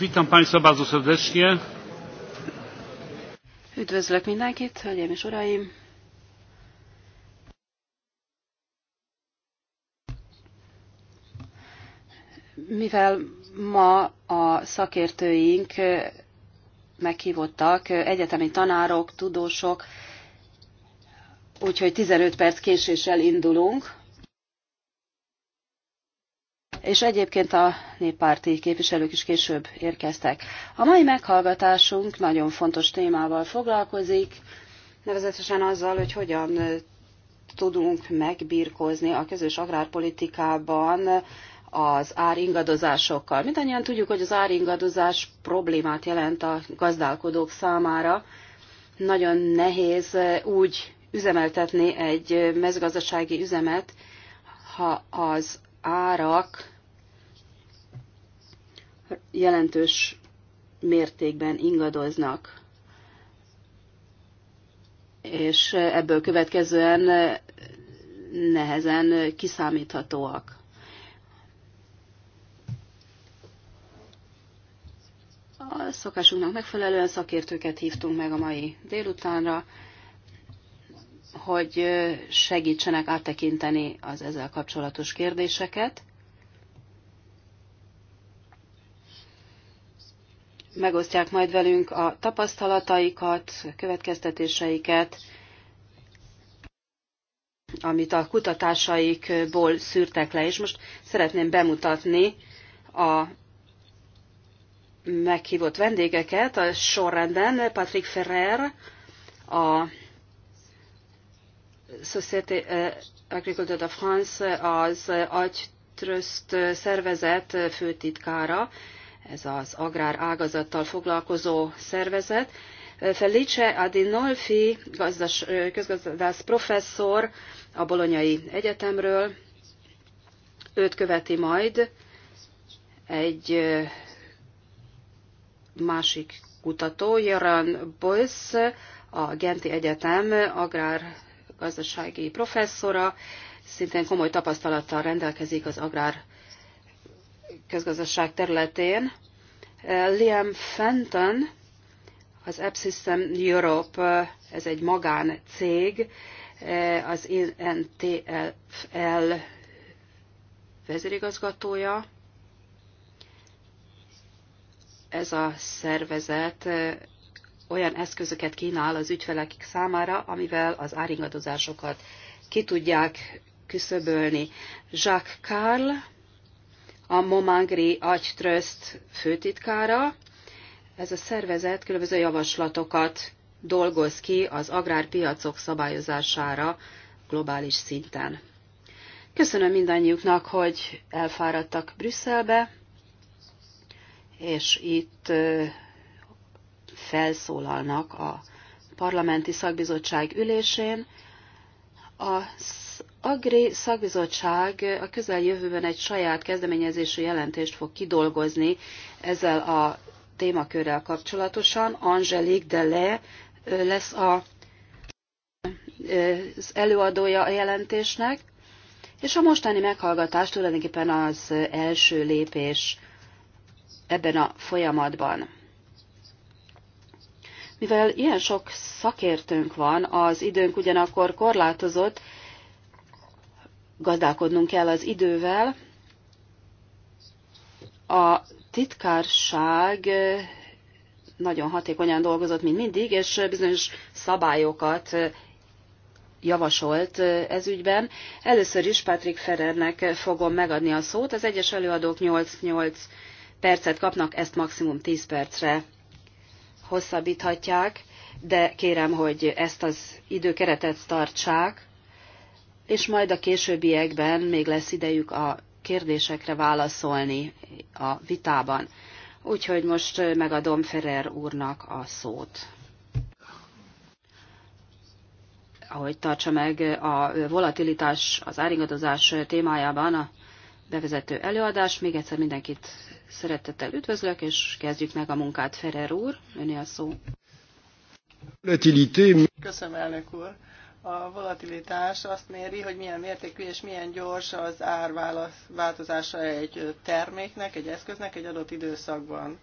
Witam Państwa bardzo serdecznie. Üdvözlök mindenkit, hölgyeim és uraim! Mivel ma a szakértőink meghívottak, egyetemi tanárok, tudósok, úgyhogy 15 perc késéssel indulunk, és egyébként a néppárti képviselők is később érkeztek. A mai meghallgatásunk nagyon fontos témával foglalkozik, nevezetesen azzal, hogy hogyan tudunk megbírkozni a közös agrárpolitikában az áringadozásokkal. Mindannyian tudjuk, hogy az áringadozás problémát jelent a gazdálkodók számára. Nagyon nehéz úgy üzemeltetni egy mezőgazdasági üzemet, ha az árak jelentős mértékben ingadoznak. És ebből következően nehezen kiszámíthatóak. A szokásunknak megfelelően szakértőket hívtunk meg a mai délutánra, hogy segítsenek áttekinteni az ezzel kapcsolatos kérdéseket. Megosztják majd velünk a tapasztalataikat, következtetéseiket, amit a kutatásaikból szűrtek le, és most szeretném bemutatni a meghívott vendégeket a sorrendben. Patrick Ferrer, a Société eh, Agricole de France az agytröszt szervezet főtitkára, ez az agrár ágazattal foglalkozó szervezet. Felice Adinolfi, gazdas, közgazdász professzor a Bolonyai Egyetemről, őt követi majd egy eh, másik kutató, Jaran Bolsz, a Genti Egyetem agrár gazdasági professzora, szintén komoly tapasztalattal rendelkezik az agrár közgazdaság területén. Liam Fenton, az Epsystem Europe, ez egy magáncég, az NTFL vezérigazgatója. Ez a szervezet olyan eszközöket kínál az ügyfelek számára, amivel az áringadozásokat ki tudják küszöbölni. Jacques Carl, a Momangri Trust főtitkára, ez a szervezet különböző javaslatokat dolgoz ki az agrárpiacok szabályozására globális szinten. Köszönöm mindannyiuknak, hogy elfáradtak Brüsszelbe, és itt felszólalnak a parlamenti szakbizottság ülésén. Az Agri szakbizottság a közeljövőben egy saját kezdeményezésű jelentést fog kidolgozni ezzel a témakörrel kapcsolatosan. Angelique Dele lesz a, az előadója a jelentésnek, és a mostani meghallgatás tulajdonképpen az első lépés ebben a folyamatban. Mivel ilyen sok szakértőnk van, az időnk ugyanakkor korlátozott, gazdálkodnunk kell az idővel. A titkárság eh, nagyon hatékonyan dolgozott, mint mindig, és bizonyos szabályokat eh, javasolt eh, ez ügyben. Először is Patrick Ferrernek fogom megadni a szót. Az egyes előadók 8-8 percet kapnak, ezt maximum 10 percre hosszabbíthatják, de kérem, hogy ezt az időkeretet tartsák, és majd a későbbiekben még lesz idejük a kérdésekre válaszolni a vitában. Úgyhogy most megadom Ferrer úrnak a szót. Ahogy tartsa meg a volatilitás, az áringadozás témájában a bevezető előadás, még egyszer mindenkit Szeretettel üdvözlök, és kezdjük meg a munkát, Ferrer úr, öné a szó. Köszönöm, elnök úr. A volatilitás azt méri, hogy milyen mértékű és milyen gyors az árváltozása egy terméknek, egy eszköznek egy adott időszakban.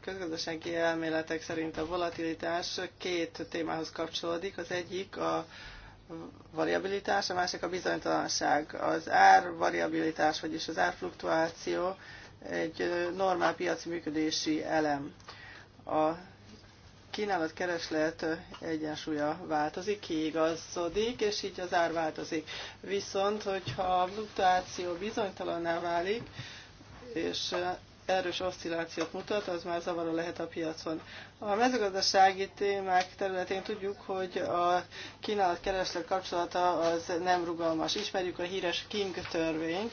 Közgazdasági elméletek szerint a volatilitás két témához kapcsolódik. Az egyik a variabilitás, a másik a bizonytalanság. Az árvariabilitás, vagyis az árfluktuáció egy normál piaci működési elem. A kínálat-kereslet egyensúlya változik, kiigazodik, és így az ár változik. Viszont, hogyha a fluktuáció bizonytalanná válik, és erős oszcillációt mutat, az már zavaró lehet a piacon. A mezőgazdasági témák területén tudjuk, hogy a kínálat-kereslet kapcsolata az nem rugalmas. Ismerjük a híres King törvényt,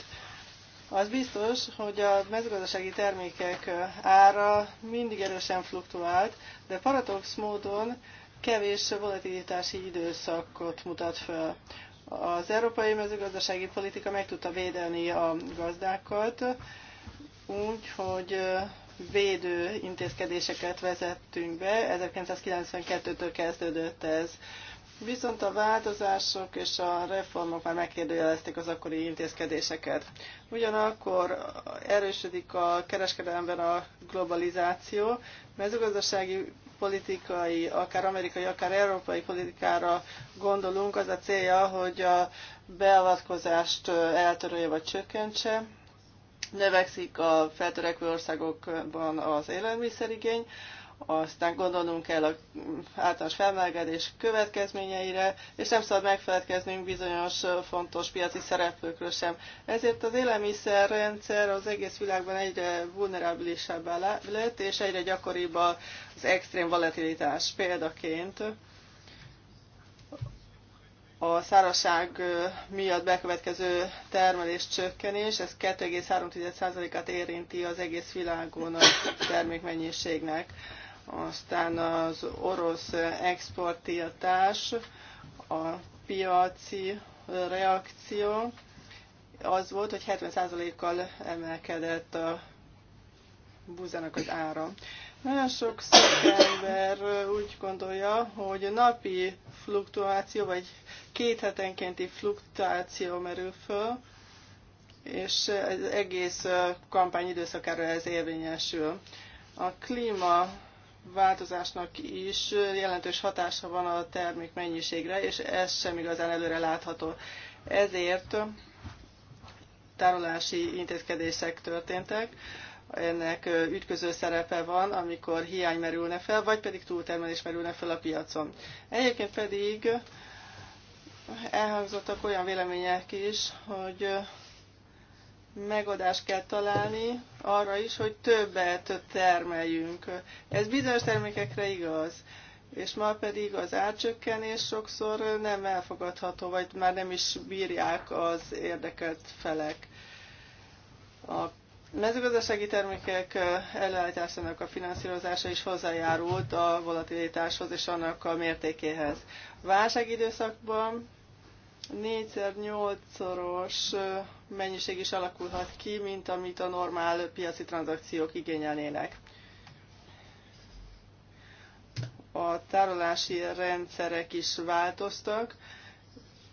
az biztos, hogy a mezőgazdasági termékek ára mindig erősen fluktuált, de paradox módon kevés volatilitási időszakot mutat fel Az európai mezőgazdasági politika meg tudta védeni a gazdákat, úgy, hogy védő intézkedéseket vezettünk be. 1992-től kezdődött ez. Viszont a változások és a reformok már megkérdőjelezték az akkori intézkedéseket. Ugyanakkor erősödik a kereskedelemben a globalizáció, mezőgazdasági politikai, akár amerikai, akár európai politikára gondolunk, az a célja, hogy a beavatkozást eltörölje vagy csökkentse. Növekszik a feltörekvő országokban az élelmiszerigény, aztán gondolnunk kell a általános felmelegedés következményeire, és nem szabad megfeledkeznünk bizonyos fontos piaci szereplőkről sem. Ezért az élelmiszerrendszer az egész világban egyre vulnerabilisabb lett, és egyre gyakoribb az extrém volatilitás példaként. A szárazság miatt bekövetkező termelés csökkenés, ez 2,3%-át érinti az egész világon a termékmennyiségnek aztán az orosz exportiltás, a piaci reakció az volt, hogy 70%-kal emelkedett a búzának az ára. Nagyon sok szakember úgy gondolja, hogy napi fluktuáció, vagy két hetenkénti fluktuáció merül föl, és az egész kampány időszakára ez érvényesül. A klíma változásnak is jelentős hatása van a termék mennyiségre, és ez sem igazán előre látható. Ezért tárolási intézkedések történtek, ennek ütköző szerepe van, amikor hiány merülne fel, vagy pedig túltermelés merülne fel a piacon. Egyébként pedig elhangzottak olyan vélemények is, hogy megoldást kell találni arra is, hogy többet termeljünk. Ez bizonyos termékekre igaz, és ma pedig az árcsökkenés sokszor nem elfogadható, vagy már nem is bírják az érdekelt felek. A mezőgazdasági termékek előállításának a finanszírozása is hozzájárult a volatilitáshoz és annak a mértékéhez. Válságidőszakban négyszer nyolcszoros mennyiség is alakulhat ki, mint amit a normál piaci tranzakciók igényelnének. A tárolási rendszerek is változtak,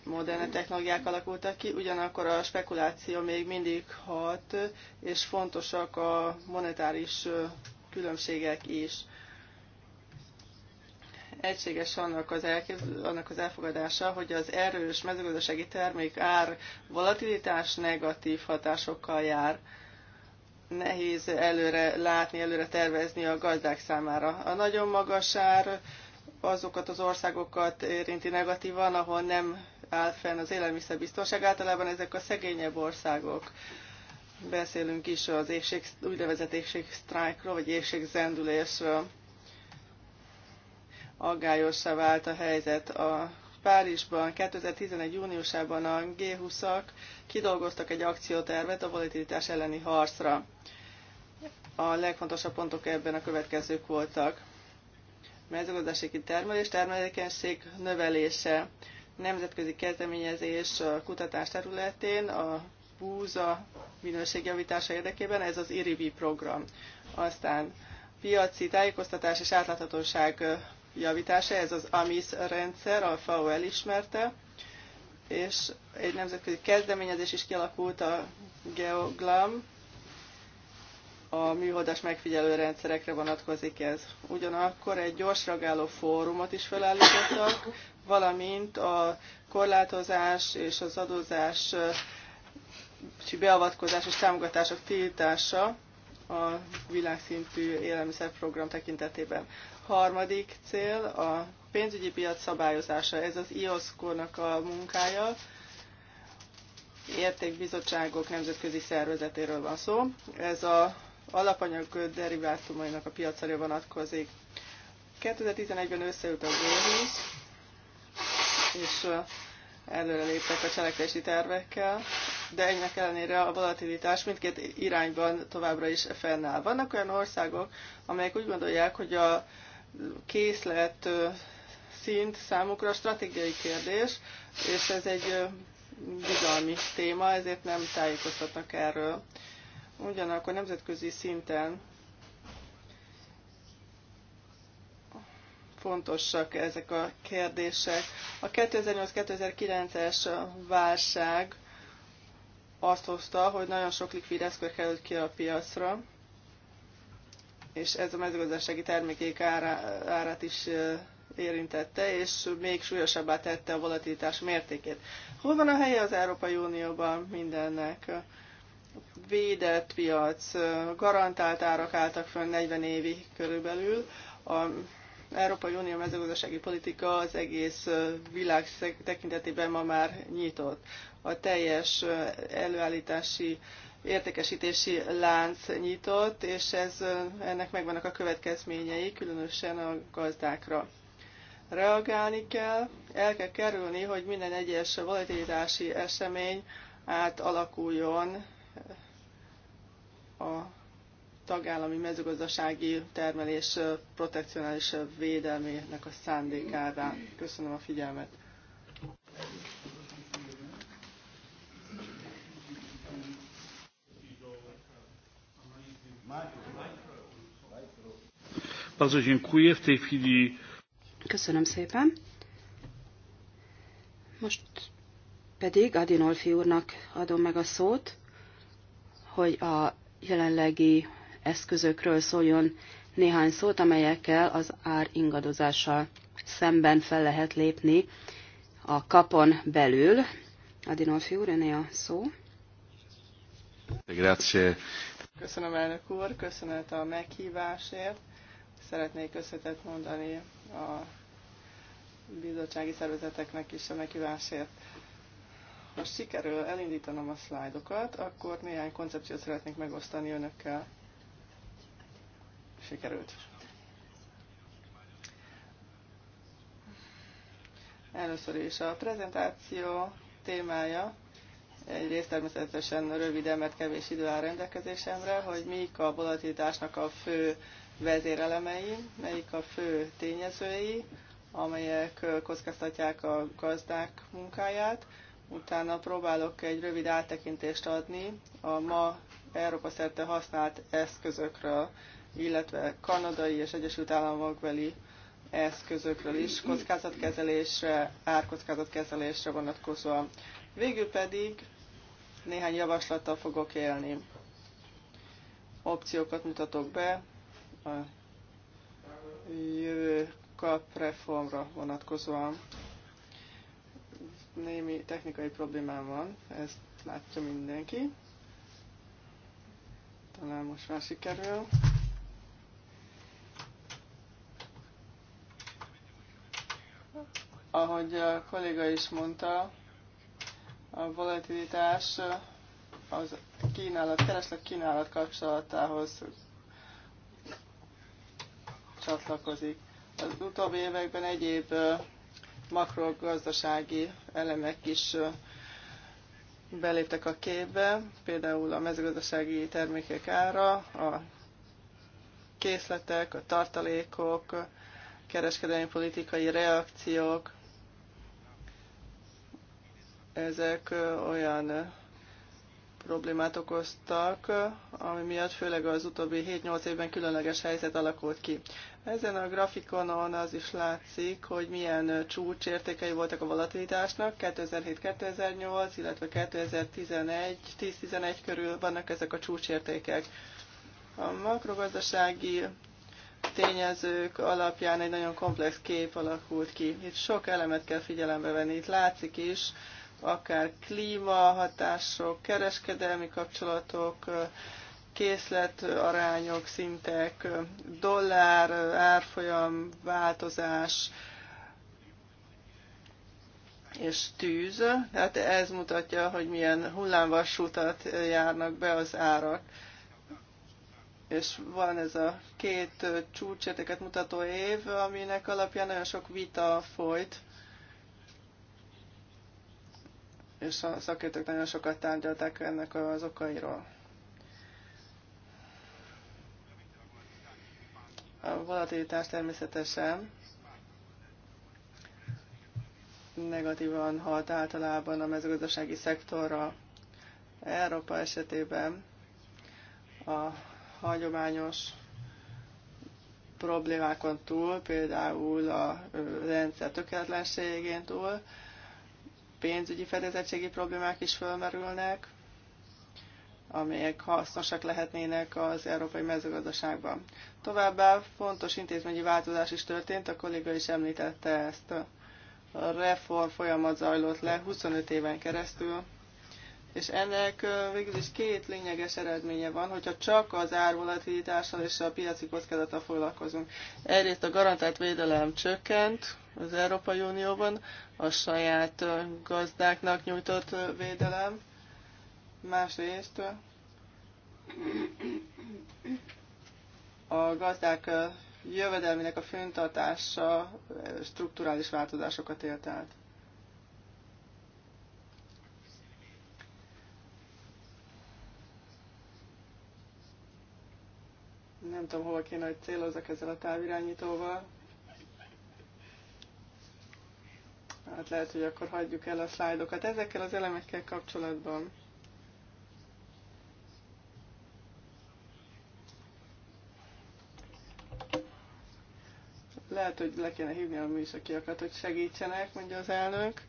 modern technológiák alakultak ki, ugyanakkor a spekuláció még mindig hat, és fontosak a monetáris különbségek is. Egységes annak az, elképz- annak az elfogadása, hogy az erős mezőgazdasági termék ár volatilitás negatív hatásokkal jár. Nehéz előre látni, előre tervezni a gazdák számára. A nagyon magas ár azokat az országokat érinti negatívan, ahol nem áll fenn az élelmiszerbiztonság. Általában ezek a szegényebb országok. Beszélünk is az éjség, úgynevezett éjségsztrájkról, vagy éjségzendülésről aggályossá vált a helyzet. A Párizsban 2011. júniusában a G20-ak kidolgoztak egy akciótervet a volatilitás elleni harcra. A legfontosabb pontok ebben a következők voltak. Mezőgazdasági termelés, termelékenység növelése, nemzetközi kezdeményezés a kutatás területén, a búza minőségjavítása érdekében, ez az IRIBI program. Aztán piaci tájékoztatás és átláthatóság javítása, ez az AMIS rendszer, a FAO elismerte, és egy nemzetközi kezdeményezés is kialakult a GeoGlam, a műholdas megfigyelő rendszerekre vonatkozik ez. Ugyanakkor egy gyors reagáló fórumot is felállítottak, valamint a korlátozás és az adózás beavatkozás és támogatások tiltása a világszintű élelmiszerprogram tekintetében. Harmadik cél a pénzügyi piac szabályozása. Ez az IOSZKO-nak a munkája. Értékbizottságok nemzetközi szervezetéről van szó. Ez a alapanyag derivátumainak a piacra vonatkozik. 2011-ben összeült a G20, és előreléptek a cselekvési tervekkel, de ennek ellenére a volatilitás mindkét irányban továbbra is fennáll. Vannak olyan országok, amelyek úgy gondolják, hogy a készlet szint számukra stratégiai kérdés, és ez egy bizalmi téma, ezért nem tájékoztatnak erről. Ugyanakkor nemzetközi szinten fontosak ezek a kérdések. A 2008-2009-es válság azt hozta, hogy nagyon sok likvid eszköz került ki a piacra, és ez a mezőgazdasági termékék ára, árát is érintette, és még súlyosabbá tette a volatilitás mértékét. Hol van a helye az Európai Unióban mindennek? Védett piac, garantált árak álltak fönn 40 évi körülbelül. A Európai Unió mezőgazdasági politika az egész világ tekintetében ma már nyitott. A teljes előállítási értékesítési lánc nyitott, és ez, ennek megvannak a következményei, különösen a gazdákra. Reagálni kell, el kell kerülni, hogy minden egyes volatilitási esemény átalakuljon a tagállami mezőgazdasági termelés protekcionális védelmének a szándékává. Köszönöm a figyelmet. Bardzo dziękuję. W tej chwili... Köszönöm szépen. Most pedig Adinolfi úrnak adom meg a szót, hogy a jelenlegi eszközökről szóljon néhány szót, amelyekkel az ár ingadozással szemben fel lehet lépni a kapon belül. Adinolfi úr, öné a szó. Grazie, Köszönöm, elnök úr, köszönet a meghívásért. Szeretnék összetett mondani a bizottsági szervezeteknek is a meghívásért. Ha sikerül elindítanom a szlájdokat, akkor néhány koncepciót szeretnék megosztani önökkel. Sikerült. Először is a prezentáció témája Egyrészt természetesen röviden, mert kevés idő áll rendelkezésemre, hogy mik a volatilitásnak a fő vezérelemei, melyik a fő tényezői, amelyek kockáztatják a gazdák munkáját. Utána próbálok egy rövid áttekintést adni a ma Európa szerte használt eszközökről, illetve kanadai és Egyesült Államokbeli eszközökről is, kockázatkezelésre, árkockázatkezelésre vonatkozóan. Végül pedig néhány javaslattal fogok élni. Opciókat mutatok be a jövő reformra vonatkozóan. Némi technikai problémám van, ezt látja mindenki. Talán most már sikerül. Ahogy a kolléga is mondta, a volatilitás az kínálat, kereslet kínálat kapcsolatához csatlakozik. Az utóbbi években egyéb makrogazdasági elemek is beléptek a képbe, például a mezőgazdasági termékek ára, a készletek, a tartalékok, kereskedelmi politikai reakciók, ezek olyan problémát okoztak, ami miatt főleg az utóbbi 7-8 évben különleges helyzet alakult ki. Ezen a grafikonon az is látszik, hogy milyen csúcsértékei voltak a volatilitásnak. 2007-2008, illetve 2011-10-11 körül vannak ezek a csúcsértékek. A makrogazdasági tényezők alapján egy nagyon komplex kép alakult ki. Itt sok elemet kell figyelembe venni. Itt látszik is, akár klímahatások, kereskedelmi kapcsolatok, készletarányok, szintek, dollár, árfolyam, változás és tűz. Tehát ez mutatja, hogy milyen hullámvasútat járnak be az árak. És van ez a két csúcsértéket mutató év, aminek alapján nagyon sok vita folyt és a szakértők nagyon sokat tárgyalták ennek az okairól. A volatilitás természetesen negatívan hat általában a mezőgazdasági szektorra. Európa esetében a hagyományos problémákon túl, például a rendszer tökéletlenségén túl, pénzügyi fedezettségi problémák is fölmerülnek, amelyek hasznosak lehetnének az európai mezőgazdaságban. Továbbá fontos intézményi változás is történt, a kolléga is említette ezt. A reform folyamat zajlott le 25 éven keresztül, és ennek végül is két lényeges eredménye van, hogyha csak az árvolatilitással és a piaci kockázattal foglalkozunk. Egyrészt a garantált védelem csökkent, az Európai Unióban, a saját gazdáknak nyújtott védelem, másrészt a gazdák jövedelmének a fenntartása strukturális változásokat élt át. Nem tudom, hova kéne, hogy célozzak ezzel a távirányítóval. Hát lehet, hogy akkor hagyjuk el a szlájdokat. Ezekkel az elemekkel kapcsolatban lehet, hogy le kéne hívni a műszakiakat, hogy segítsenek, mondja az elnök.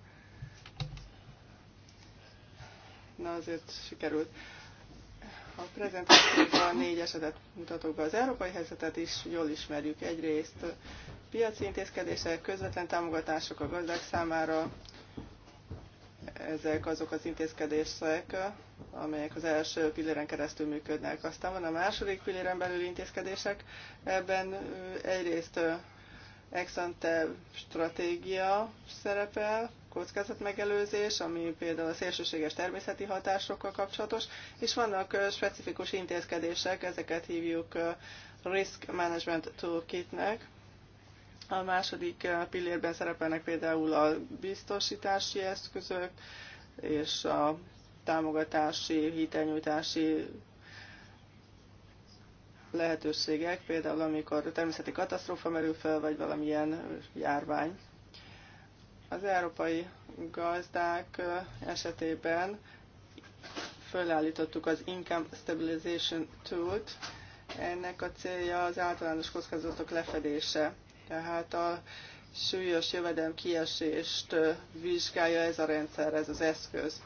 Na azért sikerült. A prezentációban négy esetet mutatok be. Az európai helyzetet is jól ismerjük. Egyrészt piaci intézkedések, közvetlen támogatások a gazdák számára, ezek azok az intézkedések, amelyek az első pilléren keresztül működnek. Aztán van a második pilléren belüli intézkedések, ebben egyrészt Exante stratégia szerepel, kockázatmegelőzés, ami például a szélsőséges természeti hatásokkal kapcsolatos, és vannak specifikus intézkedések, ezeket hívjuk risk management toolkitnek, a második eh, pillérben szerepelnek például a biztosítási eszközök és a támogatási, hitelnyújtási lehetőségek, például amikor természeti katasztrófa merül fel, vagy valamilyen járvány. Az európai gazdák eh, esetében fölállítottuk az Income Stabilization Tool-t. Ennek a célja az általános kockázatok lefedése. Tehát a súlyos jövedelem kiesést vizsgálja ez a rendszer, ez az eszköz.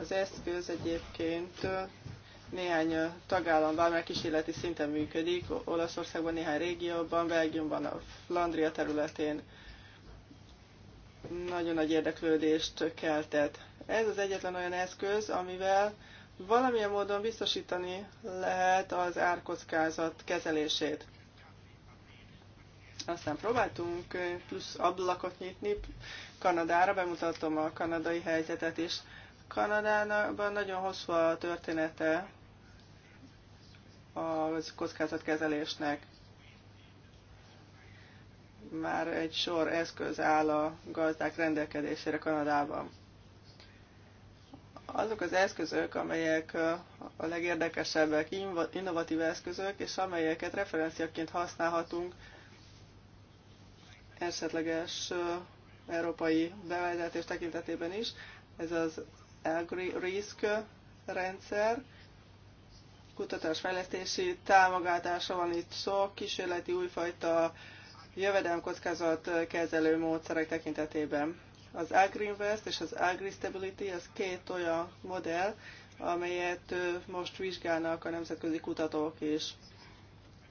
Az eszköz egyébként néhány tagállamban már kísérleti szinten működik, Olaszországban néhány régióban, Belgiumban, a Flandria területén nagyon nagy érdeklődést keltett. Ez az egyetlen olyan eszköz, amivel valamilyen módon biztosítani lehet az árkockázat kezelését. Aztán próbáltunk plusz ablakot nyitni Kanadára, bemutatom a kanadai helyzetet is. Kanadában nagyon hosszú a története a kockázatkezelésnek. Már egy sor eszköz áll a gazdák rendelkezésére Kanadában. Azok az eszközök, amelyek a legérdekesebbek, innovatív eszközök, és amelyeket referenciaként használhatunk esetleges európai bevezetés tekintetében is. Ez az Agri-Risk rendszer, kutatásfejlesztési támogatása van itt szó, kísérleti újfajta jövedelemkockázat kezelő módszerek tekintetében. Az AgriInvest és az agri-stability az két olyan modell, amelyet most vizsgálnak a nemzetközi kutatók is.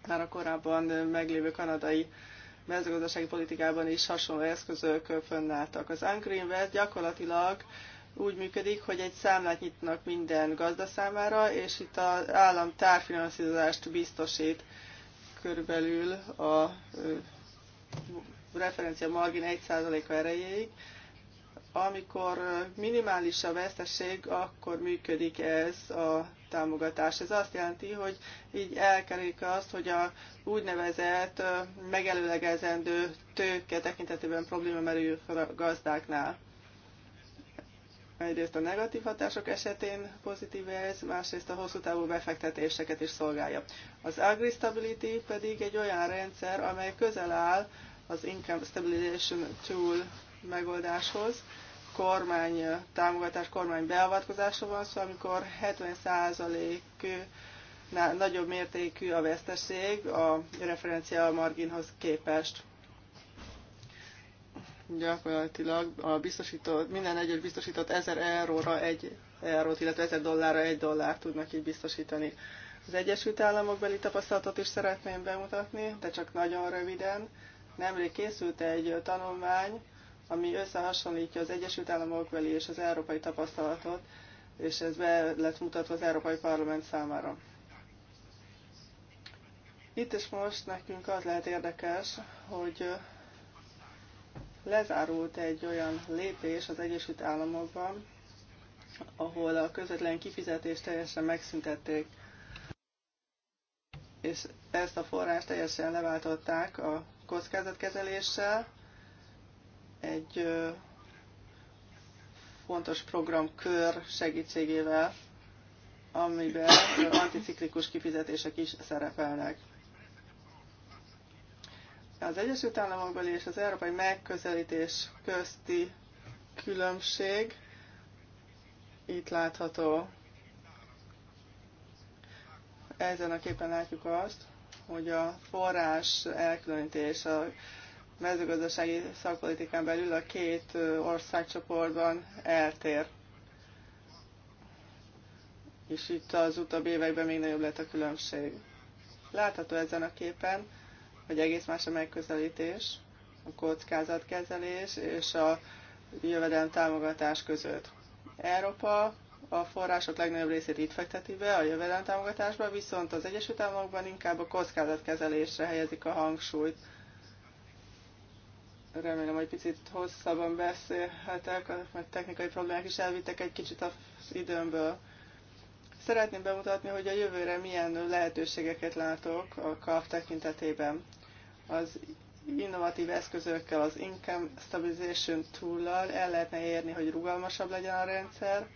Már a korábban meglévő kanadai mezőgazdasági politikában is hasonló eszközök fönnálltak. Az Anchor gyakorlatilag úgy működik, hogy egy számlát nyitnak minden gazda számára, és itt az állam tárfinanszírozást biztosít körülbelül a referencia margin 1%-a erejéig, amikor minimális a veszteség, akkor működik ez a támogatás. Ez azt jelenti, hogy így elkerülik azt, hogy a úgynevezett megelőlegezendő tőke tekintetében probléma merül fel a gazdáknál. Egyrészt a negatív hatások esetén pozitív ez, másrészt a hosszú távú befektetéseket is szolgálja. Az AgriStability pedig egy olyan rendszer, amely közel áll az Income Stabilization Tool megoldáshoz. Kormány támogatás, kormány beavatkozása van szó, szóval amikor 70%-nál nagyobb mértékű a veszteség a referencia marginhoz képest. Gyakorlatilag a biztosított, minden egyes biztosított 1000 euróra egy eurót, illetve 1000 dollárra egy dollárt tudnak így biztosítani. Az Egyesült Államok beli tapasztalatot is szeretném bemutatni, de csak nagyon röviden. Nemrég készült egy tanulmány, ami összehasonlítja az Egyesült veli és az európai tapasztalatot, és ez be lett mutatva az Európai Parlament számára. Itt és most nekünk az lehet érdekes, hogy lezárult egy olyan lépés az Egyesült Államokban, ahol a közvetlen kifizetést teljesen megszüntették, és ezt a forrást teljesen leváltották a kockázatkezeléssel, egy fontos programkör segítségével, amiben anticiklikus kifizetések is szerepelnek. Az Egyesült Államokbeli és az európai megközelítés közti különbség itt látható. Ezen a képen látjuk azt, hogy a forrás elkülönítés, a mezőgazdasági szakpolitikán belül a két országcsoportban eltér. És itt az utóbbi években még nagyobb lett a különbség. Látható ezen a képen, hogy egész más a megközelítés, a kockázatkezelés és a jövedelem támogatás között. Európa a források legnagyobb részét itt fekteti be a jövedelem támogatásba, viszont az Egyesült Államokban inkább a kockázatkezelésre helyezik a hangsúlyt remélem, hogy picit hosszabban beszélhetek, mert technikai problémák is elvittek egy kicsit az időmből. Szeretném bemutatni, hogy a jövőre milyen lehetőségeket látok a KAF tekintetében. Az innovatív eszközökkel, az Income Stabilization Tool-lal el lehetne érni, hogy rugalmasabb legyen a rendszer,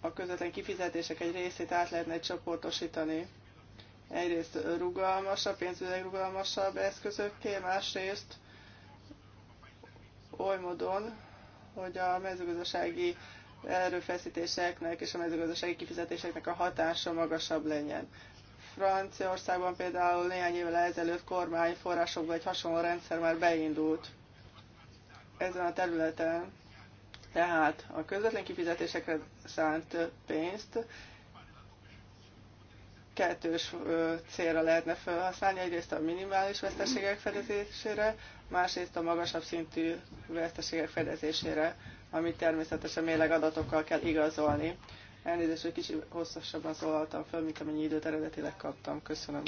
a közvetlen kifizetések egy részét át lehetne csoportosítani egyrészt rugalmasabb, pénzügyileg rugalmasabb eszközökké, másrészt oly módon, hogy a mezőgazdasági erőfeszítéseknek és a mezőgazdasági kifizetéseknek a hatása magasabb legyen. Franciaországban például néhány évvel ezelőtt kormány forrásokban egy hasonló rendszer már beindult ezen a területen. Tehát a közvetlen kifizetésekre szánt pénzt kettős célra lehetne felhasználni, egyrészt a minimális veszteségek fedezésére, másrészt a magasabb szintű veszteségek fedezésére, amit természetesen mérleg adatokkal kell igazolni. Elnézést, hogy kicsit hosszasabban szólaltam fel, mint amennyi időt eredetileg kaptam. Köszönöm.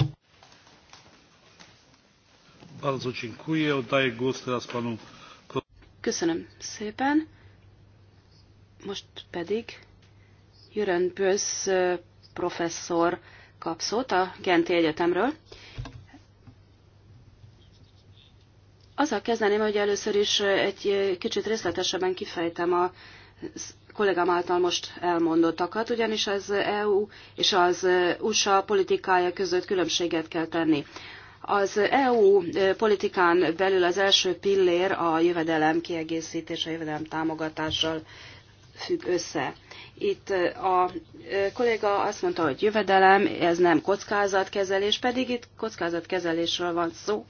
Köszönöm szépen. Most pedig Jürgen Bösz professzor kap szót a Genti Egyetemről. Azzal kezdeném, hogy először is egy kicsit részletesebben kifejtem a kollégám által most elmondottakat, ugyanis az EU és az USA politikája között különbséget kell tenni. Az EU politikán belül az első pillér a jövedelem kiegészítés, a jövedelem támogatással függ össze. Itt a kolléga azt mondta, hogy jövedelem, ez nem kockázatkezelés, pedig itt kockázatkezelésről van szó,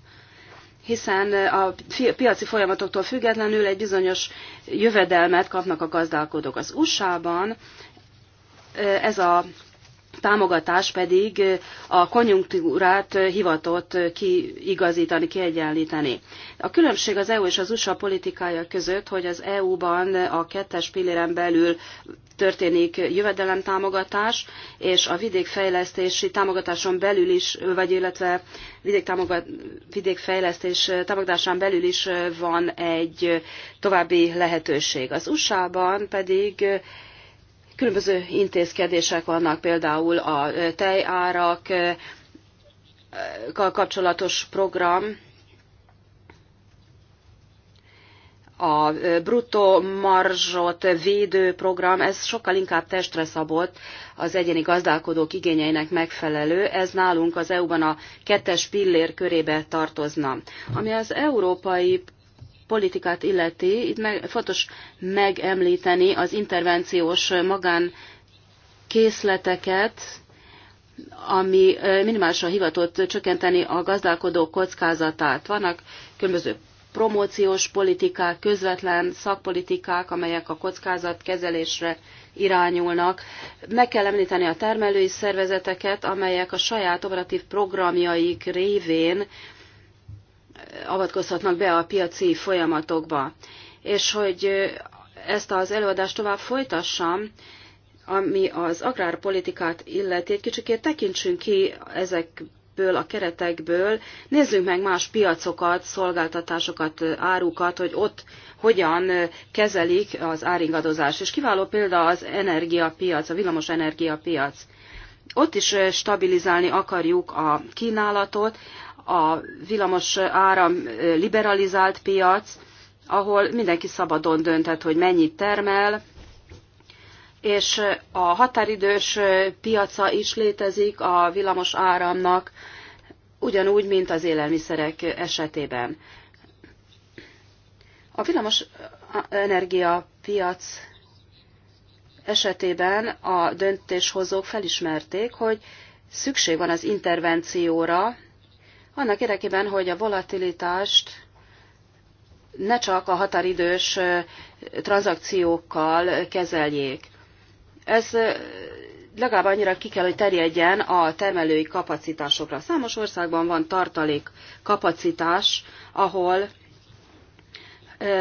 hiszen a piaci folyamatoktól függetlenül egy bizonyos jövedelmet kapnak a gazdálkodók. Az USA-ban ez a támogatás pedig a konjunktúrát hivatott kiigazítani, kiegyenlíteni. A különbség az EU és az USA politikája között, hogy az EU-ban a kettes pilléren belül történik jövedelemtámogatás, és a vidékfejlesztési támogatáson belül is, vagy illetve vidékfejlesztés támogatásán belül is van egy további lehetőség. Az USA-ban pedig Különböző intézkedések vannak, például a tejárakkal kapcsolatos program, a bruttó marzsot védő program, ez sokkal inkább testre szabott az egyéni gazdálkodók igényeinek megfelelő. Ez nálunk az EU-ban a kettes pillér körébe tartozna. Ami az európai politikát illeti, itt meg, fontos megemlíteni az intervenciós magánkészleteket, ami minimálisan hivatott csökkenteni a gazdálkodó kockázatát. Vannak különböző promóciós politikák, közvetlen szakpolitikák, amelyek a kezelésre irányulnak. Meg kell említeni a termelői szervezeteket, amelyek a saját operatív programjaik révén avatkozhatnak be a piaci folyamatokba. És hogy ezt az előadást tovább folytassam, ami az agrárpolitikát illeti, egy kicsikét tekintsünk ki ezekből a keretekből, nézzünk meg más piacokat, szolgáltatásokat, árukat, hogy ott hogyan kezelik az áringadozás. És kiváló példa az energiapiac, a villamos energiapiac. Ott is stabilizálni akarjuk a kínálatot, a villamos áram liberalizált piac, ahol mindenki szabadon dönthet, hogy mennyit termel, és a határidős piaca is létezik a villamos áramnak, ugyanúgy, mint az élelmiszerek esetében. A villamos piac esetében a döntéshozók felismerték, hogy szükség van az intervencióra, annak érdekében, hogy a volatilitást ne csak a határidős tranzakciókkal kezeljék. Ez legalább annyira ki kell, hogy terjedjen a termelői kapacitásokra. Számos országban van tartalék kapacitás, ahol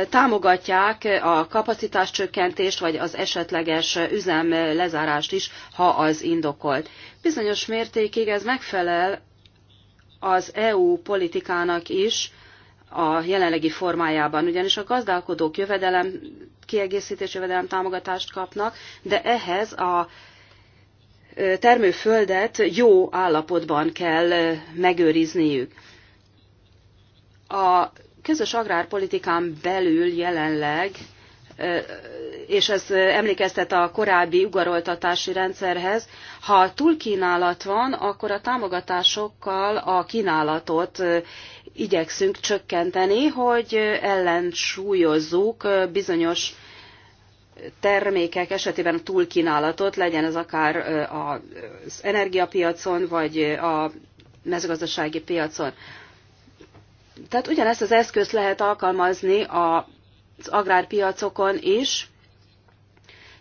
támogatják a kapacitáscsökkentést, vagy az esetleges üzem lezárást is, ha az indokolt. Bizonyos mértékig ez megfelel az EU politikának is a jelenlegi formájában, ugyanis a gazdálkodók jövedelem, kiegészítés jövedelem támogatást kapnak, de ehhez a termőföldet jó állapotban kell megőrizniük. A közös agrárpolitikán belül jelenleg és ez emlékeztet a korábbi ugaroltatási rendszerhez, ha túlkínálat van, akkor a támogatásokkal a kínálatot igyekszünk csökkenteni, hogy ellensúlyozzuk bizonyos termékek esetében a túlkínálatot, legyen ez akár az energiapiacon, vagy a mezőgazdasági piacon. Tehát ugyanezt az eszközt lehet alkalmazni a az agrárpiacokon is,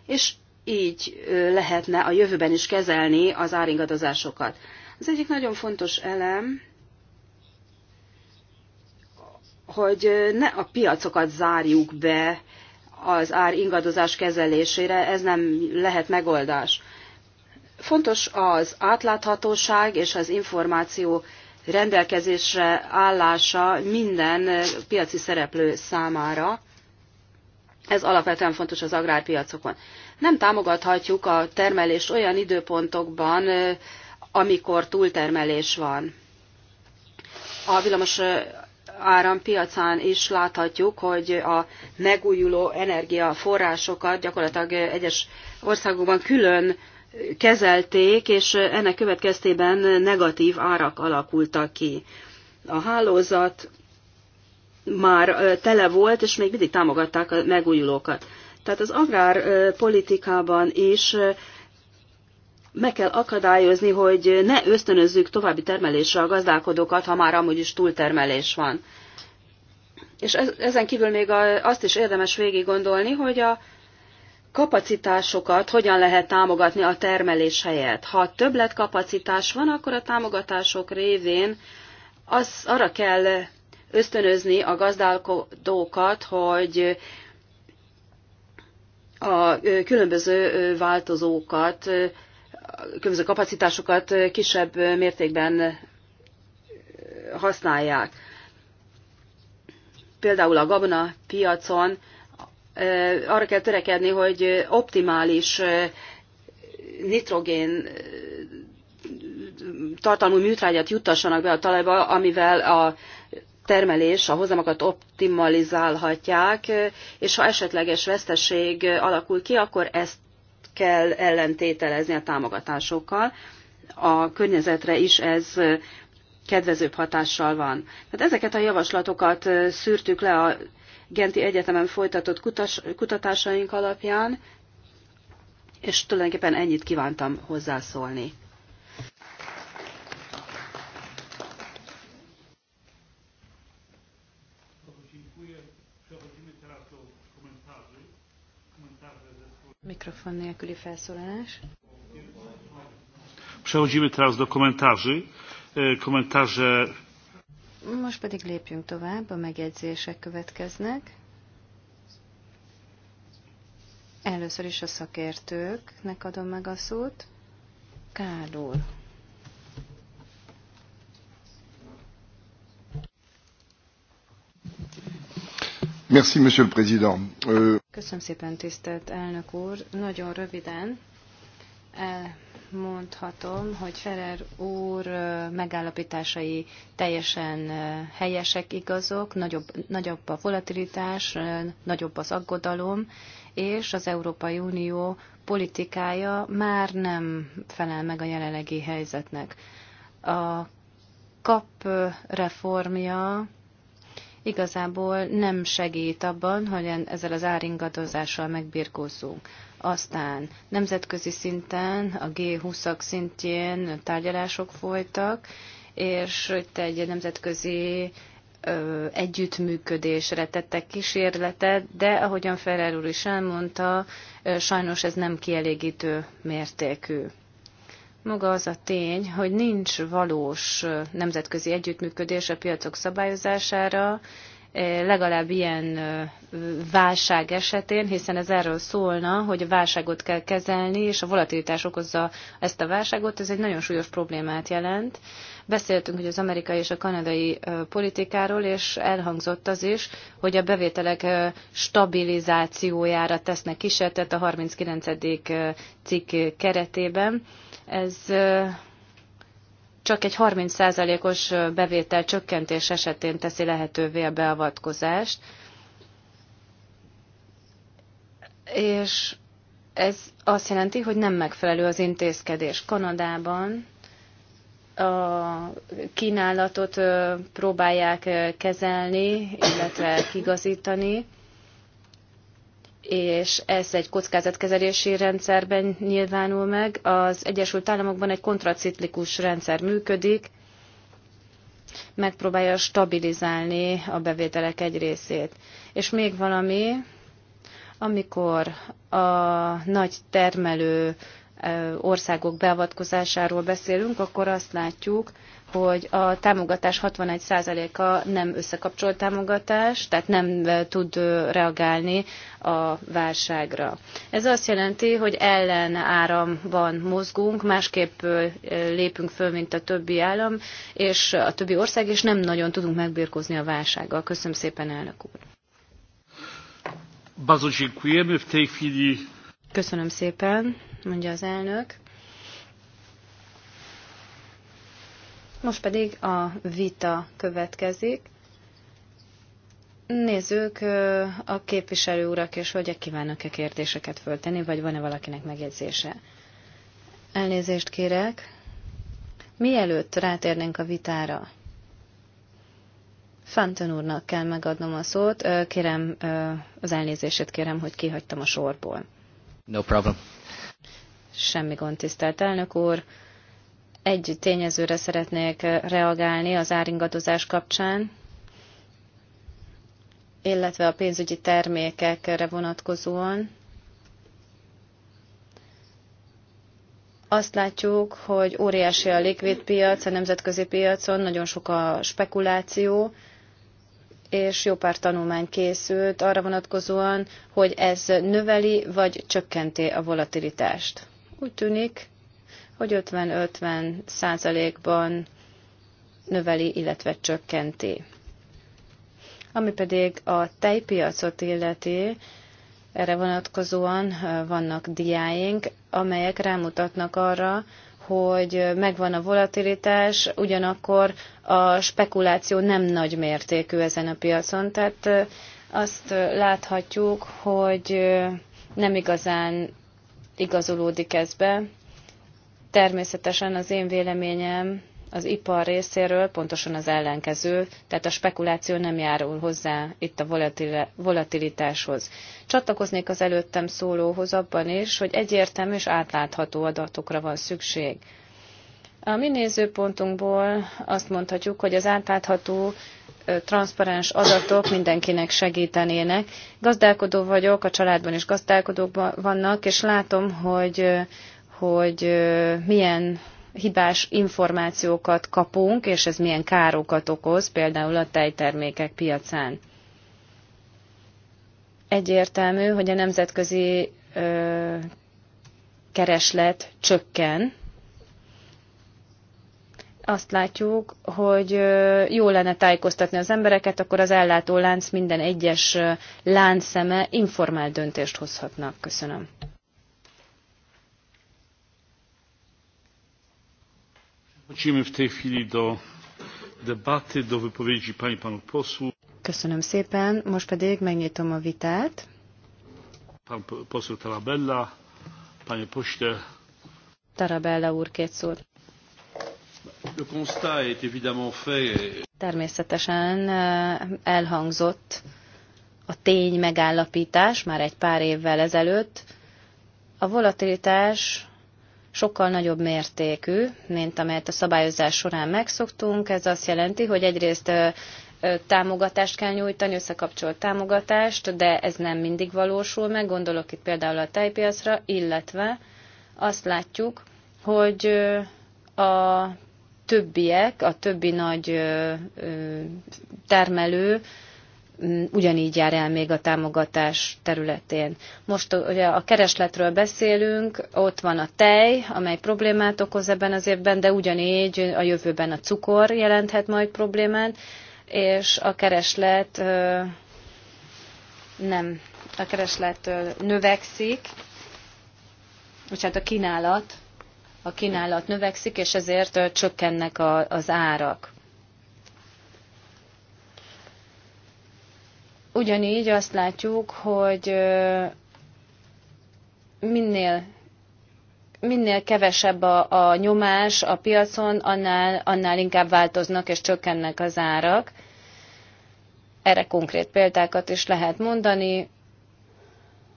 és így lehetne a jövőben is kezelni az áringadozásokat. Az egyik nagyon fontos elem, hogy ne a piacokat zárjuk be az ár ingadozás kezelésére, ez nem lehet megoldás. Fontos az átláthatóság és az információ rendelkezésre állása minden piaci szereplő számára, ez alapvetően fontos az agrárpiacokon. Nem támogathatjuk a termelést olyan időpontokban, amikor túltermelés van. A villamos árampiacán is láthatjuk, hogy a megújuló energiaforrásokat gyakorlatilag egyes országokban külön kezelték, és ennek következtében negatív árak alakultak ki. A hálózat már tele volt, és még mindig támogatták a megújulókat. Tehát az agrárpolitikában is meg kell akadályozni, hogy ne ösztönözzük további termelésre a gazdálkodókat, ha már amúgy is túltermelés van. És ezen kívül még azt is érdemes végig gondolni, hogy a kapacitásokat hogyan lehet támogatni a termelés helyett. Ha többletkapacitás van, akkor a támogatások révén az arra kell ösztönözni a gazdálkodókat, hogy a különböző változókat, különböző kapacitásokat kisebb mértékben használják. Például a gabona piacon arra kell törekedni, hogy optimális nitrogén tartalmú műtrágyát juttassanak be a talajba, amivel a termelés, a hozamokat optimalizálhatják, és ha esetleges veszteség alakul ki, akkor ezt kell ellentételezni a támogatásokkal. A környezetre is ez kedvezőbb hatással van. Tehát ezeket a javaslatokat szűrtük le a Genti Egyetemen folytatott kutas, kutatásaink alapján, és tulajdonképpen ennyit kívántam hozzászólni. Mikrofon nélküli felszólalás. Przechodzimy teraz do komentarzy. E, komentarze... Most pedig lépjünk tovább, a megjegyzések következnek. Először is a szakértőknek adom meg a szót. Kádor. Merci, Monsieur le Président. Euh, Köszönöm szépen, tisztelt elnök úr. Nagyon röviden mondhatom, hogy Ferrer úr megállapításai teljesen helyesek, igazok, nagyobb, nagyobb a volatilitás, nagyobb az aggodalom, és az Európai Unió politikája már nem felel meg a jelenlegi helyzetnek. A kap reformja igazából nem segít abban, hogy ezzel az áringadozással megbirkózzunk. Aztán nemzetközi szinten, a G20-ak szintjén tárgyalások folytak, és itt egy nemzetközi ö, együttműködésre tettek kísérletet, de ahogyan Ferrer úr is elmondta, ö, sajnos ez nem kielégítő mértékű maga az a tény, hogy nincs valós nemzetközi együttműködés a piacok szabályozására, legalább ilyen válság esetén, hiszen ez erről szólna, hogy a válságot kell kezelni, és a volatilitás okozza ezt a válságot, ez egy nagyon súlyos problémát jelent. Beszéltünk hogy az amerikai és a kanadai politikáról, és elhangzott az is, hogy a bevételek stabilizációjára tesznek kísértet a 39. cikk keretében. Ez csak egy 30%-os bevétel csökkentés esetén teszi lehetővé a beavatkozást. És ez azt jelenti, hogy nem megfelelő az intézkedés. Kanadában a kínálatot próbálják kezelni, illetve kigazítani és ez egy kockázatkezelési rendszerben nyilvánul meg. Az Egyesült Államokban egy kontraciklikus rendszer működik, megpróbálja stabilizálni a bevételek egy részét. És még valami, amikor a nagy termelő országok beavatkozásáról beszélünk, akkor azt látjuk, hogy a támogatás 61%-a nem összekapcsolt támogatás, tehát nem tud reagálni a válságra. Ez azt jelenti, hogy ellenáramban mozgunk, másképp lépünk föl, mint a többi állam, és a többi ország, és nem nagyon tudunk megbírkozni a válsággal. Köszönöm szépen, elnök úr. Köszönöm szépen, mondja az elnök. Most pedig a vita következik. Nézzük, a képviselő urak és hölgyek kívánnak-e kérdéseket föltenni, vagy van-e valakinek megjegyzése. Elnézést kérek. Mielőtt rátérnénk a vitára, Fanton úrnak kell megadnom a szót. Kérem, az elnézését kérem, hogy kihagytam a sorból. No problem. Semmi gond, tisztelt elnök úr. Egy tényezőre szeretnék eh, reagálni az áringadozás kapcsán, illetve a pénzügyi termékekre vonatkozóan. Azt látjuk, hogy óriási a likvid piac, a nemzetközi piacon nagyon sok a spekuláció, és jó pár tanulmány készült arra vonatkozóan, hogy ez növeli vagy csökkenti a volatilitást. Úgy tűnik, hogy 50-50 százalékban növeli, illetve csökkenti. Ami pedig a tejpiacot illeti, erre vonatkozóan vannak diáink, amelyek rámutatnak arra, hogy megvan a volatilitás, ugyanakkor a spekuláció nem nagy mértékű ezen a piacon. Tehát azt láthatjuk, hogy nem igazán igazolódik ez be. Természetesen az én véleményem az ipar részéről pontosan az ellenkező, tehát a spekuláció nem járul hozzá itt a volatilitáshoz. Csatlakoznék az előttem szólóhoz abban is, hogy egyértelmű és átlátható adatokra van szükség. A mi nézőpontunkból azt mondhatjuk, hogy az átlátható, transzparens adatok mindenkinek segítenének. Gazdálkodó vagyok, a családban is gazdálkodók vannak, és látom, hogy hogy milyen hibás információkat kapunk, és ez milyen károkat okoz, például a tejtermékek piacán. Egyértelmű, hogy a nemzetközi ö, kereslet csökken. Azt látjuk, hogy jó lenne tájékoztatni az embereket, akkor az ellátó lánc minden egyes láncszeme informált döntést hozhatnak. Köszönöm. Przechodzimy w tej chwili do debaty, do wypowiedzi pani panów posłów. Köszönöm szépen, most pedig megnyitom a vitát. Pan poseł Tarabella, panie pośle. Tarabella úr két szót. Le constat est évidemment fait. Természetesen elhangzott a tény megállapítás már egy pár évvel ezelőtt. A volatilitás sokkal nagyobb mértékű, mint amelyet a szabályozás során megszoktunk. Ez azt jelenti, hogy egyrészt támogatást kell nyújtani, összekapcsolt támogatást, de ez nem mindig valósul meg, gondolok itt például a tejpiacra, illetve azt látjuk, hogy a többiek, a többi nagy termelő Mm, ugyanígy jár el még a támogatás területén. Most ugye a keresletről beszélünk, ott van a tej, amely problémát okoz ebben az évben, de ugyanígy a jövőben a cukor jelenthet majd problémát, és a kereslet nem, a kereslet növekszik, vagy hát a kínálat, a kínálat növekszik, és ezért csökkennek az árak. Ugyanígy azt látjuk, hogy minél minél kevesebb a, a nyomás a piacon, annál, annál inkább változnak és csökkennek az árak. Erre konkrét példákat is lehet mondani.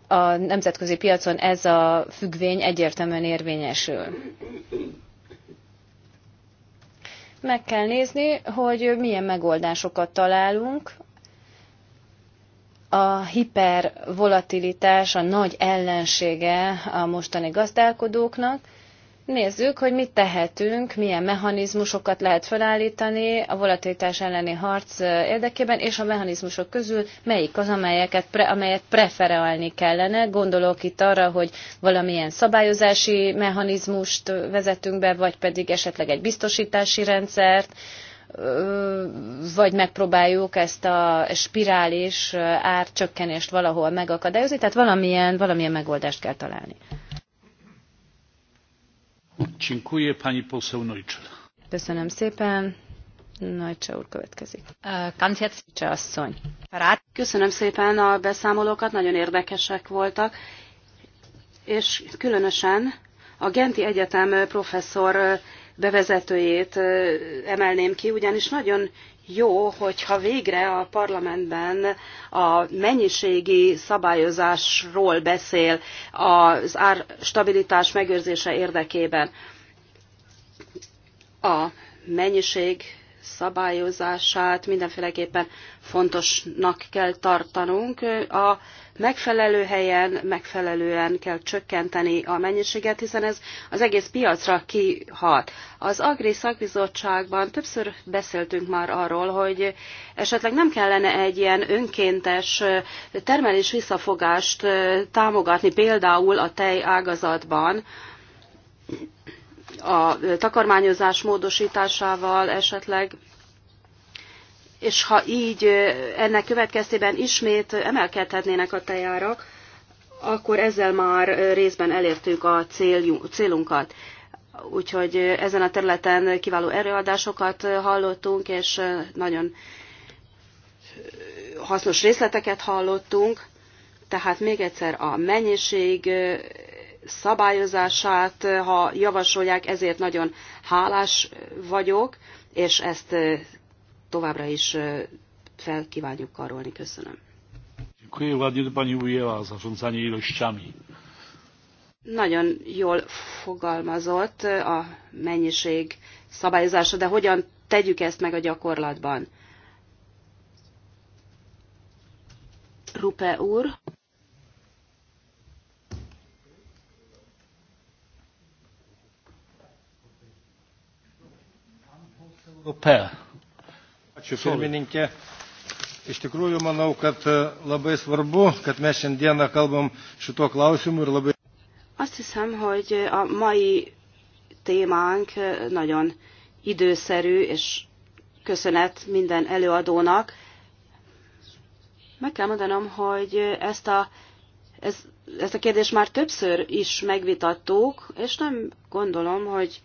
A nemzetközi piacon ez a függvény egyértelműen érvényesül. Meg kell nézni, hogy milyen megoldásokat találunk a hipervolatilitás a nagy ellensége a mostani gazdálkodóknak. Nézzük, hogy mit tehetünk, milyen mechanizmusokat lehet felállítani a volatilitás elleni harc érdekében, és a mechanizmusok közül melyik az, amelyeket pre, amelyet preferálni kellene. Gondolok itt arra, hogy valamilyen szabályozási mechanizmust vezetünk be, vagy pedig esetleg egy biztosítási rendszert, vagy megpróbáljuk ezt a spirális árcsökkenést valahol megakadályozni, tehát valamilyen, valamilyen megoldást kell találni. Köszönöm szépen. Nagy úr következik. Kancet asszony. Köszönöm szépen a beszámolókat, nagyon érdekesek voltak, és különösen a Genti Egyetem professzor bevezetőjét emelném ki, ugyanis nagyon jó, hogyha végre a parlamentben a mennyiségi szabályozásról beszél az árstabilitás megőrzése érdekében. A mennyiség szabályozását mindenféleképpen fontosnak kell tartanunk. A megfelelő helyen megfelelően kell csökkenteni a mennyiséget, hiszen ez az egész piacra kihat. Az Agri szakbizottságban többször beszéltünk már arról, hogy esetleg nem kellene egy ilyen önkéntes termelés visszafogást támogatni, például a tej ágazatban, a takarmányozás módosításával esetleg, és ha így ennek következtében ismét emelkedhetnének a tejárak, akkor ezzel már részben elértük a célunkat. Úgyhogy ezen a területen kiváló előadásokat hallottunk, és nagyon hasznos részleteket hallottunk. Tehát még egyszer a mennyiség szabályozását, ha javasolják, ezért nagyon hálás vagyok, és ezt továbbra is fel kívánjuk karolni. Köszönöm. Nagyon jól fogalmazott a mennyiség szabályozása, de hogyan tegyük ezt meg a gyakorlatban? Rupe úr. Iš tikrųjų, manau, kad e, labai svarbu, kad mes šiandieną kalbam šituo klausimu ir labai. Azt hiszem, hogy a mai témánk e, nagyon időszerű, és köszönet minden előadónak. Meg kell mondanom, hogy ezt a, ez, ezt a kérdést már többször is megvitattuk, és nem gondolom, hogy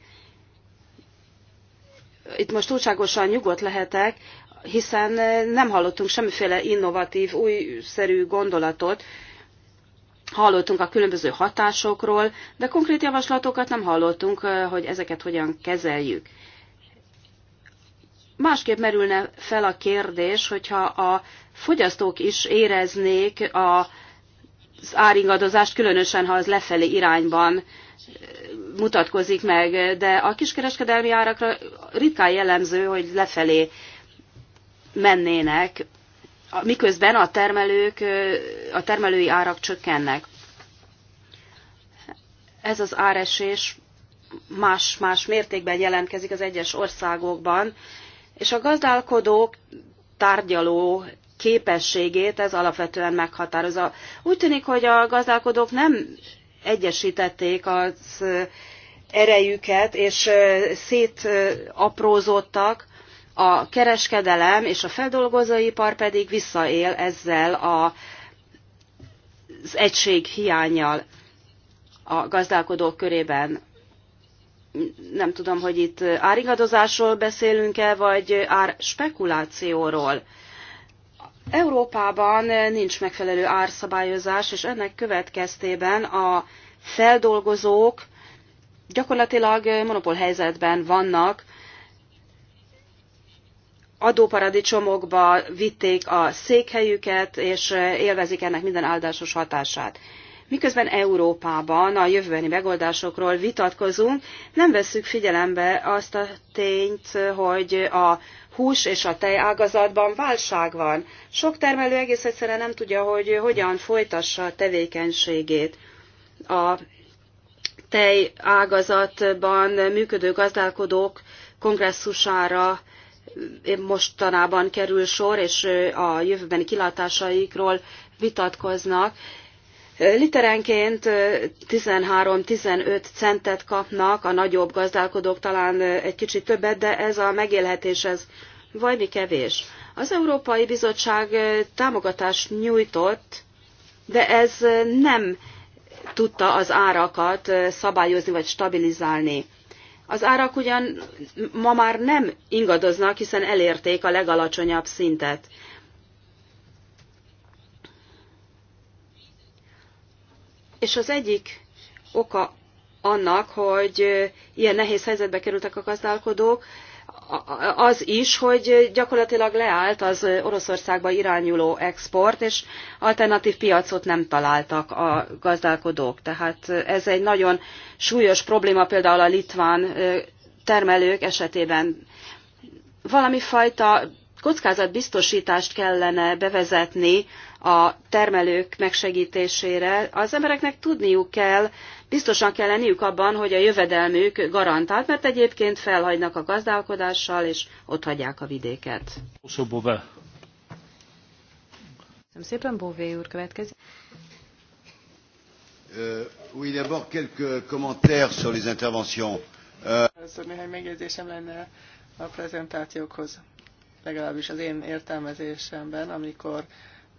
itt most túlságosan nyugodt lehetek, hiszen eh, nem hallottunk semmiféle innovatív, újszerű gondolatot, hallottunk a különböző hatásokról, de konkrét javaslatokat nem hallottunk, eh, hogy ezeket hogyan kezeljük. Másképp merülne fel a kérdés, hogyha a fogyasztók is éreznék a, az áringadozást, különösen ha az lefelé irányban mutatkozik meg, de a kiskereskedelmi árakra ritkán jellemző, hogy lefelé mennének, miközben a termelők, a termelői árak csökkennek. Ez az áresés más-más mértékben jelentkezik az egyes országokban, és a gazdálkodók tárgyaló képességét ez alapvetően meghatározza. Úgy tűnik, hogy a gazdálkodók nem egyesítették az erejüket, és szétaprózódtak, a kereskedelem és a feldolgozóipar pedig visszaél ezzel a, az egység hiányjal a gazdálkodók körében. Nem tudom, hogy itt áringadozásról beszélünk-e, vagy árspekulációról. Európában eh, nincs megfelelő árszabályozás, és ennek következtében a feldolgozók gyakorlatilag eh, monopól helyzetben vannak, adóparadicsomokba vitték a székhelyüket, és eh, élvezik ennek minden áldásos hatását. Miközben Európában a jövőbeni megoldásokról vitatkozunk, nem vesszük figyelembe azt a tényt, hogy a hús és a tejágazatban válság van. Sok termelő egész egyszerűen nem tudja, hogy hogyan folytassa a tevékenységét. A tejágazatban működő gazdálkodók kongresszusára mostanában kerül sor, és a jövőbeni kilátásaikról vitatkoznak. Literenként 13-15 centet kapnak, a nagyobb gazdálkodók talán egy kicsit többet, de ez a megélhetés, ez vajmi kevés. Az Európai Bizottság támogatást nyújtott, de ez nem tudta az árakat szabályozni vagy stabilizálni. Az árak ugyan ma már nem ingadoznak, hiszen elérték a legalacsonyabb szintet. És az egyik oka annak, hogy ilyen nehéz helyzetbe kerültek a gazdálkodók, az is, hogy gyakorlatilag leállt az Oroszországba irányuló export, és alternatív piacot nem találtak a gazdálkodók. Tehát ez egy nagyon súlyos probléma például a litván termelők esetében. Valami fajta kockázatbiztosítást kellene bevezetni a termelők megsegítésére, az embereknek tudniuk kell, biztosan kell lenniük abban, hogy a jövedelmük garantált, mert egyébként felhagynak a gazdálkodással, és ott hagyják a vidéket. Köszönöm szépen, Bové úr következik. Uh, oui, d'abord quelques commentaires sur les interventions. Uh... Először néhány megjegyzésem lenne a prezentációkhoz, legalábbis az én értelmezésemben, amikor uh,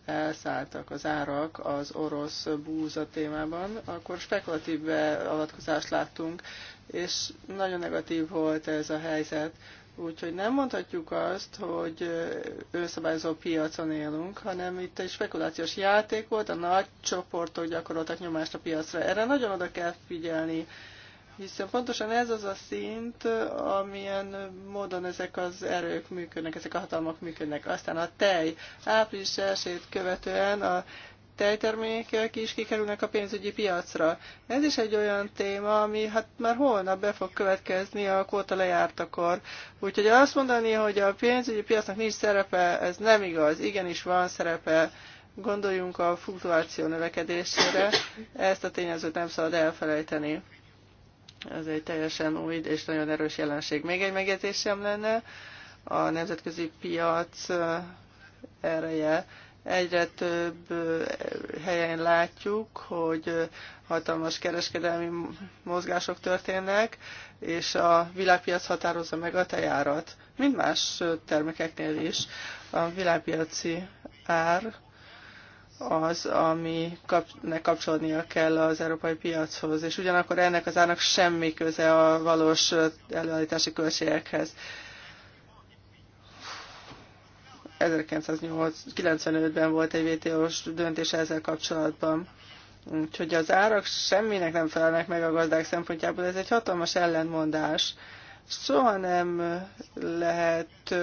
elszálltak az árak az orosz búza témában, akkor spekulatív beavatkozást láttunk, és nagyon negatív volt ez a helyzet. Úgyhogy nem mondhatjuk azt, hogy őszabályozó piacon élünk, hanem itt egy spekulációs játék volt, a nagy csoportok gyakoroltak nyomást a piacra. Erre nagyon oda kell figyelni, hiszen pontosan ez az a szint, amilyen módon ezek az erők működnek, ezek a hatalmak működnek. Aztán a tej. Április 1 követően a tejtermékek is kikerülnek a pénzügyi piacra. Ez is egy olyan téma, ami hát már holnap be fog következni a kóta lejártakor. Úgyhogy azt mondani, hogy a pénzügyi piacnak nincs szerepe, ez nem igaz. Igenis van szerepe. Gondoljunk a fluktuáció növekedésére. Ezt a tényezőt nem szabad elfelejteni. Ez egy teljesen új és nagyon erős jelenség. Még egy megjegyzésem lenne, a nemzetközi piac ereje. Egyre több helyen látjuk, hogy hatalmas kereskedelmi mozgások történnek, és a világpiac határozza meg a tejárat, mint más termékeknél is. A világpiaci ár az, ami kapcsolódnia kell az európai piachoz, és ugyanakkor ennek az árnak semmi köze a valós előállítási költségekhez. 1995-ben volt egy vto s döntés ezzel kapcsolatban. Úgyhogy az árak semminek nem felelnek meg a gazdák szempontjából, ez egy hatalmas ellentmondás. Soha nem lehet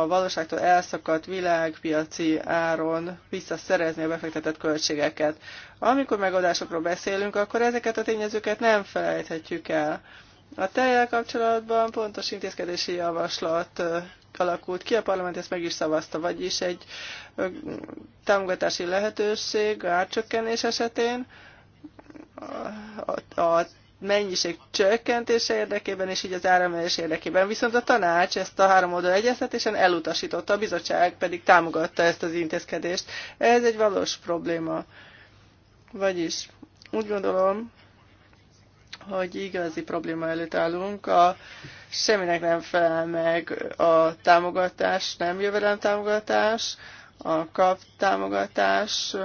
a valóságtól elszakadt világpiaci áron visszaszerezni a befektetett költségeket. Amikor megoldásokról beszélünk, akkor ezeket a tényezőket nem felejthetjük el. A tejjel kapcsolatban pontos intézkedési javaslat alakult ki, a parlament ezt meg is szavazta, vagyis egy támogatási lehetőség árcsökkenés esetén a mennyiség csökkentése érdekében, és így az áramelés érdekében. Viszont a tanács ezt a három oldal egyeztetésen elutasította, a bizottság pedig támogatta ezt az intézkedést. Ez egy valós probléma. Vagyis úgy gondolom, hogy igazi probléma előtt állunk. A, semminek nem felel meg a támogatás, nem jövedelem támogatás, a kap támogatás,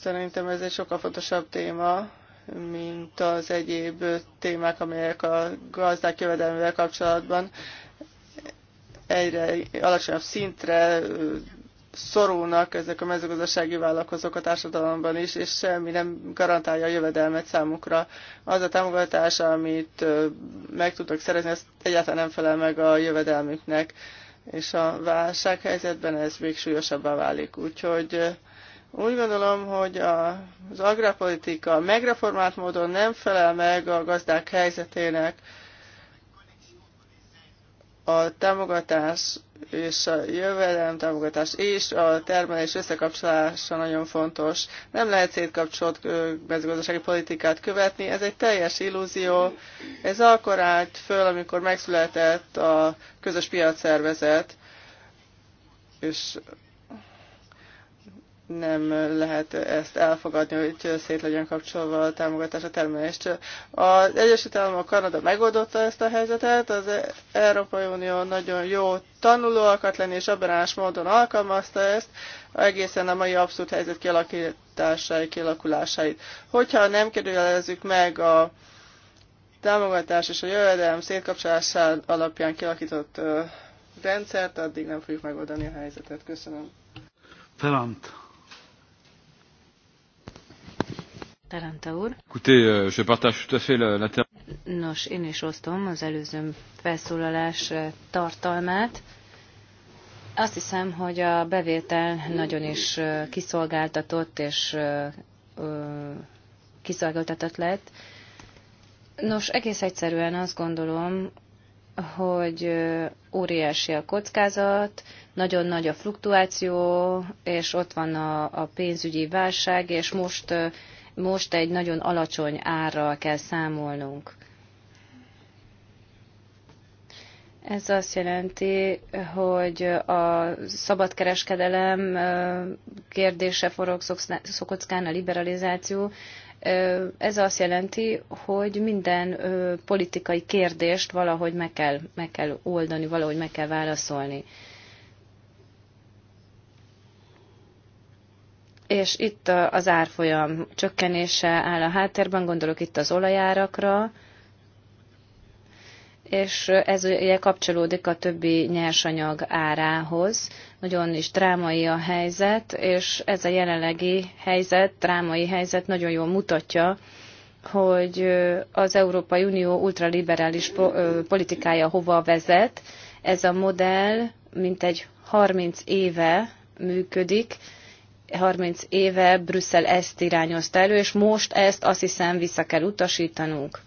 Szerintem ez egy sokkal fontosabb téma, mint az egyéb témák, amelyek a gazdák jövedelmével kapcsolatban egyre alacsonyabb szintre szorulnak ezek a mezőgazdasági vállalkozók a társadalomban is, és semmi nem garantálja a jövedelmet számukra. Az a támogatás, amit meg tudnak szerezni, ez egyáltalán nem felel meg a jövedelmüknek, és a válsághelyzetben ez még súlyosabbá válik. Úgyhogy úgy gondolom, hogy a, az agrárpolitika megreformált módon nem felel meg a gazdák helyzetének. A támogatás és a jövedelem támogatás és a termelés összekapcsolása nagyon fontos. Nem lehet szétkapcsolt mezőgazdasági politikát követni, ez egy teljes illúzió. Ez akkor állt föl, amikor megszületett a közös piacszervezet, és nem lehet ezt elfogadni, hogy szét legyen kapcsolva a támogatás a termelést. Az Egyesült Államok Kanada megoldotta ezt a helyzetet, az Európai Unió nagyon jó tanuló akart lenni, és aberáns módon alkalmazta ezt, egészen a mai abszurd helyzet kialakításai, kialakulásáit. Hogyha nem kerülezzük meg a támogatás és a jövedelem szétkapcsolásán alapján kialakított rendszert, addig nem fogjuk megoldani a helyzetet. Köszönöm. Felant. Talanta úr. Nos, én is osztom az előző felszólalás euh, tartalmát. Azt hiszem, hogy a bevétel nagyon is euh, kiszolgáltatott és euh, kiszolgáltatott lett. Nos, egész egyszerűen azt gondolom, hogy óriási a kockázat, nagyon nagy a fluktuáció, és ott van a, a pénzügyi válság, és most most egy nagyon alacsony árral kell számolnunk. Ez azt jelenti, hogy a szabadkereskedelem kérdése forog szokockán a liberalizáció. Ez azt jelenti, hogy minden politikai kérdést valahogy meg kell, meg kell oldani, valahogy meg kell válaszolni. és itt az árfolyam csökkenése áll a háttérben, gondolok itt az olajárakra, és ez ugye kapcsolódik a többi nyersanyag árához. Nagyon is drámai a helyzet, és ez a jelenlegi helyzet, drámai helyzet nagyon jól mutatja, hogy az Európai Unió ultraliberális politikája hova vezet. Ez a modell mintegy 30 éve működik, 30 éve Brüsszel ezt irányozta elő, és most ezt azt hiszem vissza kell utasítanunk.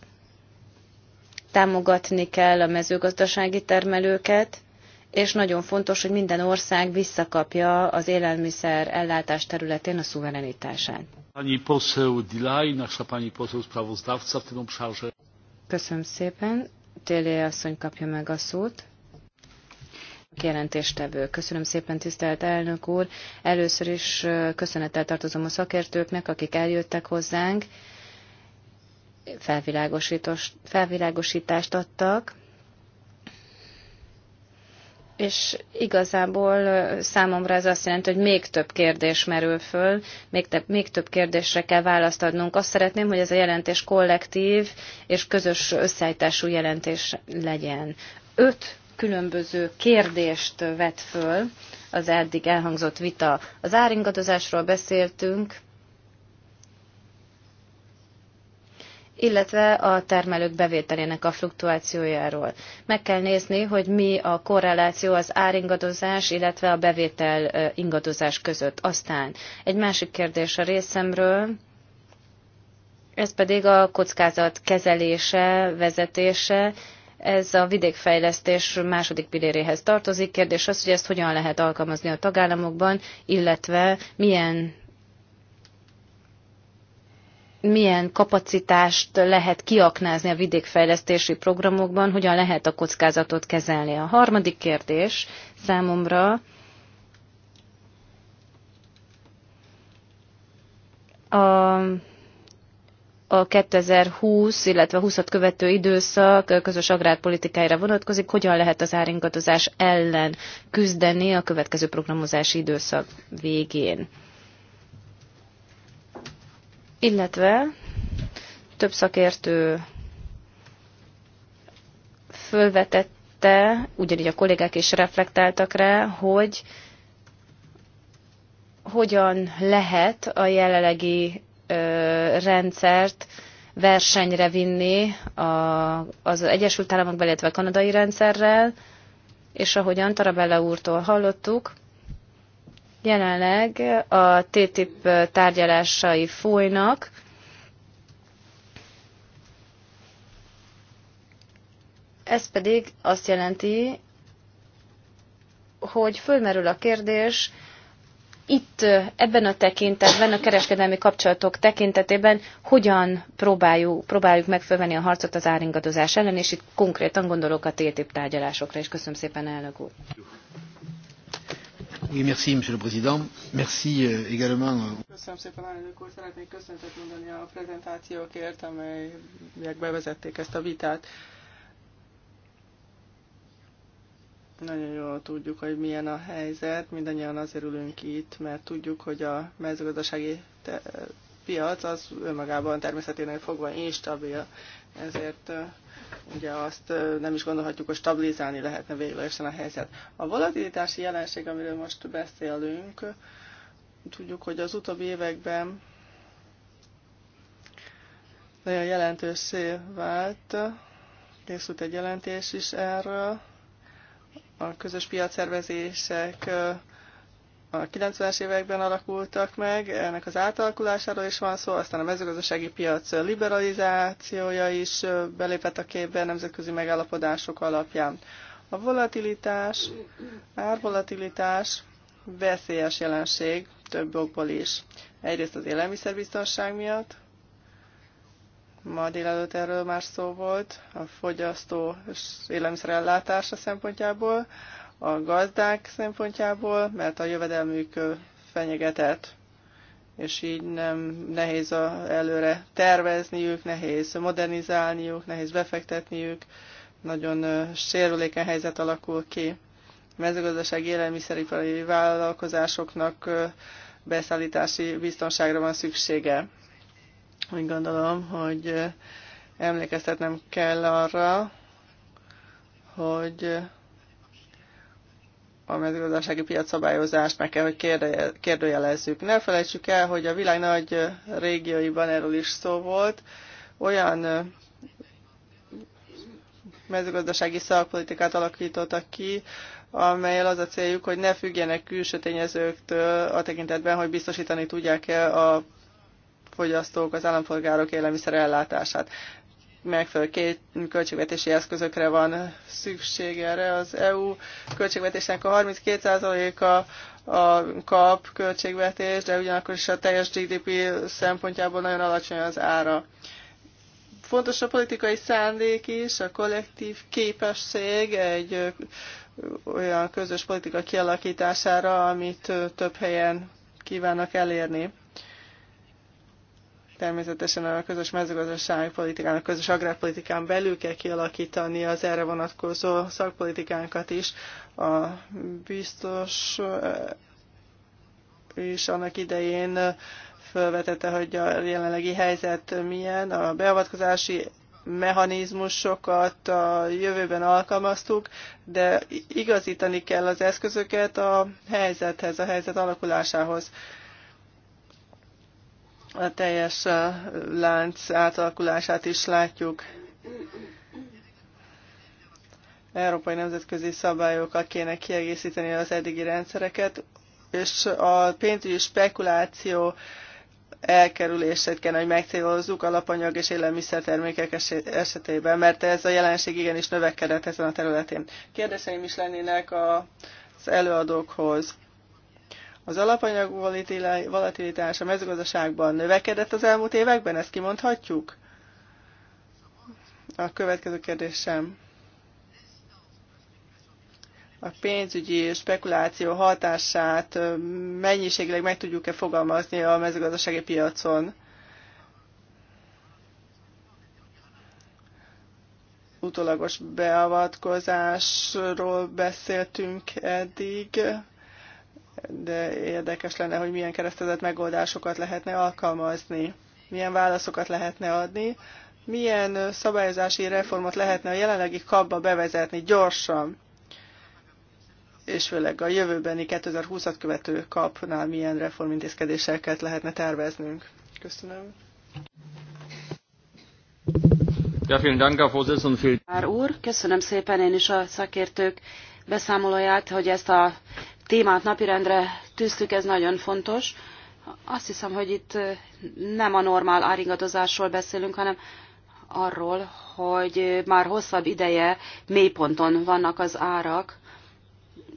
Támogatni kell a mezőgazdasági termelőket, és nagyon fontos, hogy minden ország visszakapja az élelmiszer ellátás területén a szuverenitását. Köszönöm szépen. Télé asszony kapja meg a szót. Jelentéstevő. Köszönöm szépen, tisztelt elnök úr. Először is köszönettel tartozom a szakértőknek, akik eljöttek hozzánk, felvilágosítást adtak, és igazából számomra ez azt jelenti, hogy még több kérdés merül föl, még, te, még több kérdésre kell választ adnunk. Azt szeretném, hogy ez a jelentés kollektív és közös összeállítású jelentés legyen. Öt különböző kérdést vet föl az eddig elhangzott vita. Az áringadozásról beszéltünk, illetve a termelők bevételének a fluktuációjáról. Meg kell nézni, hogy mi a korreláció az áringadozás, illetve a bevétel ingadozás között. Aztán egy másik kérdés a részemről, ez pedig a kockázat kezelése, vezetése, ez a vidékfejlesztés második piléréhez tartozik. Kérdés az, hogy ezt hogyan lehet alkalmazni a tagállamokban, illetve milyen milyen kapacitást lehet kiaknázni a vidékfejlesztési programokban, hogyan lehet a kockázatot kezelni. A harmadik kérdés számomra a a 2020, illetve 20-at követő időszak közös agrárpolitikájára vonatkozik, hogyan lehet az áringatozás ellen küzdeni a következő programozási időszak végén. Illetve több szakértő fölvetette, ugyanígy a kollégák is reflektáltak rá, hogy hogyan lehet a jelenlegi rendszert versenyre vinni az Egyesült államok illetve a kanadai rendszerrel, és ahogyan Tarabella úrtól hallottuk, jelenleg a TTIP tárgyalásai folynak, Ez pedig azt jelenti, hogy fölmerül a kérdés, itt ebben a tekintetben, a kereskedelmi kapcsolatok tekintetében hogyan próbáljuk, próbáljuk megfölvenni a harcot az áringadozás ellen, és itt konkrétan gondolok a TTIP tárgyalásokra, és köszönöm szépen, elnök úr. Oui, merci, Monsieur le Président. Merci euh, également. Euh, köszönöm szépen, elnök úr. Szeretnék köszönetet mondani a prezentációkért, amelyek bevezették ezt a vitát. Nagyon jól tudjuk, hogy milyen a helyzet, mindannyian azért ülünk itt, mert tudjuk, hogy a mezőgazdasági piac az önmagában természeténél fogva instabil, ezért ugye azt nem is gondolhatjuk, hogy stabilizálni lehetne véglegesen a helyzet. A volatilitási jelenség, amiről most beszélünk, tudjuk, hogy az utóbbi években nagyon jelentősé vált, készült egy jelentés is erről, a közös piacszervezések a 90-es években alakultak meg, ennek az átalakulásáról is van szó, aztán a mezőgazdasági piac liberalizációja is belépett a képbe nemzetközi megállapodások alapján. A volatilitás, árvolatilitás veszélyes jelenség több okból is. Egyrészt az élelmiszerbiztonság miatt, ma délelőtt erről már szó volt, a fogyasztó és élelmiszerellátása szempontjából, a gazdák szempontjából, mert a jövedelmük fenyegetett, és így nem nehéz a, előre tervezniük, nehéz modernizálniuk, nehéz befektetniük, nagyon sérülékeny helyzet alakul ki. A mezőgazdaság élelmiszeripari vállalkozásoknak beszállítási biztonságra van szüksége. Úgy gondolom, hogy eh, emlékeztetnem kell arra, hogy eh, a mezőgazdasági piac szabályozást meg kell, hogy kérdőjelezzük. Ne felejtsük el, hogy a világ nagy eh, régióiban erről is szó volt, olyan mezőgazdasági szakpolitikát alakítottak ki, amelyel az a céljuk, hogy ne függjenek külső tényezőktől a tekintetben, hogy biztosítani tudják-e a fogyasztók, az állampolgárok élelmiszer ellátását. Megfelelő két költségvetési eszközökre van szükség erre. Az EU költségvetésnek a 32%-a a kap költségvetés, de ugyanakkor is a teljes GDP szempontjából nagyon alacsony az ára. Fontos a politikai szándék is, a kollektív képesség egy olyan közös politika kialakítására, amit több helyen kívánnak elérni. Természetesen a közös mezőgazdasági politikának, a közös agrárpolitikán belül kell kialakítani az erre vonatkozó szakpolitikánkat is. A biztos eh, is annak idején eh, felvetette, hogy a jelenlegi helyzet milyen, a beavatkozási mechanizmusokat a jövőben alkalmaztuk, de igazítani kell az eszközöket a helyzethez, a helyzet alakulásához a teljes lánc átalakulását is látjuk. Európai nemzetközi szabályokat kéne kiegészíteni az eddigi rendszereket, és a pénzügyi spekuláció elkerülését kell, hogy megcélozzuk alapanyag és élelmiszertermékek esetében, mert ez a jelenség igenis növekedett ezen a területén. Kérdéseim is lennének az előadókhoz. Az alapanyag volatilitás a mezőgazdaságban növekedett az elmúlt években, ezt kimondhatjuk? A következő kérdésem. A pénzügyi spekuláció hatását mennyiségileg meg tudjuk-e fogalmazni a mezőgazdasági piacon? Utólagos beavatkozásról beszéltünk eddig de érdekes lenne, hogy milyen keresztezett megoldásokat lehetne alkalmazni, milyen válaszokat lehetne adni, milyen szabályozási reformot lehetne a jelenlegi kapba bevezetni gyorsan, és főleg a jövőbeni 2020-at követő kapnál milyen reformintézkedéseket lehetne terveznünk. Köszönöm. Ja, vielen Dank, Herr Vorsitzender. Úr, köszönöm szépen én is a szakértők beszámolóját, hogy ezt a témát napirendre tűztük, ez nagyon fontos. Azt hiszem, hogy itt nem a normál áringadozásról beszélünk, hanem arról, hogy már hosszabb ideje mélyponton vannak az árak,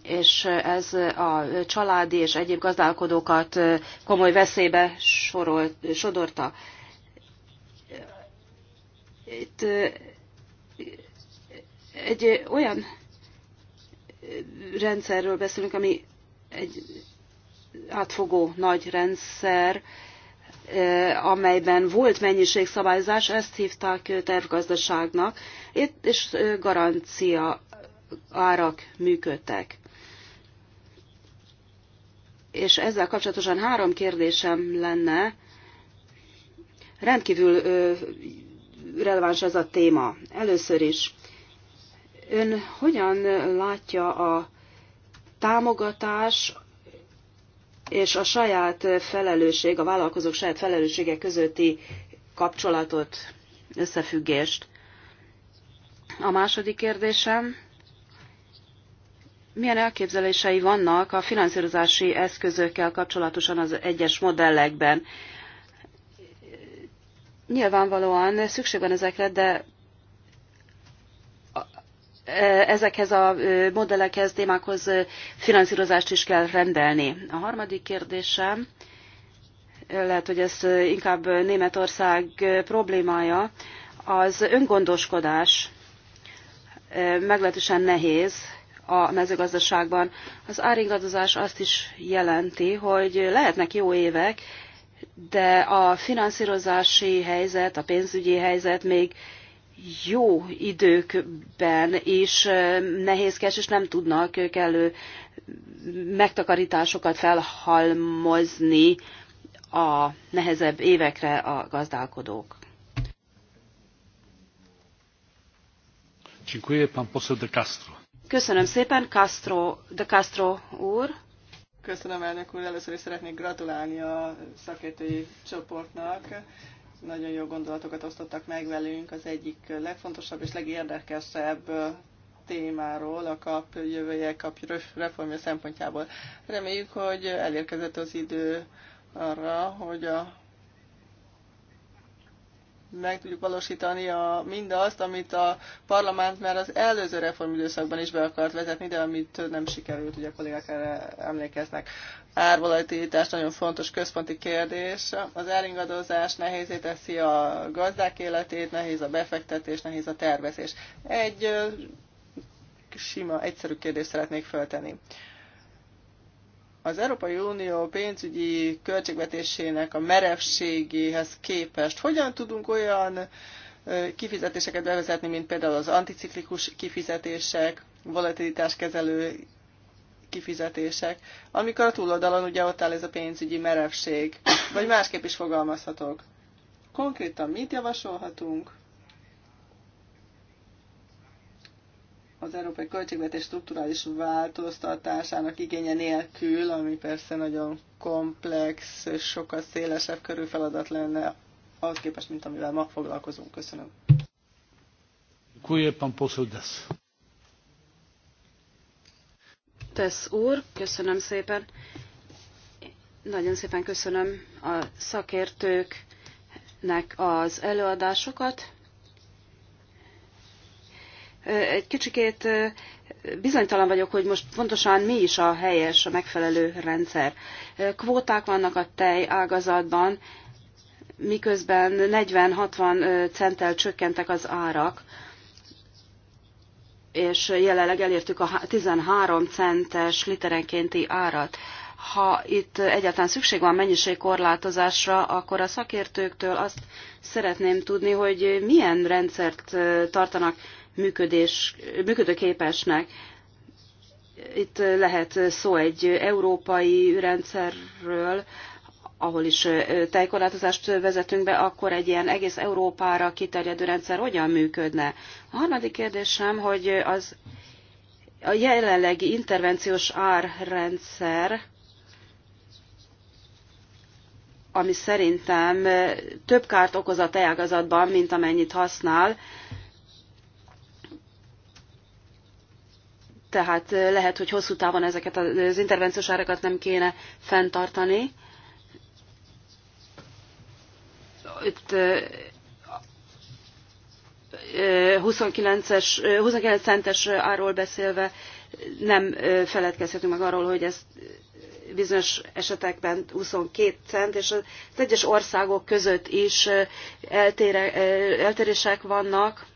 és ez a családi és egyéb gazdálkodókat komoly veszélybe sorolt, sodorta. Itt egy olyan rendszerről beszélünk, ami egy átfogó nagy rendszer, amelyben volt mennyiségszabályozás, ezt hívták tervgazdaságnak, és garancia árak működtek. És ezzel kapcsolatosan három kérdésem lenne. Rendkívül releváns ez a téma. Először is Ön hogyan látja a támogatás és a saját felelősség, a vállalkozók saját felelőssége közötti kapcsolatot, összefüggést? A második kérdésem, milyen elképzelései vannak a finanszírozási eszközökkel kapcsolatosan az egyes modellekben? Nyilvánvalóan szükség van ezekre, de Eh, ezekhez a eh, modellekhez, témákhoz eh, finanszírozást is kell rendelni. A harmadik kérdésem, lehet, hogy ez inkább Németország problémája, az öngondoskodás meglehetősen nehéz a mezőgazdaságban. Az áringadozás azt is jelenti, hogy lehetnek jó évek, de a finanszírozási helyzet, a pénzügyi helyzet még jó időkben is nehézkes, és nem tudnak kellő megtakarításokat felhalmozni a nehezebb évekre a gazdálkodók. Köszönöm szépen, Castro, de Castro úr. Köszönöm, elnök úr. Először is szeretnék gratulálni a szakértői csoportnak nagyon jó gondolatokat osztottak meg velünk az egyik legfontosabb és legérdekesebb témáról, a kap jövője, kap reformja szempontjából. Reméljük, hogy elérkezett az idő arra, hogy a meg tudjuk valósítani a, mindazt, amit a parlament már az előző reformidőszakban is be akart vezetni, de amit nem sikerült, ugye a kollégák erre emlékeznek. Árvalajtítás nagyon fontos központi kérdés. Az elingadozás nehézé teszi a gazdák életét, nehéz a befektetés, nehéz a tervezés. Egy sima, egyszerű kérdést szeretnék föltenni. Az Európai Unió pénzügyi költségvetésének a merevségéhez képest hogyan tudunk olyan kifizetéseket bevezetni, mint például az anticiklikus kifizetések, volatilitáskezelő kifizetések, amikor a túloldalon ugye ott áll ez a pénzügyi merevség, vagy másképp is fogalmazhatok. Konkrétan mit javasolhatunk? az európai költségvetés strukturális változtatásának igénye nélkül, ami persze nagyon komplex, sokkal szélesebb körű feladat lenne az képest, mint amivel ma foglalkozunk. Köszönöm. Tesz úr, köszönöm szépen. Nagyon szépen köszönöm a szakértőknek az előadásokat egy kicsikét bizonytalan vagyok, hogy most pontosan mi is a helyes, a megfelelő rendszer. Kvóták vannak a tej ágazatban, miközben 40-60 centtel csökkentek az árak, és jelenleg elértük a 13 centes literenkénti árat. Ha itt egyáltalán szükség van mennyiségkorlátozásra, akkor a szakértőktől azt szeretném tudni, hogy milyen rendszert tartanak működés, működőképesnek. Itt lehet szó egy európai rendszerről, ahol is tejkorlátozást vezetünk be, akkor egy ilyen egész Európára kiterjedő rendszer hogyan működne? A harmadik kérdésem, hogy az a jelenlegi intervenciós árrendszer, ami szerintem több kárt okoz a tejágazatban, mint amennyit használ, Tehát lehet, hogy hosszú távon ezeket az intervenciós árakat nem kéne fenntartani. Itt 29-es, 29 centes árról beszélve nem feledkezhetünk meg arról, hogy ez bizonyos esetekben 22 cent, és az egyes országok között is eltére, eltérések vannak.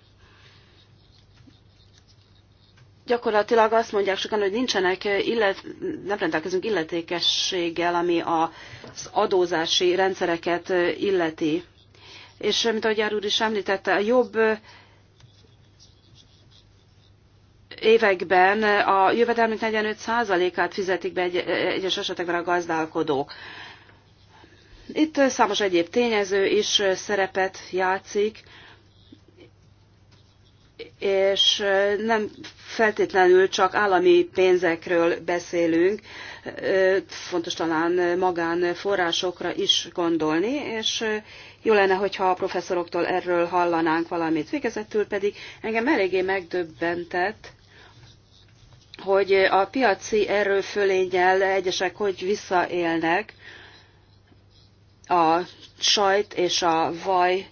gyakorlatilag azt mondják sokan, hogy nincsenek eh, illet, nem rendelkezünk illetékességgel, ami az adózási rendszereket eh, illeti. És eh, mint ahogy Jár úr is említette, a jobb években a jövedelmük 45%-át fizetik be egy, egyes esetekben a gazdálkodók. Itt számos egyéb tényező is szerepet játszik, és nem feltétlenül csak állami pénzekről beszélünk, fontos talán magánforrásokra is gondolni, és jó lenne, hogyha a professzoroktól erről hallanánk valamit. Végezetül pedig engem eléggé megdöbbentett, hogy a piaci erőfölényel egyesek hogy visszaélnek a sajt és a vaj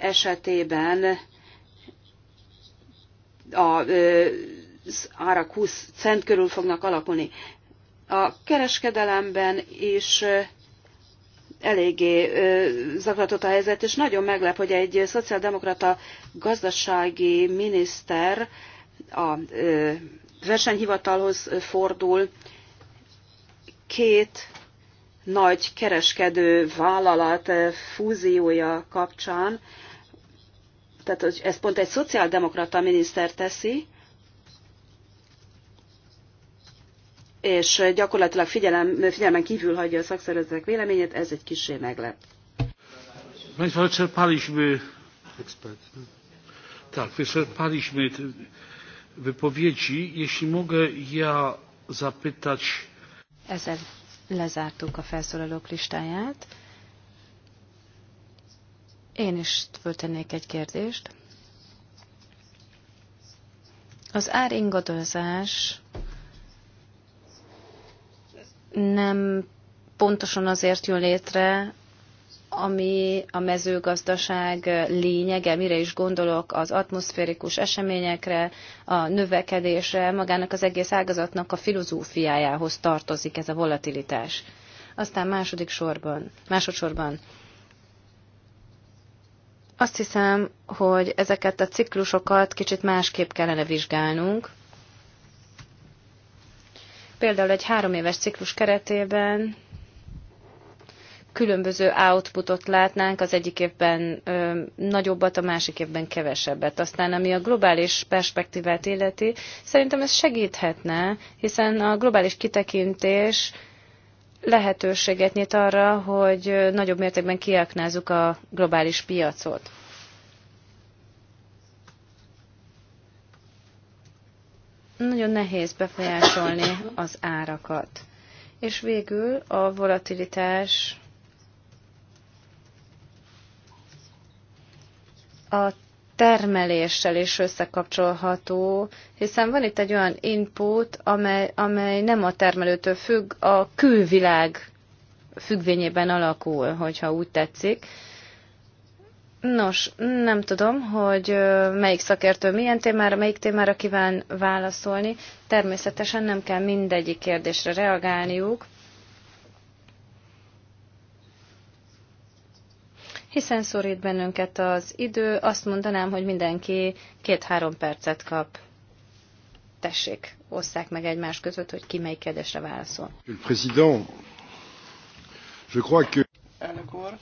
esetében az árak 20 cent körül fognak alakulni. A kereskedelemben is eléggé zaklatott a helyzet, és nagyon meglep, hogy egy szociáldemokrata gazdasági miniszter a versenyhivatalhoz fordul, két nagy kereskedő vállalat fúziója kapcsán, tehát hogy ezt pont egy szociáldemokrata miniszter teszi, és gyakorlatilag figyelem, figyelmen kívül hagyja a szakszervezetek véleményét, ez egy kicsi meglep. Państwa, wyczerpaliśmy ekspert. wypowiedzi. Jeśli mogę ja zapytać... Ezzel lezártuk a felszólalók listáját. Én is föltennék egy kérdést. Az áringadozás nem pontosan azért jön létre, ami a mezőgazdaság lényege, mire is gondolok, az atmoszférikus eseményekre, a növekedésre, magának az egész ágazatnak a filozófiájához tartozik ez a volatilitás. Aztán második sorban, másodszorban azt hiszem, hogy ezeket a ciklusokat kicsit másképp kellene vizsgálnunk. Például egy három éves ciklus keretében különböző outputot látnánk, az egyik évben ö, nagyobbat, a másik évben kevesebbet. Aztán ami a globális perspektívát illeti, szerintem ez segíthetne, hiszen a globális kitekintés lehetőséget nyit arra, hogy nagyobb mértékben kiaknázzuk a globális piacot. Nagyon nehéz befolyásolni az árakat. És végül a volatilitás a termeléssel is összekapcsolható, hiszen van itt egy olyan input, amely, amely nem a termelőtől függ, a külvilág függvényében alakul, hogyha úgy tetszik. Nos, nem tudom, hogy melyik szakértő milyen témára, melyik témára kíván válaszolni. Természetesen nem kell mindegyik kérdésre reagálniuk, hiszen szorít bennünket az idő. Azt mondanám, hogy mindenki két-három percet kap. Tessék, osszák meg egymás között, hogy ki melyik kérdésre válaszol. Elnök úr,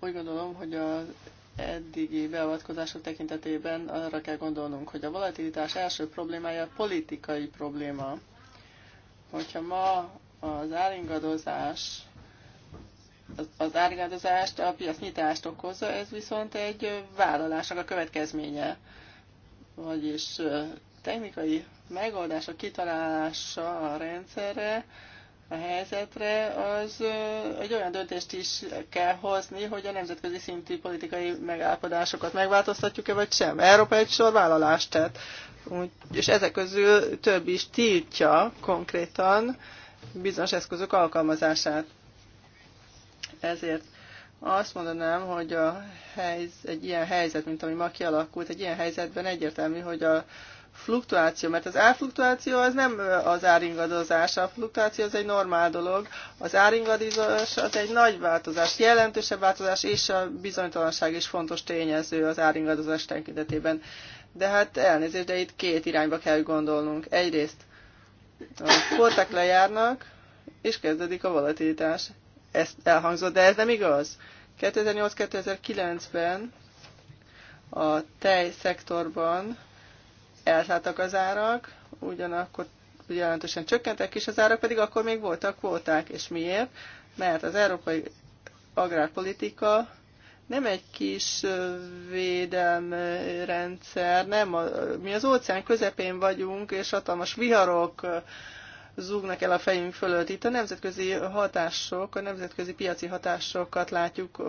úgy gondolom, hogy az eddigi beavatkozások tekintetében arra kell gondolnunk, hogy a volatilitás első problémája politikai probléma. Hogyha ma az állingadozás az árigáldozást a piac nyitást okozza, ez viszont egy vállalásnak a következménye. Vagyis technikai megoldások kitalálása a rendszerre, a helyzetre, az egy olyan döntést is kell hozni, hogy a nemzetközi szintű politikai megállapodásokat megváltoztatjuk-e, vagy sem. Európa egy sor vállalást tett, és ezek közül több is tiltja konkrétan bizonyos eszközök alkalmazását. Ezért azt mondanám, hogy a helyz, egy ilyen helyzet, mint ami ma kialakult, egy ilyen helyzetben egyértelmű, hogy a fluktuáció, mert az árfluktuáció az nem az áringadozás, a fluktuáció az egy normál dolog, az áringadozás az egy nagy változás, jelentősebb változás, és a bizonytalanság is fontos tényező az áringadozás tekintetében. De hát elnézést, de itt két irányba kell gondolnunk. Egyrészt a korták lejárnak, és kezdődik a volatilitás ezt elhangzott, de ez nem igaz. 2008-2009-ben a tejszektorban elszálltak az árak, ugyanakkor jelentősen csökkentek is az árak, pedig akkor még voltak kvóták. És miért? Mert az európai agrárpolitika nem egy kis védelmrendszer, nem a, mi az óceán közepén vagyunk, és hatalmas viharok, zúgnak el a fejünk fölött. Itt a nemzetközi hatások, a nemzetközi piaci hatásokat látjuk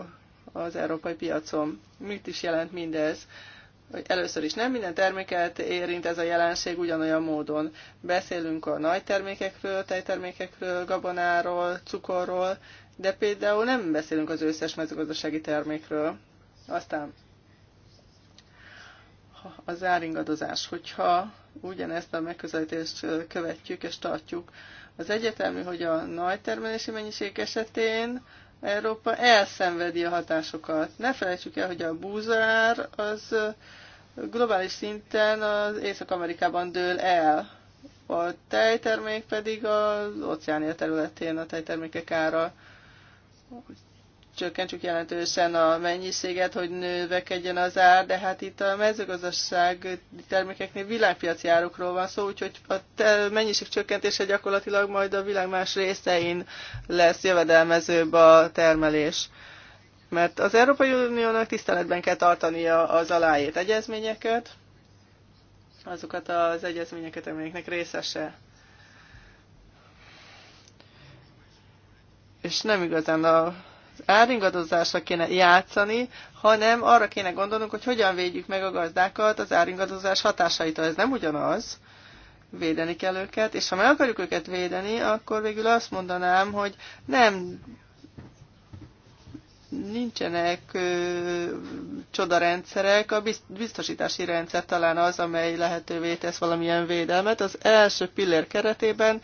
az európai piacon. Mit is jelent mindez? Először is nem minden terméket érint ez a jelenség ugyanolyan módon. Beszélünk a nagy termékekről, tejtermékekről, gabonáról, cukorról, de például nem beszélünk az összes mezőgazdasági termékről. Aztán az áringadozás. Hogyha ugyanezt a megközelítést követjük és tartjuk, az egyetemű, hogy a nagy termelési mennyiség esetén Európa elszenvedi a hatásokat. Ne felejtsük el, hogy a búzár az globális szinten az Észak-Amerikában dől el. A tejtermék pedig az óceánia területén a tejtermékek ára csökkentsük jelentősen a mennyiséget, hogy növekedjen az ár, de hát itt a mezőgazdaság termékeknél világpiaci árukról van szó, úgyhogy a mennyiség csökkentése gyakorlatilag majd a világ más részein lesz jövedelmezőbb a termelés. Mert az Európai Uniónak tiszteletben kell tartania az aláírt egyezményeket, azokat az egyezményeket, amelyeknek részese. És nem igazán a áringadozásra kéne játszani, hanem arra kéne gondolnunk, hogy hogyan védjük meg a gazdákat az áringadozás hatásaitól. Ez nem ugyanaz. Védeni kell őket, és ha meg akarjuk őket védeni, akkor végül azt mondanám, hogy nem nincsenek ö, csodarendszerek, a biztosítási rendszer talán az, amely lehetővé tesz valamilyen védelmet. Az első pillér keretében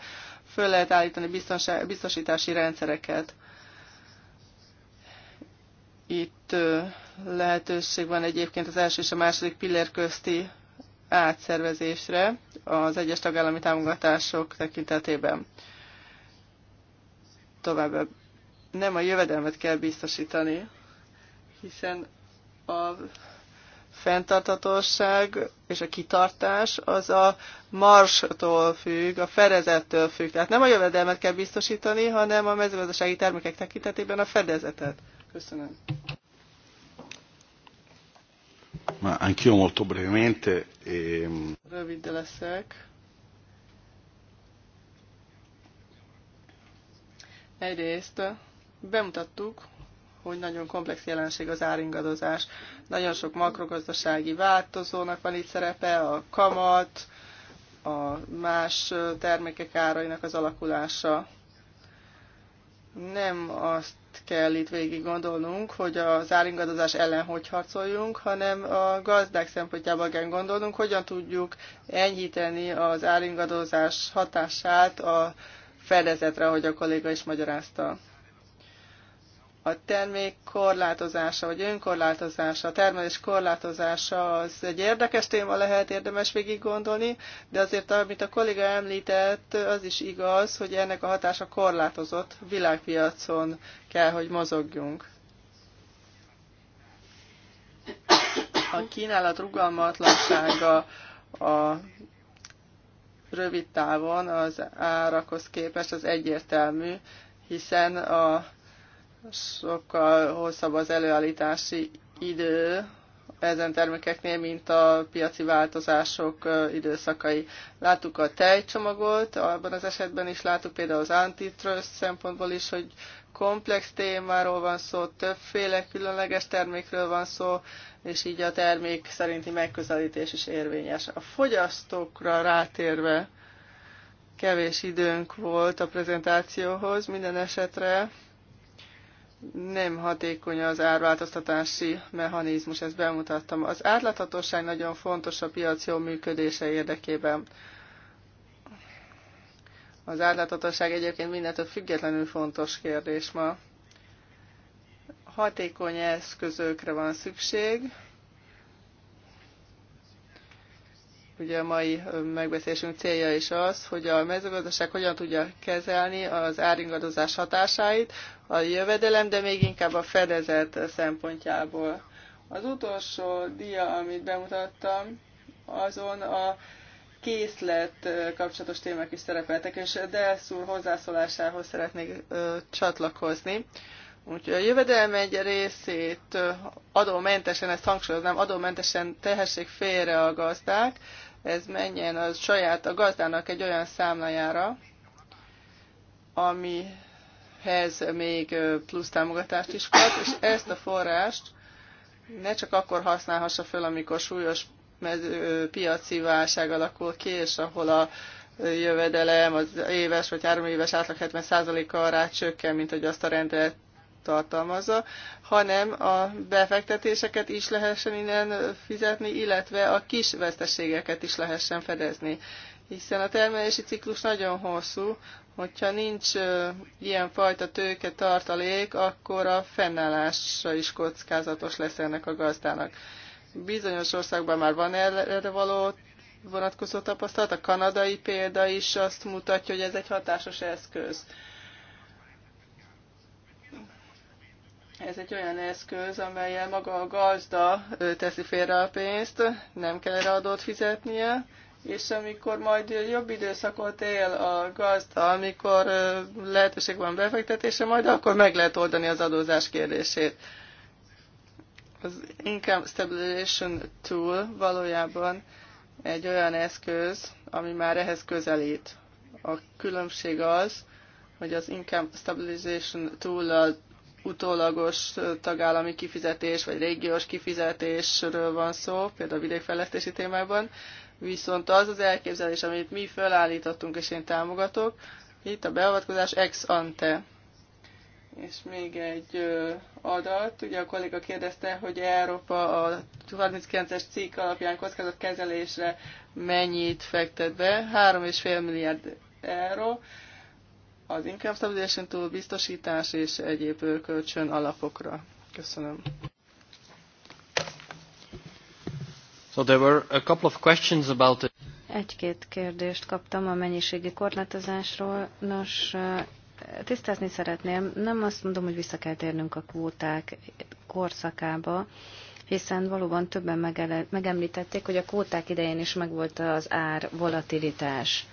föl lehet állítani biztonsá, biztosítási rendszereket. Itt lehetőség van egyébként az első és a második pillér közti átszervezésre az egyes tagállami támogatások tekintetében. Továbbá nem a jövedelmet kell biztosítani, hiszen a fenntartatóság és a kitartás az a marstól függ, a fedezettől függ. Tehát nem a jövedelmet kell biztosítani, hanem a mezőgazdasági termékek tekintetében a fedezetet. Köszönöm. Ma anch'io molto brevemente. E... Rövid leszek. Egyrészt bemutattuk, hogy nagyon komplex jelenség az áringadozás. Nagyon sok makrogazdasági változónak van itt szerepe, a kamat, a más termékek árainak az alakulása. Nem azt kell itt végig gondolnunk, hogy az áringadozás ellen hogy harcoljunk, hanem a gazdák szempontjából kell gondolnunk, hogyan tudjuk enyhíteni az áringadozás hatását a fedezetre, ahogy a kolléga is magyarázta. A termék korlátozása, vagy önkorlátozása, a termelés korlátozása az egy érdekes téma lehet, érdemes végig gondolni, de azért, amit a kolléga említett, az is igaz, hogy ennek a hatása korlátozott világpiacon kell, hogy mozogjunk. A kínálat rugalmatlansága, a rövid távon az árakhoz képest az egyértelmű, hiszen a sokkal hosszabb az előállítási idő ezen termékeknél, mint a piaci változások időszakai. Láttuk a tejcsomagot, abban az esetben is láttuk például az antitrust szempontból is, hogy komplex témáról van szó, többféle különleges termékről van szó, és így a termék szerinti megközelítés is érvényes. A fogyasztókra rátérve kevés időnk volt a prezentációhoz minden esetre nem hatékony az árváltoztatási mechanizmus, ezt bemutattam. Az átláthatóság nagyon fontos a piac jó működése érdekében. Az átláthatóság egyébként mindentől függetlenül fontos kérdés ma. Hatékony eszközökre van szükség, Ugye a mai megbeszélésünk célja is az, hogy a mezőgazdaság hogyan tudja kezelni az áringadozás hatásait, a jövedelem, de még inkább a fedezet szempontjából. Az utolsó dia, amit bemutattam, azon a készlet kapcsolatos témák is szerepeltek, és Delsz úr hozzászólásához szeretnék ö, csatlakozni. Úgyhogy a jövedelem egy részét adómentesen, ezt hangsúlyoznám, adómentesen tehessék félre a gazdák, ez menjen az saját a gazdának egy olyan számlájára, amihez még plusz támogatást is kap, és ezt a forrást ne csak akkor használhassa föl, amikor súlyos piaci válság alakul ki, és ahol a jövedelem az éves vagy három éves átlag 70%-a ará csökken, mint hogy azt a rendelet tartalmazza, hanem a befektetéseket is lehessen innen fizetni, illetve a kis veszteségeket is lehessen fedezni. Hiszen a termelési ciklus nagyon hosszú, hogyha nincs ilyenfajta tőke tartalék, akkor a fennállásra is kockázatos lesz ennek a gazdának. Bizonyos országban már van erre való vonatkozó tapasztalat, a kanadai példa is azt mutatja, hogy ez egy hatásos eszköz. Ez egy olyan eszköz, amelyel maga a gazda teszi félre a pénzt, nem kell erre adót fizetnie, és amikor majd jobb időszakot él a gazda, amikor lehetőség van befektetése, majd akkor meg lehet oldani az adózás kérdését. Az Income Stabilization Tool valójában egy olyan eszköz, ami már ehhez közelít. A különbség az, hogy az Income Stabilization tool al utólagos tagállami kifizetés vagy régiós kifizetésről van szó, például a vidékfejlesztési témában, viszont az az elképzelés, amit mi felállítottunk és én támogatok, itt a beavatkozás ex ante. És még egy adat, ugye a kolléga kérdezte, hogy Európa a 39-es cikk alapján kockázatkezelésre mennyit fektet be, 3,5 milliárd euró, az inkább stabilizáson túl biztosítás és egyéb kölcsön alapokra. Köszönöm. So there were a couple of questions about it. Egy-két kérdést kaptam a mennyiségi korlátozásról. Nos, tisztázni szeretném, nem azt mondom, hogy vissza kell térnünk a kvóták korszakába, hiszen valóban többen megemlítették, hogy a kvóták idején is megvolt az ár volatilitás.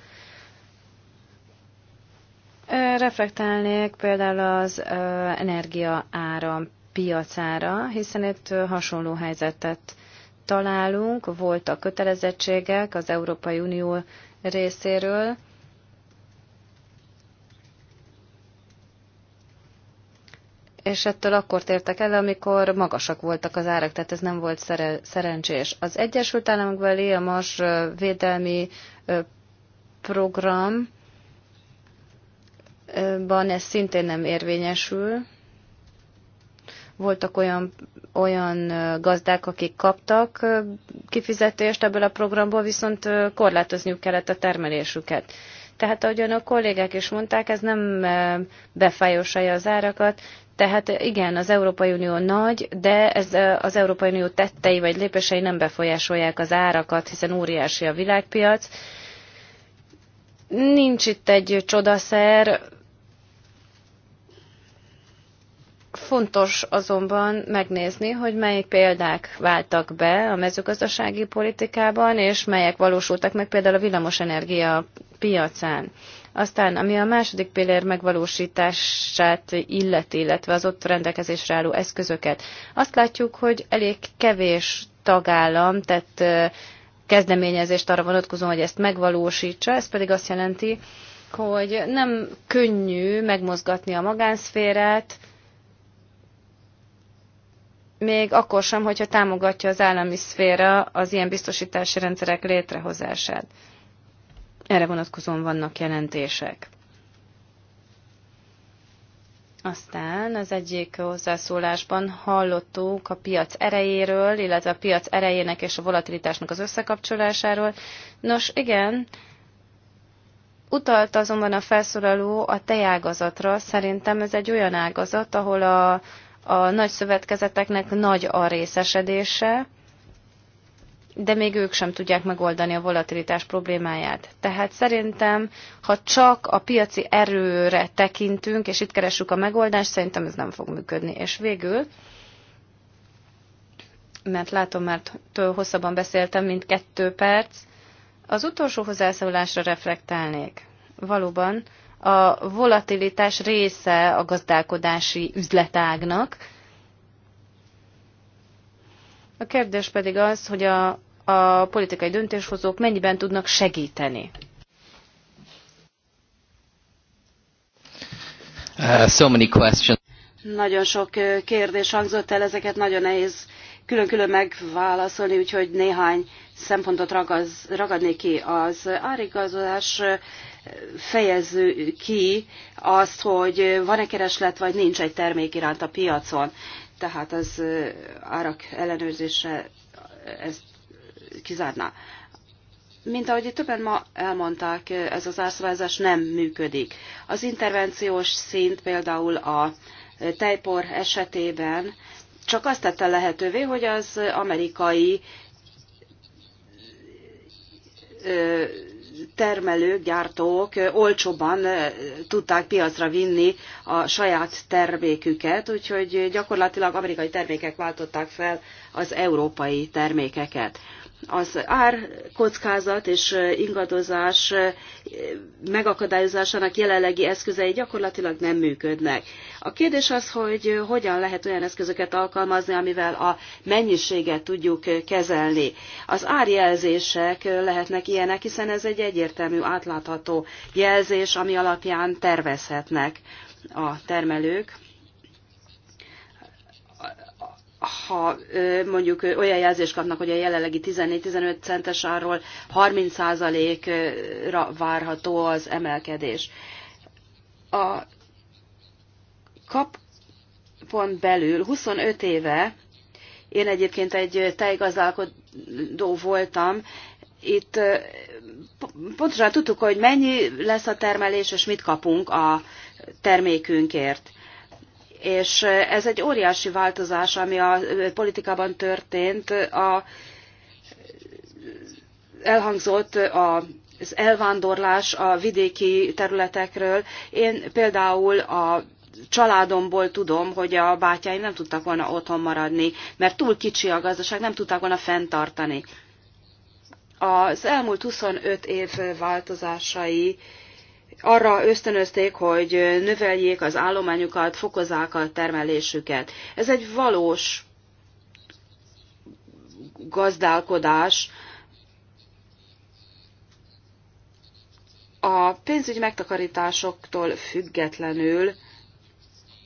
Reflektálnék például az energia áram piacára, hiszen itt hasonló helyzetet találunk, voltak kötelezettségek az Európai Unió részéről, és ettől akkor tértek el, amikor magasak voltak az árak, tehát ez nem volt szere- szerencsés. Az Egyesült Államokbeli a Mars védelmi program ban ez szintén nem érvényesül. Voltak olyan, olyan gazdák, akik kaptak kifizetést ebből a programból, viszont korlátozniuk kellett a termelésüket. Tehát ahogyan a kollégák is mondták, ez nem befájósolja az árakat, tehát igen, az Európai Unió nagy, de ez az Európai Unió tettei vagy lépései nem befolyásolják az árakat, hiszen óriási a világpiac. Nincs itt egy csodaszer, Fontos azonban megnézni, hogy mely példák váltak be a mezőgazdasági politikában, és melyek valósultak meg például a villamosenergia piacán. Aztán, ami a második pillér megvalósítását illeti, illetve az ott rendelkezésre álló eszközöket, azt látjuk, hogy elég kevés tagállam tett kezdeményezést arra vonatkozóan, hogy ezt megvalósítsa, ez pedig azt jelenti, hogy nem könnyű megmozgatni a magánszférát, még akkor sem, hogyha támogatja az állami szféra az ilyen biztosítási rendszerek létrehozását. Erre vonatkozóan vannak jelentések. Aztán az egyik hozzászólásban hallottuk a piac erejéről, illetve a piac erejének és a volatilitásnak az összekapcsolásáról. Nos, igen, utalt azonban a felszólaló a tejágazatra. Szerintem ez egy olyan ágazat, ahol a, a nagy szövetkezeteknek nagy a részesedése, de még ők sem tudják megoldani a volatilitás problémáját. Tehát szerintem, ha csak a piaci erőre tekintünk, és itt keressük a megoldást, szerintem ez nem fog működni. És végül, mert látom, mert től hosszabban beszéltem, mint kettő perc, az utolsó hozzászólásra reflektálnék. Valóban, a volatilitás része a gazdálkodási üzletágnak. A kérdés pedig az, hogy a, a politikai döntéshozók mennyiben tudnak segíteni. Uh, so many questions. Nagyon sok uh, kérdés hangzott el, ezeket nagyon nehéz külön-külön megválaszolni, úgyhogy néhány szempontot ragaz, ragadnék ki. Az árigazolás fejező ki azt, hogy van-e kereslet, vagy nincs egy termék iránt a piacon. Tehát az árak ellenőrzése ezt kizárná. Mint ahogy többen ma elmondták, ez az árszabályozás nem működik. Az intervenciós szint például a tejpor esetében csak azt tette lehetővé, hogy az amerikai termelők, gyártók olcsóban tudták piacra vinni a saját terméküket, úgyhogy gyakorlatilag amerikai termékek váltották fel az európai termékeket az árkockázat és ingadozás megakadályozásának jelenlegi eszközei gyakorlatilag nem működnek. A kérdés az, hogy hogyan lehet olyan eszközöket alkalmazni, amivel a mennyiséget tudjuk kezelni. Az árjelzések lehetnek ilyenek, hiszen ez egy egyértelmű, átlátható jelzés, ami alapján tervezhetnek a termelők ha mondjuk olyan jelzést kapnak, hogy a jelenlegi 14-15 centes arról 30%-ra várható az emelkedés. A kappon belül 25 éve, én egyébként egy tejgazdálkodó voltam, itt pontosan tudtuk, hogy mennyi lesz a termelés, és mit kapunk a termékünkért és ez egy óriási változás, ami a politikában történt. A, elhangzott a az elvándorlás a vidéki területekről. Én például a családomból tudom, hogy a bátyáim nem tudtak volna otthon maradni, mert túl kicsi a gazdaság, nem tudták volna fenntartani. Az elmúlt 25 év változásai arra ösztönözték, hogy növeljék az állományukat, fokozzák a termelésüket. Ez egy valós gazdálkodás. A pénzügy megtakarításoktól függetlenül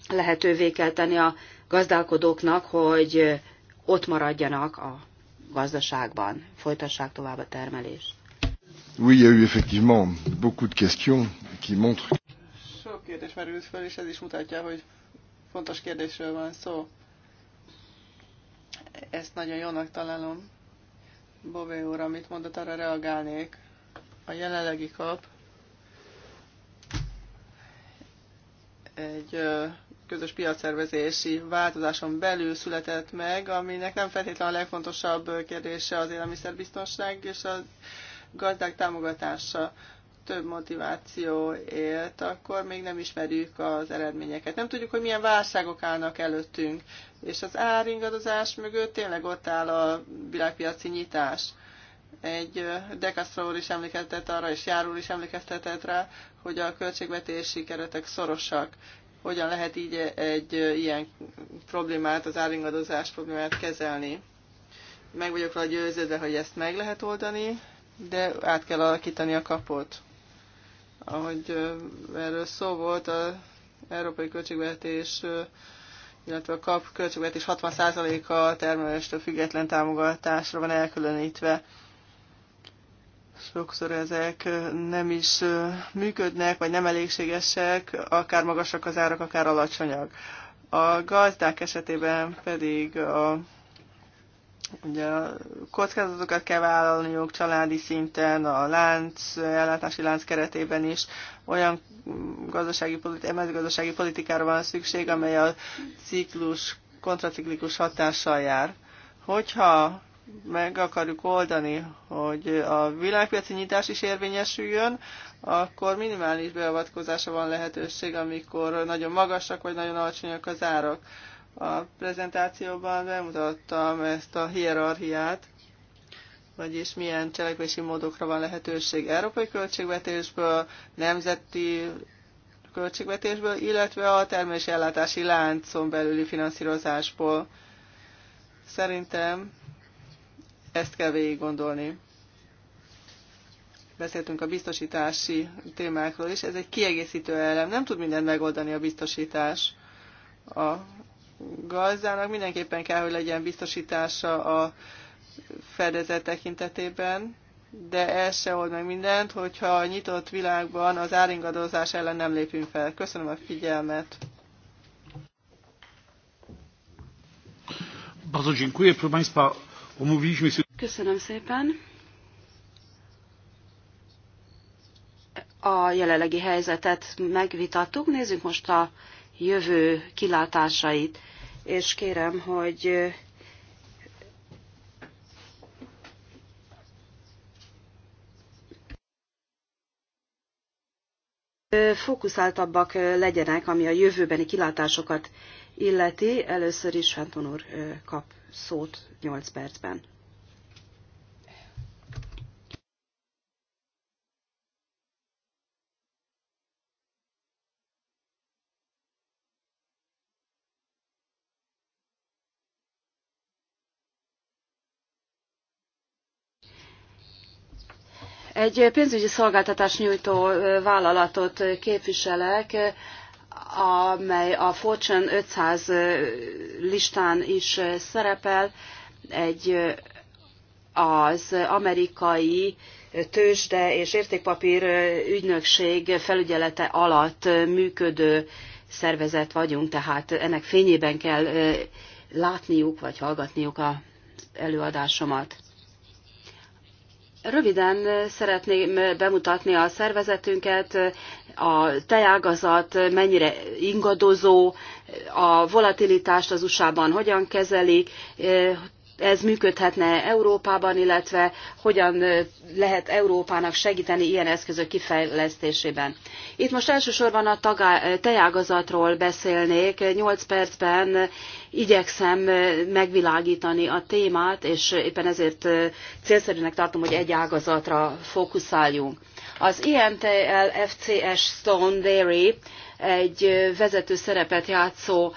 lehetővé kell tenni a gazdálkodóknak, hogy ott maradjanak a gazdaságban, folytassák tovább a termelést. Oui, il y a eu effectivement beaucoup de questions qui montrent. Sok kérdés merült fel, és ez is mutatja, hogy fontos kérdésről van szó. Ezt nagyon jónak találom. Bové úr, amit mondott, arra reagálnék. A jelenlegi kap egy közös piacszervezési változáson belül született meg, aminek nem feltétlenül a legfontosabb kérdése az élelmiszerbiztonság és az gazdák támogatása több motiváció élt, akkor még nem ismerjük az eredményeket. Nem tudjuk, hogy milyen válságok állnak előttünk. És az áringadozás mögött tényleg ott áll a világpiaci nyitás. Egy Decastro is emlékeztetett arra, és Járul is emlékeztetett rá, hogy a költségvetési keretek szorosak. Hogyan lehet így egy ilyen problémát, az áringadozás problémát kezelni? Meg vagyok rá győződve, hogy ezt meg lehet oldani, de át kell alakítani a kapot. Ahogy erről szó volt, az európai költségvetés, illetve a kap költségvetés 60%-a termeléstől független támogatásra van elkülönítve. Sokszor ezek nem is működnek, vagy nem elégségesek, akár magasak az árak, akár alacsonyak. A gazdák esetében pedig a Ugye a kockázatokat kell vállalniuk családi szinten, a lánc, ellátási lánc keretében is. Olyan gazdasági, mezőgazdasági politikára van szükség, amely a ciklus, kontraciklikus hatással jár. Hogyha meg akarjuk oldani, hogy a világpiaci nyitás is érvényesüljön, akkor minimális beavatkozása van lehetőség, amikor nagyon magasak vagy nagyon alacsonyak az árak. A prezentációban bemutattam ezt a hierarchiát, vagyis milyen cselekvési módokra van lehetőség európai költségvetésből, nemzeti költségvetésből, illetve a termési ellátási láncon belüli finanszírozásból. Szerintem ezt kell végig gondolni. Beszéltünk a biztosítási témákról is, ez egy kiegészítő elem, nem tud mindent megoldani a biztosítás. A gazdának mindenképpen kell, hogy legyen biztosítása a fedezet tekintetében, de ez se old meg mindent, hogyha a nyitott világban az áringadozás ellen nem lépünk fel. Köszönöm a figyelmet. Köszönöm szépen. A jelenlegi helyzetet megvitattuk, nézzük most a jövő kilátásait, és kérem, hogy fókuszáltabbak legyenek, ami a jövőbeni kilátásokat illeti. Először is Fenton úr kap szót 8 percben. Egy pénzügyi szolgáltatás nyújtó vállalatot képviselek, amely a Fortune 500 listán is szerepel, egy az amerikai tőzsde és értékpapír ügynökség felügyelete alatt működő szervezet vagyunk, tehát ennek fényében kell látniuk vagy hallgatniuk a előadásomat. Röviden szeretném bemutatni a szervezetünket, a tejágazat mennyire ingadozó, a volatilitást az USA-ban hogyan kezelik, ez működhetne Európában, illetve hogyan lehet Európának segíteni ilyen eszközök kifejlesztésében. Itt most elsősorban a tagá, tejágazatról beszélnék. 8 percben igyekszem megvilágítani a témát, és éppen ezért célszerűnek tartom, hogy egy ágazatra fókuszáljunk. Az IMTL FCS Stone Dairy egy vezető szerepet játszó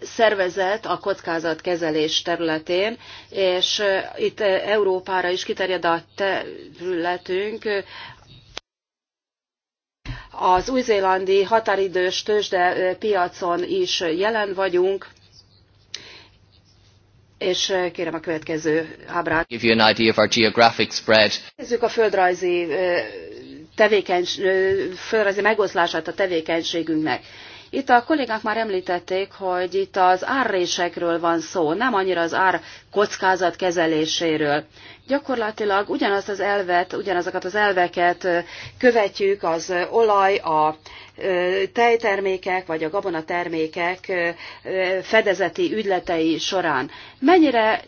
szervezet a kockázatkezelés területén, és itt Európára is kiterjed a területünk. Az új-zélandi határidős tőzsde piacon is jelen vagyunk, és kérem a következő ábrát. Give you an idea of our geographic spread. Nézzük a földrajzi, tevékenys, földrajzi megoszlását a tevékenységünknek. Itt a kollégák már említették, hogy itt az árrésekről van szó, nem annyira az ár kockázat kezeléséről. Gyakorlatilag ugyanazt az elvet, ugyanazokat az elveket követjük az olaj, a tejtermékek vagy a gabonatermékek fedezeti ügyletei során. Mennyire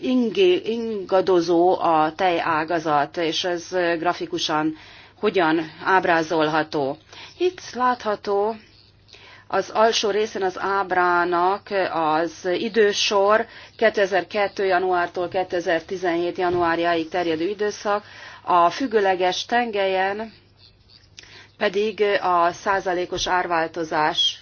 ingadozó a tejágazat, és ez grafikusan hogyan ábrázolható. Itt látható az alsó részen az ábrának az idősor 2002. januártól 2017. januárjáig terjedő időszak, a függőleges tengelyen pedig a százalékos árváltozás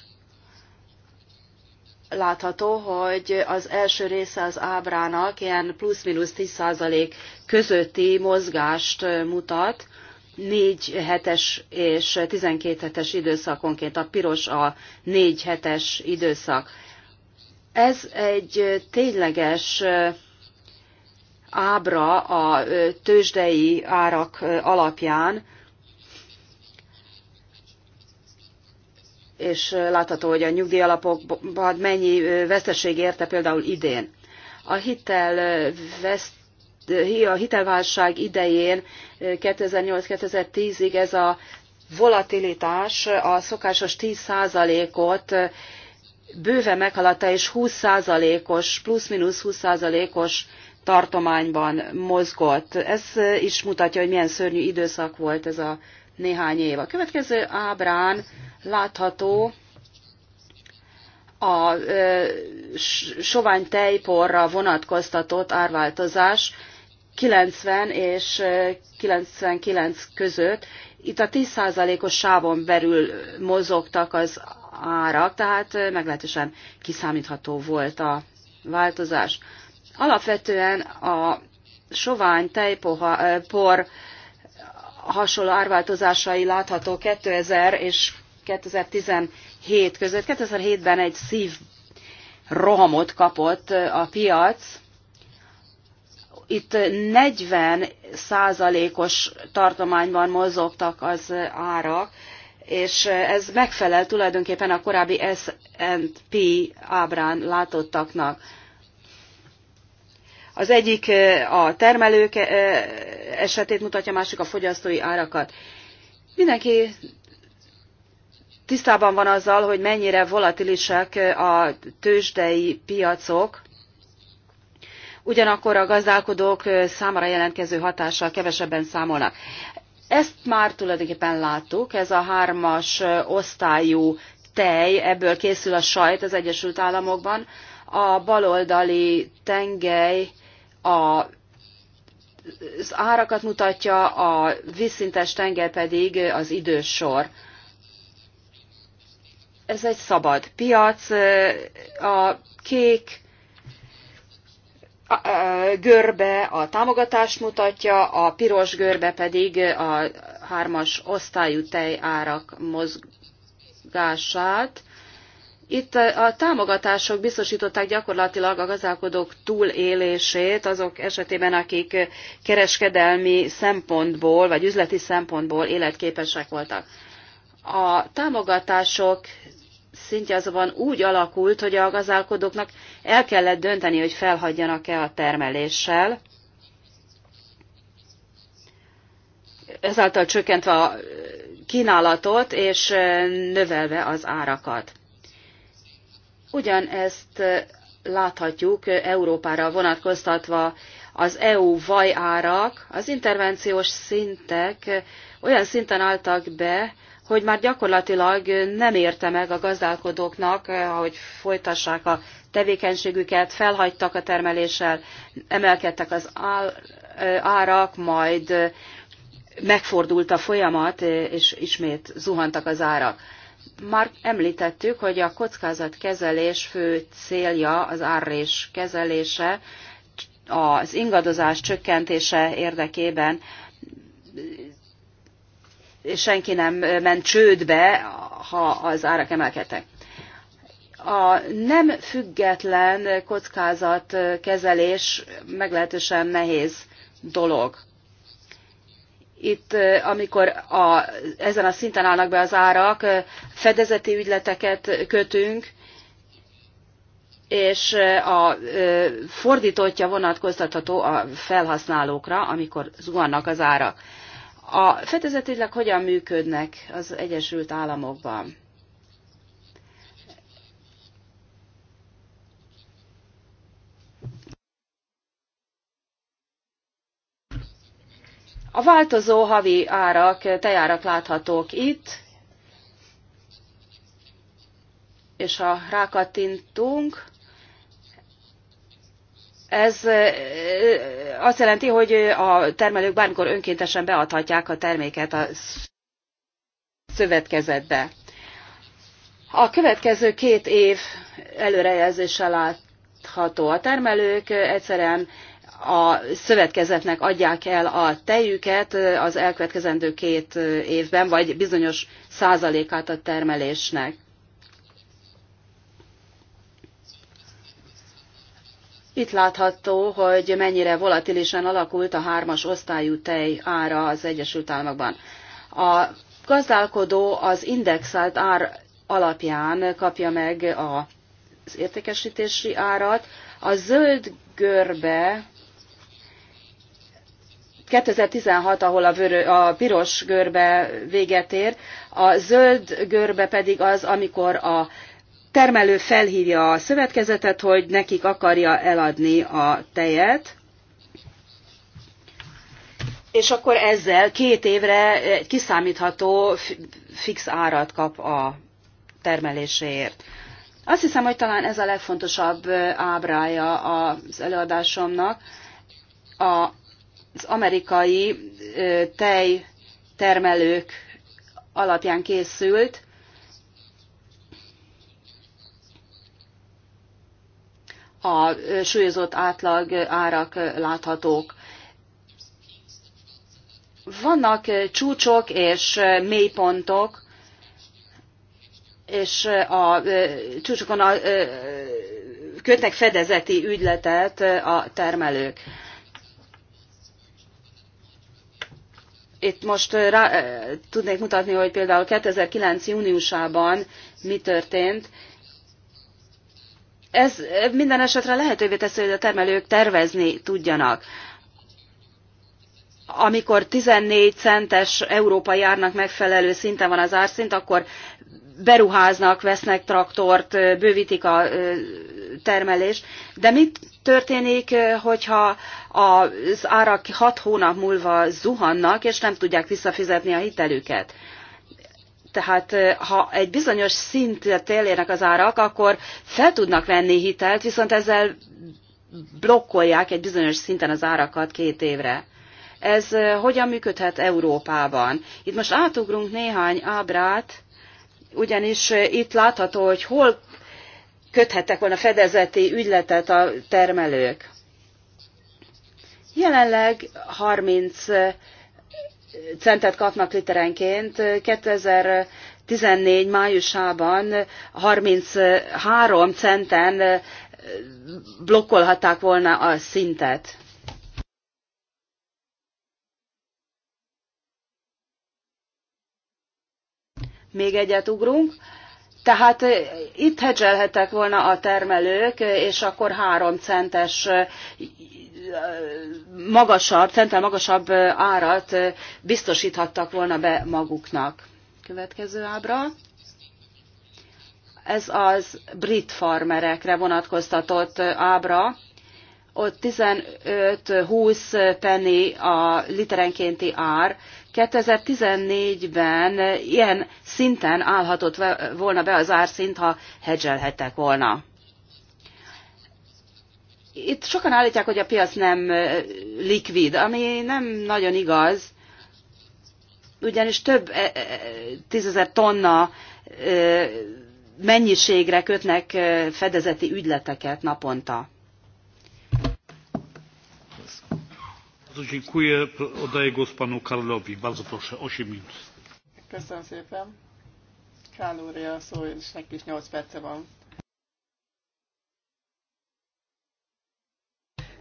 látható, hogy az első része az ábrának ilyen plusz-minusz 10 százalék közötti mozgást mutat, négy hetes és tizenkét hetes időszakonként, a piros a négy hetes időszak. Ez egy tényleges ábra a tőzsdei árak alapján, és látható, hogy a nyugdíjalapokban mennyi veszteség érte például idén. A hitel veszt a hitelválság idején 2008-2010-ig ez a volatilitás a szokásos 10%-ot bőve meghaladta, és 20%-os, plusz-minusz 20%-os tartományban mozgott. Ez is mutatja, hogy milyen szörnyű időszak volt ez a néhány év. A következő ábrán látható a sovány tejporra vonatkoztatott árváltozás 90 és 99 között. Itt a 10%-os sávon belül mozogtak az árak, tehát meglehetősen kiszámítható volt a változás. Alapvetően a sovány tejpor hasonló árváltozásai látható 2000 és 2017 között. 2007-ben egy szív rohamot kapott a piac, itt 40 százalékos tartományban mozogtak az árak, és ez megfelel tulajdonképpen a korábbi S&P ábrán látottaknak. Az egyik eh, a termelők eh, esetét mutatja, másik a fogyasztói árakat. Mindenki tisztában van azzal, hogy mennyire volatilisek eh, a tőzsdei piacok, ugyanakkor a gazdálkodók számára jelentkező hatással kevesebben számolnak. Ezt már tulajdonképpen láttuk, ez a hármas osztályú tej, ebből készül a sajt az Egyesült Államokban, a baloldali tengely a az árakat mutatja, a vízszintes tenger pedig az idősor. Ez egy szabad piac, a kék görbe a támogatást mutatja, a piros görbe pedig a hármas osztályú tejárak mozgását. Itt a támogatások biztosították gyakorlatilag a gazdálkodók túlélését azok esetében, akik kereskedelmi szempontból vagy üzleti szempontból életképesek voltak. A támogatások szintje azonban úgy alakult, hogy a gazdálkodóknak el kellett dönteni, hogy felhagyjanak-e a termeléssel, ezáltal csökkentve a kínálatot és növelve az árakat. Ugyanezt láthatjuk Európára vonatkoztatva az EU vajárak, az intervenciós szintek olyan szinten álltak be, hogy már gyakorlatilag nem érte meg a gazdálkodóknak, eh, hogy folytassák a tevékenységüket, felhagytak a termeléssel, emelkedtek az eh, árak, majd eh, megfordult a folyamat, és ismét zuhantak az árak. Már említettük, hogy a kockázatkezelés fő célja az árrés kezelése, az ingadozás csökkentése érdekében senki nem ment csődbe, ha az árak emelkedtek. A nem független kockázatkezelés meglehetősen nehéz dolog. Itt, amikor a, ezen a szinten állnak be az árak, fedezeti ügyleteket kötünk, és a fordítottja vonatkoztatható a felhasználókra, amikor zuhannak az árak a fedezetileg hogyan működnek az Egyesült Államokban? A változó havi árak, tejárak láthatók itt, és ha rákattintunk, ez azt jelenti, hogy a termelők bármikor önkéntesen beadhatják a terméket a szövetkezetbe. A következő két év előrejelzéssel látható. A termelők egyszerűen a szövetkezetnek adják el a tejüket az elkövetkezendő két évben, vagy bizonyos százalékát a termelésnek. Itt látható, hogy mennyire volatilisan alakult a hármas osztályú tej ára az Egyesült Államokban. A gazdálkodó az indexált ár alapján kapja meg az értékesítési árat. A zöld görbe 2016, ahol a, vörö, a piros görbe véget ér, a zöld görbe pedig az, amikor a termelő felhívja a szövetkezetet, hogy nekik akarja eladni a tejet, és akkor ezzel két évre egy kiszámítható fix árat kap a termeléséért. Azt hiszem, hogy talán ez a legfontosabb ábrája az előadásomnak. Az amerikai tejtermelők alapján készült, a súlyozott átlag árak láthatók. Vannak csúcsok és mélypontok, és a csúcsokon a, kötnek fedezeti ügyletet a termelők. Itt most rá, tudnék mutatni, hogy például 2009. júniusában mi történt. Ez minden esetre lehetővé teszi, hogy a termelők tervezni tudjanak. Amikor 14 centes európai árnak megfelelő szinten van az árszint, akkor beruháznak, vesznek traktort, bővítik a termelést. De mit történik, hogyha az árak 6 hónap múlva zuhannak, és nem tudják visszafizetni a hitelüket? Tehát eh, ha egy bizonyos szintet elérnek az árak, akkor fel tudnak venni hitelt, viszont ezzel blokkolják egy bizonyos szinten az árakat két évre. Ez eh, hogyan működhet Európában? Itt most átugrunk néhány ábrát, ugyanis eh, itt látható, hogy hol köthettek volna fedezeti ügyletet a termelők. Jelenleg 30 centet kapnak literenként. 2014 májusában 33 centen blokkolhatták volna a szintet. Még egyet ugrunk. Tehát eh, itt hedzselhettek volna a termelők, eh, és akkor három centes eh, magasabb, centel magasabb árat biztosíthattak volna be maguknak. Következő ábra. Ez az brit farmerekre vonatkoztatott ábra. Ott 15-20 penny a literenkénti ár, 2014-ben ilyen szinten állhatott volna be az árszint, ha hedzselhettek volna. Itt sokan állítják, hogy a piac nem likvid, ami nem nagyon igaz, ugyanis több e, e, tízezer tonna mennyiségre kötnek fedezeti ügyleteket naponta. Köszönöm szépen. Kál úr, a szó, és neki is 8 perce van.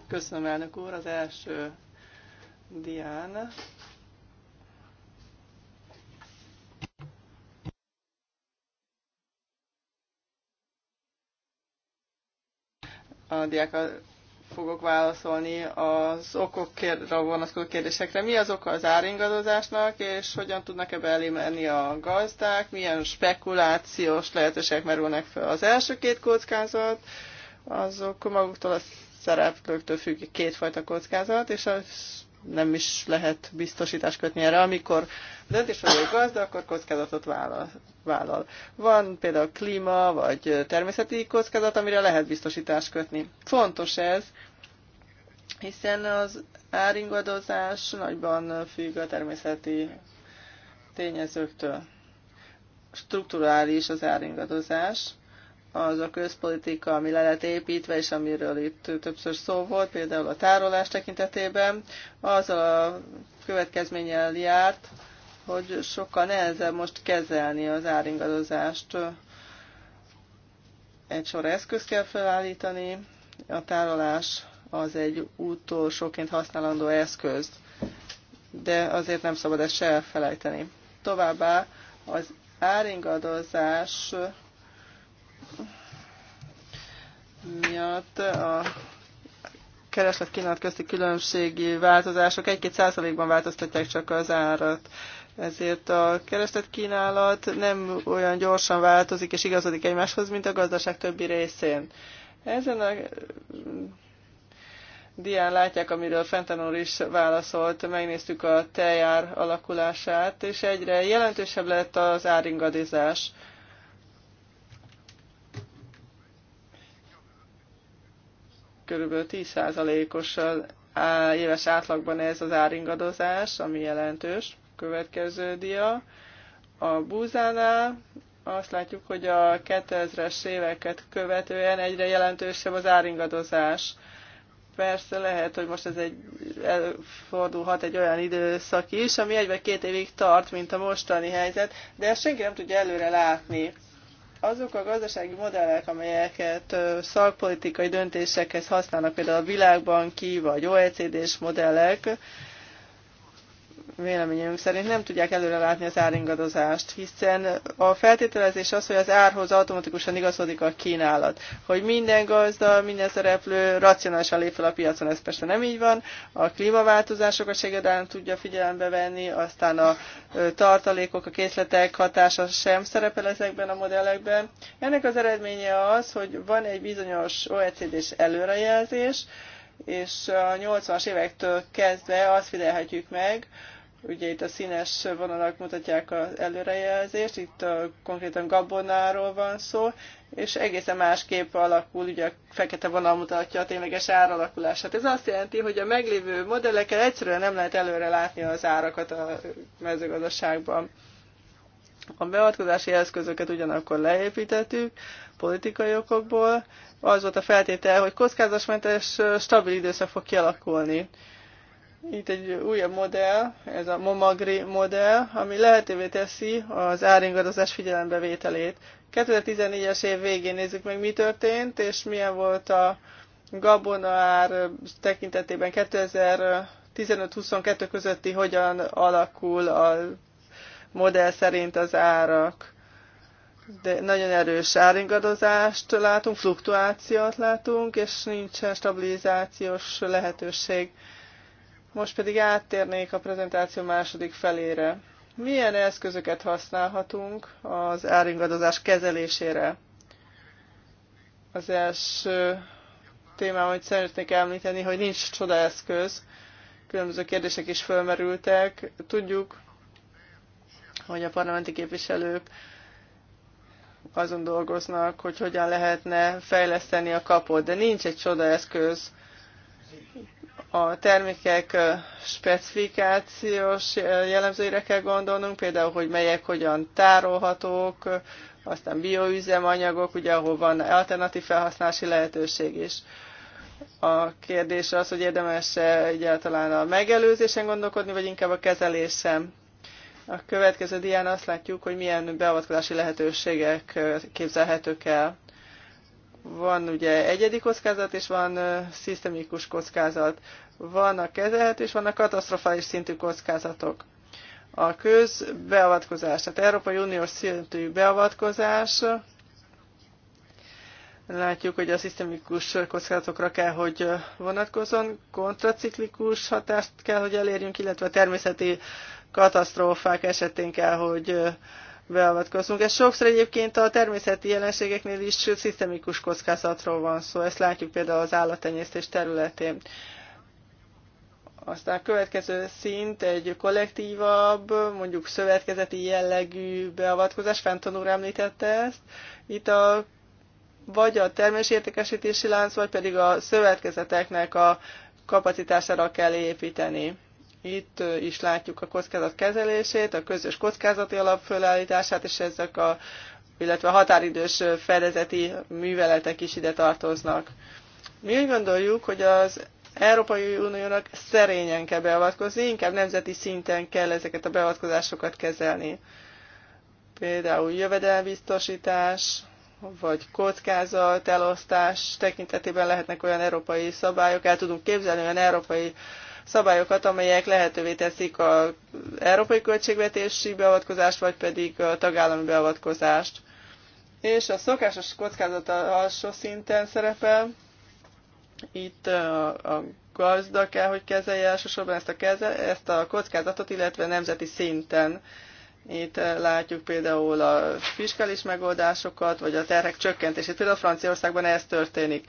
Köszönöm, elnök úr, az első dián. A diák fogok válaszolni az okokra vonatkozó kérdésekre. Mi az oka az áringadozásnak, és hogyan tudnak ebbe elé menni a gazdák, milyen spekulációs lehetőségek merülnek fel. Az első két kockázat, azok maguktól a szereplőktől függ kétfajta kockázat, és a nem is lehet biztosítást kötni erre. Amikor egy gazda, akkor kockázatot vállal. vállal. Van például klíma vagy természeti kockázat, amire lehet biztosítást kötni. Fontos ez, hiszen az áringadozás nagyban függ a természeti tényezőktől. Strukturális az áringadozás, az a közpolitika, ami le lett építve, és amiről itt többször szó volt, például a tárolás tekintetében, az a következménnyel járt, hogy sokkal nehezebb most kezelni az áringadozást. Egy sor eszköz kell felállítani, a tárolás az egy utolsóként használandó eszköz, de azért nem szabad ezt se elfelejteni. Továbbá az áringadozás miatt a kereslet kínálat közti különbségi változások 1-2 százalékban változtatják csak az árat. Ezért a kereslet kínálat nem olyan gyorsan változik és igazodik egymáshoz, mint a gazdaság többi részén. Ezen a mm, dián látják, amiről Fentanor is válaszolt, megnéztük a teljár alakulását, és egyre jelentősebb lett az áringadizás. körülbelül 10%-os éves átlagban ez az áringadozás, ami jelentős. Következő dia. A búzánál azt látjuk, hogy a 2000-es éveket követően egyre jelentősebb az áringadozás. Persze lehet, hogy most ez egy, fordulhat egy olyan időszak is, ami egy vagy két évig tart, mint a mostani helyzet, de ezt senki nem tudja előre látni azok a gazdasági modellek, amelyeket szakpolitikai döntésekhez használnak, például a világbanki vagy OECD-s modellek, véleményem szerint nem tudják előrelátni az áringadozást, hiszen a feltételezés az, hogy az árhoz automatikusan igazodik a kínálat. Hogy minden gazda, minden szereplő racionálisan lép fel a piacon, ez persze nem így van. A klímaváltozásokat segedán tudja figyelembe venni, aztán a tartalékok, a készletek hatása sem szerepel ezekben a modellekben. Ennek az eredménye az, hogy van egy bizonyos OECD-s előrejelzés, és a 80-as évektől kezdve azt figyelhetjük meg, Ugye itt a színes vonalak mutatják az előrejelzést, itt a, konkrétan gabonáról van szó, és egészen másképp alakul, ugye a fekete vonal mutatja a tényleges áralakulását. Ez azt jelenti, hogy a meglévő modellekkel egyszerűen nem lehet előre látni az árakat a mezőgazdaságban. A beavatkozási eszközöket ugyanakkor leépítettük politikai okokból. Az volt a feltétel, hogy kockázatmentes, stabil időszak fog kialakulni. Itt egy újabb modell, ez a Momagri modell, ami lehetővé teszi az áringadozás figyelembevételét. 2014-es év végén nézzük meg, mi történt, és milyen volt a ár tekintetében 2015-22 közötti hogyan alakul a modell szerint az árak. De nagyon erős áringadozást látunk, fluktuációt látunk, és nincsen stabilizációs lehetőség. Most pedig áttérnék a prezentáció második felére. Milyen eszközöket használhatunk az áringadozás kezelésére? Az első témám, hogy szeretnék említeni, hogy nincs csodaeszköz. Különböző kérdések is fölmerültek. Tudjuk, hogy a parlamenti képviselők azon dolgoznak, hogy hogyan lehetne fejleszteni a kapot, de nincs egy csodaeszköz a termékek specifikációs jellemzőire kell gondolnunk, például, hogy melyek hogyan tárolhatók, aztán bioüzemanyagok, ugye, ahol van alternatív felhasználási lehetőség is. A kérdés az, hogy érdemes -e egyáltalán a megelőzésen gondolkodni, vagy inkább a kezelésen. A következő dián azt látjuk, hogy milyen beavatkozási lehetőségek képzelhetők el. Van ugye egyedi kockázat, és van szisztemikus kockázat. Vannak kezelhető, és vannak katasztrofális szintű kockázatok. A közbeavatkozás, tehát Európai Uniós szintű beavatkozás, látjuk, hogy a szisztemikus kockázatokra kell, hogy vonatkozzon, kontraciklikus hatást kell, hogy elérjünk, illetve a természeti katasztrófák esetén kell, hogy beavatkozunk. Ez sokszor egyébként a természeti jelenségeknél is szisztemikus kockázatról van szó. Ezt látjuk például az állattenyésztés területén. Aztán a következő szint egy kollektívabb, mondjuk szövetkezeti jellegű beavatkozás, Fenton úr említette ezt. Itt a, vagy a termésértékesítési lánc, vagy pedig a szövetkezeteknek a kapacitására kell építeni. Itt is látjuk a kockázat kezelését, a közös kockázati alap fölállítását, és ezek a, illetve a határidős fedezeti műveletek is ide tartoznak. Mi úgy gondoljuk, hogy az Európai Uniónak szerényen kell beavatkozni, inkább nemzeti szinten kell ezeket a beavatkozásokat kezelni. Például jövedelbiztosítás, vagy kockázat, elosztás tekintetében lehetnek olyan európai szabályok, el tudunk képzelni olyan európai szabályokat, amelyek lehetővé teszik az európai költségvetési beavatkozást, vagy pedig a tagállami beavatkozást. És a szokásos kockázat alsó szinten szerepel, itt a, a gazda kell, hogy kezelje elsősorban ezt a, keze, ezt a kockázatot, illetve nemzeti szinten. Itt látjuk például a fiskális megoldásokat, vagy a terhek csökkentését. Például Franciaországban ez történik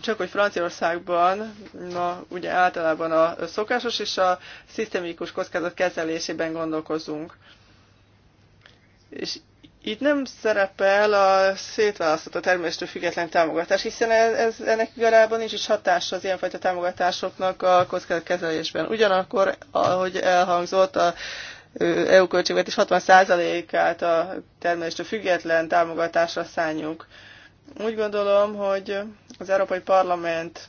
csak hogy Franciaországban ma ugye általában a szokásos és a szisztemikus kockázat kezelésében gondolkozunk. És itt nem szerepel a szétválasztott a termeléstől független támogatás, hiszen ez, ez, ennek igazából nincs is hatása az ilyenfajta támogatásoknak a kockázatkezelésben. Ugyanakkor, ahogy elhangzott, a EU költségvetés 60%-át a termeléstől független támogatásra szálljuk. Úgy gondolom, hogy az Európai Parlament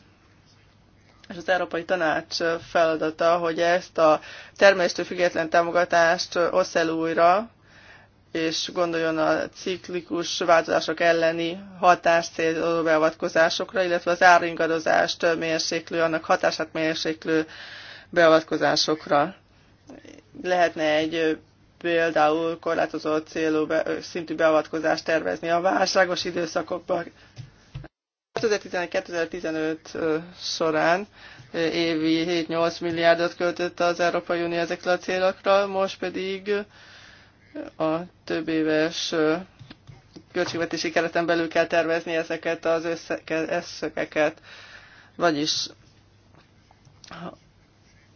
és az Európai Tanács feladata, hogy ezt a termeléstől független támogatást ossz el újra, és gondoljon a ciklikus változások elleni hatáscélzó beavatkozásokra, illetve az áringadozást mérséklő, annak hatását mérséklő beavatkozásokra. Lehetne egy például korlátozott célú be, szintű beavatkozást tervezni a válságos időszakokban. 2011-2015 során évi 7-8 milliárdot költött az Európai Unió ezekre a célokra, most pedig a több éves költségvetési kereten belül kell tervezni ezeket az összeke, Vagyis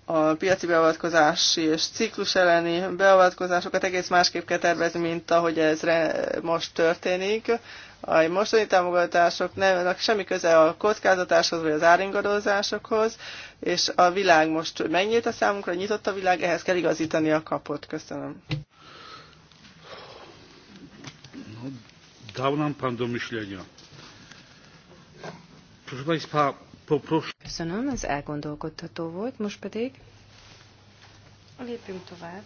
a piaci beavatkozási és ciklus elleni beavatkozásokat egész másképp kell tervezni, mint ahogy ez most történik. A mostani támogatások nem, semmi köze a kockázatáshoz vagy az áringadozásokhoz, és a világ most megnyílt a számunkra, nyitott a világ, ehhez kell igazítani a kapot. Köszönöm. Dávnám pán pan Proszę Państwa, Köszönöm, ez elgondolkodható volt, most pedig lépjünk tovább.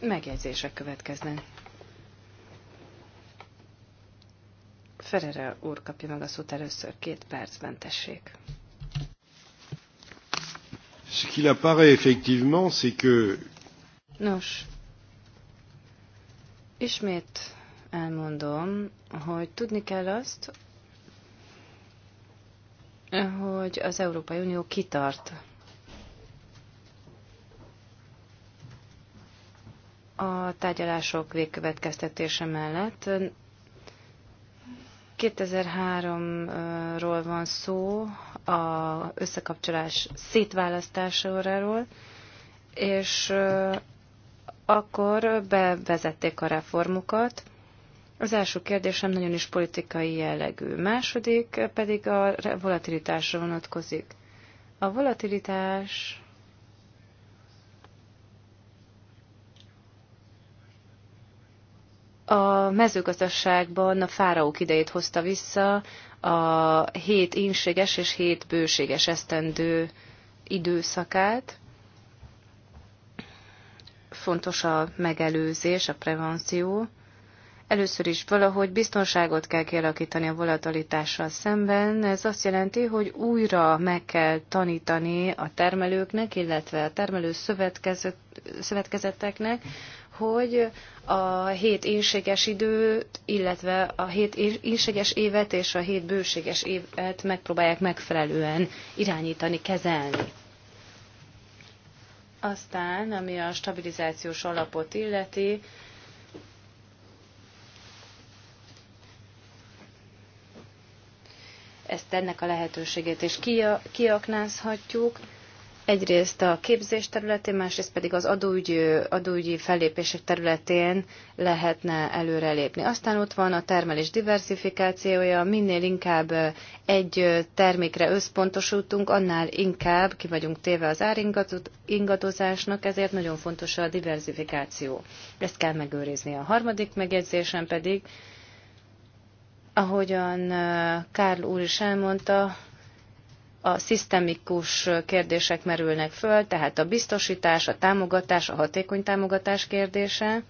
Megjegyzések következnek. Ferere úr kapja meg a szót először két percben, tessék. Ce qu'il apparaît effectivement, c'est que... Nos, ismét elmondom, hogy tudni kell azt, hogy az Európai Unió kitart a tárgyalások végkövetkeztetése mellett. 2003-ról van szó, a összekapcsolás szétválasztásáról, és akkor bevezették a reformokat, az első kérdésem nagyon is politikai jellegű. Második pedig a volatilitásra vonatkozik. A volatilitás a mezőgazdaságban a fáraók idejét hozta vissza, a hét ínséges és hét bőséges esztendő időszakát. Fontos a megelőzés, a prevenció. Először is valahogy biztonságot kell kialakítani a volatilitással szemben. Ez azt jelenti, hogy újra meg kell tanítani a termelőknek, illetve a termelő szövetkezeteknek, hogy a hét énséges időt, illetve a hét énséges évet és a hét bőséges évet megpróbálják megfelelően irányítani, kezelni. Aztán, ami a stabilizációs alapot illeti, ezt ennek a lehetőségét is kiaknázhatjuk. Egyrészt a képzés területén, másrészt pedig az adóügyi, adóügyi fellépések területén lehetne előrelépni. Aztán ott van a termelés diversifikációja, minél inkább egy termékre összpontosultunk, annál inkább ki vagyunk téve az áringadozásnak, ezért nagyon fontos a diversifikáció. Ezt kell megőrizni. A harmadik megjegyzésem pedig, Ahogyan Kárl úr is elmondta, a szisztemikus kérdések merülnek föl, tehát a biztosítás, a támogatás, a hatékony támogatás kérdése,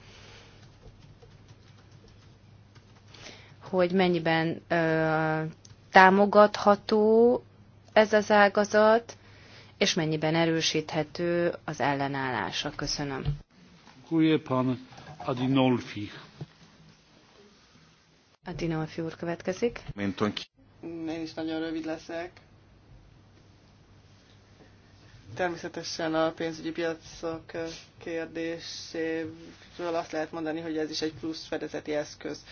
hogy mennyiben ö, támogatható ez az ágazat, és mennyiben erősíthető az ellenállása. Köszönöm. Köszönöm, Adinolfi. A Dinolfi úr következik. Én is nagyon rövid leszek. Természetesen a pénzügyi piacok kérdéséről azt lehet mondani, hogy ez is egy plusz fedezeti eszköz.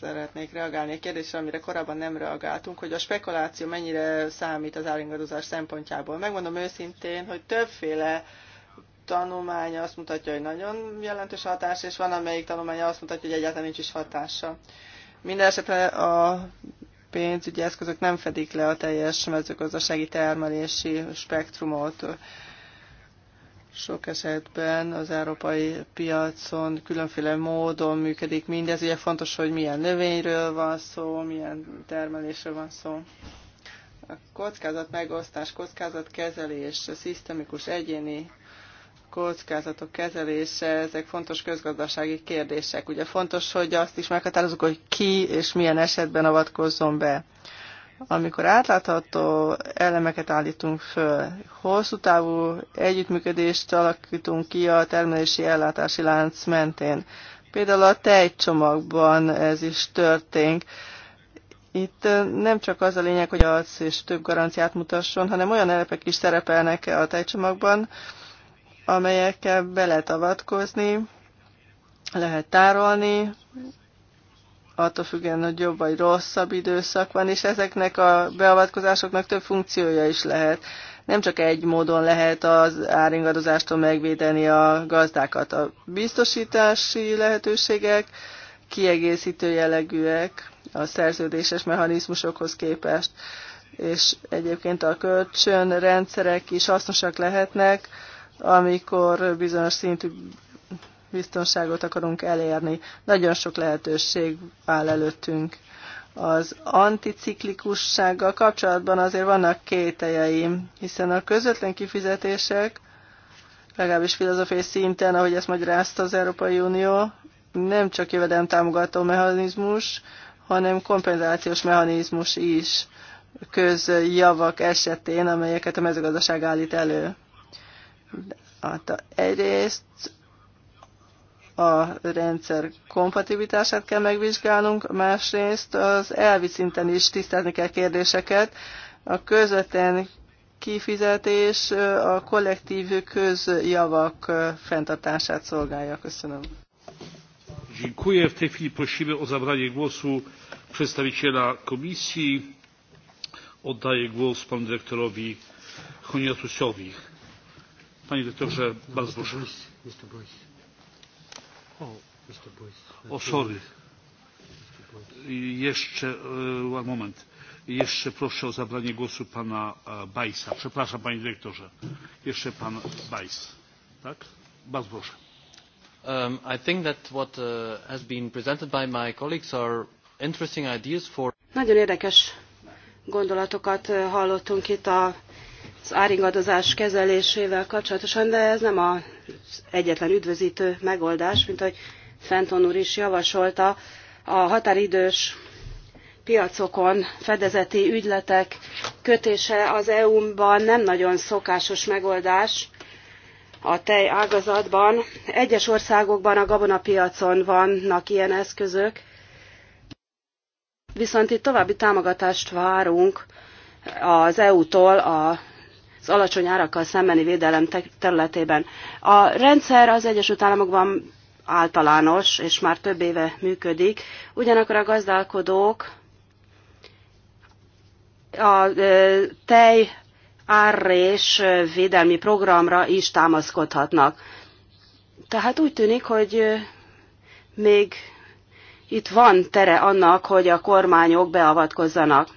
Szeretnék reagálni egy kérdésre, amire korábban nem reagáltunk, hogy a spekuláció mennyire számít az áringadozás szempontjából. Megmondom őszintén, hogy többféle uh, tanulmánya azt mutatja, hogy nagyon jelentős hatás, és van amelyik tanulmánya azt mutatja, hogy egyáltalán nincs is hatása. Minden a pénzügyi eszközök nem fedik le a teljes mezőgazdasági termelési spektrumot. Sok esetben az európai piacon különféle módon működik mindez. Ugye fontos, hogy milyen növényről van szó, milyen termelésről van szó. A kockázat megosztás, a szisztemikus egyéni kockázatok kezelése, ezek fontos közgazdasági kérdések. Ugye fontos, hogy azt is meghatározunk, hogy ki és milyen esetben avatkozzon be. Amikor átlátható elemeket állítunk föl, hosszú távú együttműködést alakítunk ki a termelési ellátási lánc mentén. Például a tejcsomagban ez is történt. Itt nem csak az a lényeg, hogy az és több garanciát mutasson, hanem olyan elepek is szerepelnek a tejcsomagban, amelyekkel be lehet avatkozni, lehet tárolni, attól függően, hogy jobb vagy rosszabb időszak van, és ezeknek a beavatkozásoknak több funkciója is lehet. Nem csak egy módon lehet az áringadozástól megvédeni a gazdákat. A biztosítási lehetőségek kiegészítő jellegűek a szerződéses mechanizmusokhoz képest, és egyébként a kölcsönrendszerek is hasznosak lehetnek, amikor bizonyos szintű biztonságot akarunk elérni. Nagyon sok lehetőség áll előttünk. Az anticiklikussággal kapcsolatban azért vannak kételjeim, hiszen a közvetlen kifizetések, legalábbis filozófiai szinten, ahogy ezt magyarázta az Európai Unió, nem csak jövedelem támogató mechanizmus, hanem kompenzációs mechanizmus is közjavak esetén, amelyeket a mezőgazdaság állít elő. Hát egyrészt a rendszer kompatibilitását kell megvizsgálnunk, másrészt az elvi szinten is tisztázni kell kérdéseket. A közvetlen kifizetés a kollektív közjavak fenntartását szolgálja. Köszönöm. Dziękuję. W tej chwili prosimy o zabranie głosu przedstawiciela komisji. Oddaję głos panu dyrektorowi Honiatusowi. Panie doktorze, bardzo proszę. O, sorry. Jeszcze, e, one moment. Jeszcze proszę o zabranie głosu pana e, Bajsa. Przepraszam, panie dyrektorze. Jeszcze pan Bajs. Tak? Bardzo proszę. Um, I think that what uh, has been presented by my colleagues are interesting ideas for... Nagyon érdekes gondolatokat hallottunk itt a az áringadozás kezelésével kapcsolatosan, de ez nem az egyetlen üdvözítő megoldás, mint ahogy Fenton úr is javasolta. A határidős piacokon fedezeti ügyletek kötése az EU-ban nem nagyon szokásos megoldás a tej ágazatban. Egyes országokban a gabonapiacon vannak ilyen eszközök, viszont itt további támogatást várunk az EU-tól a az alacsony árakkal szembeni védelem területében. A rendszer az Egyesült Államokban általános, és már több éve működik, ugyanakkor a gazdálkodók a tej árrés védelmi programra is támaszkodhatnak. Tehát úgy tűnik, hogy még itt van tere annak, hogy a kormányok beavatkozzanak.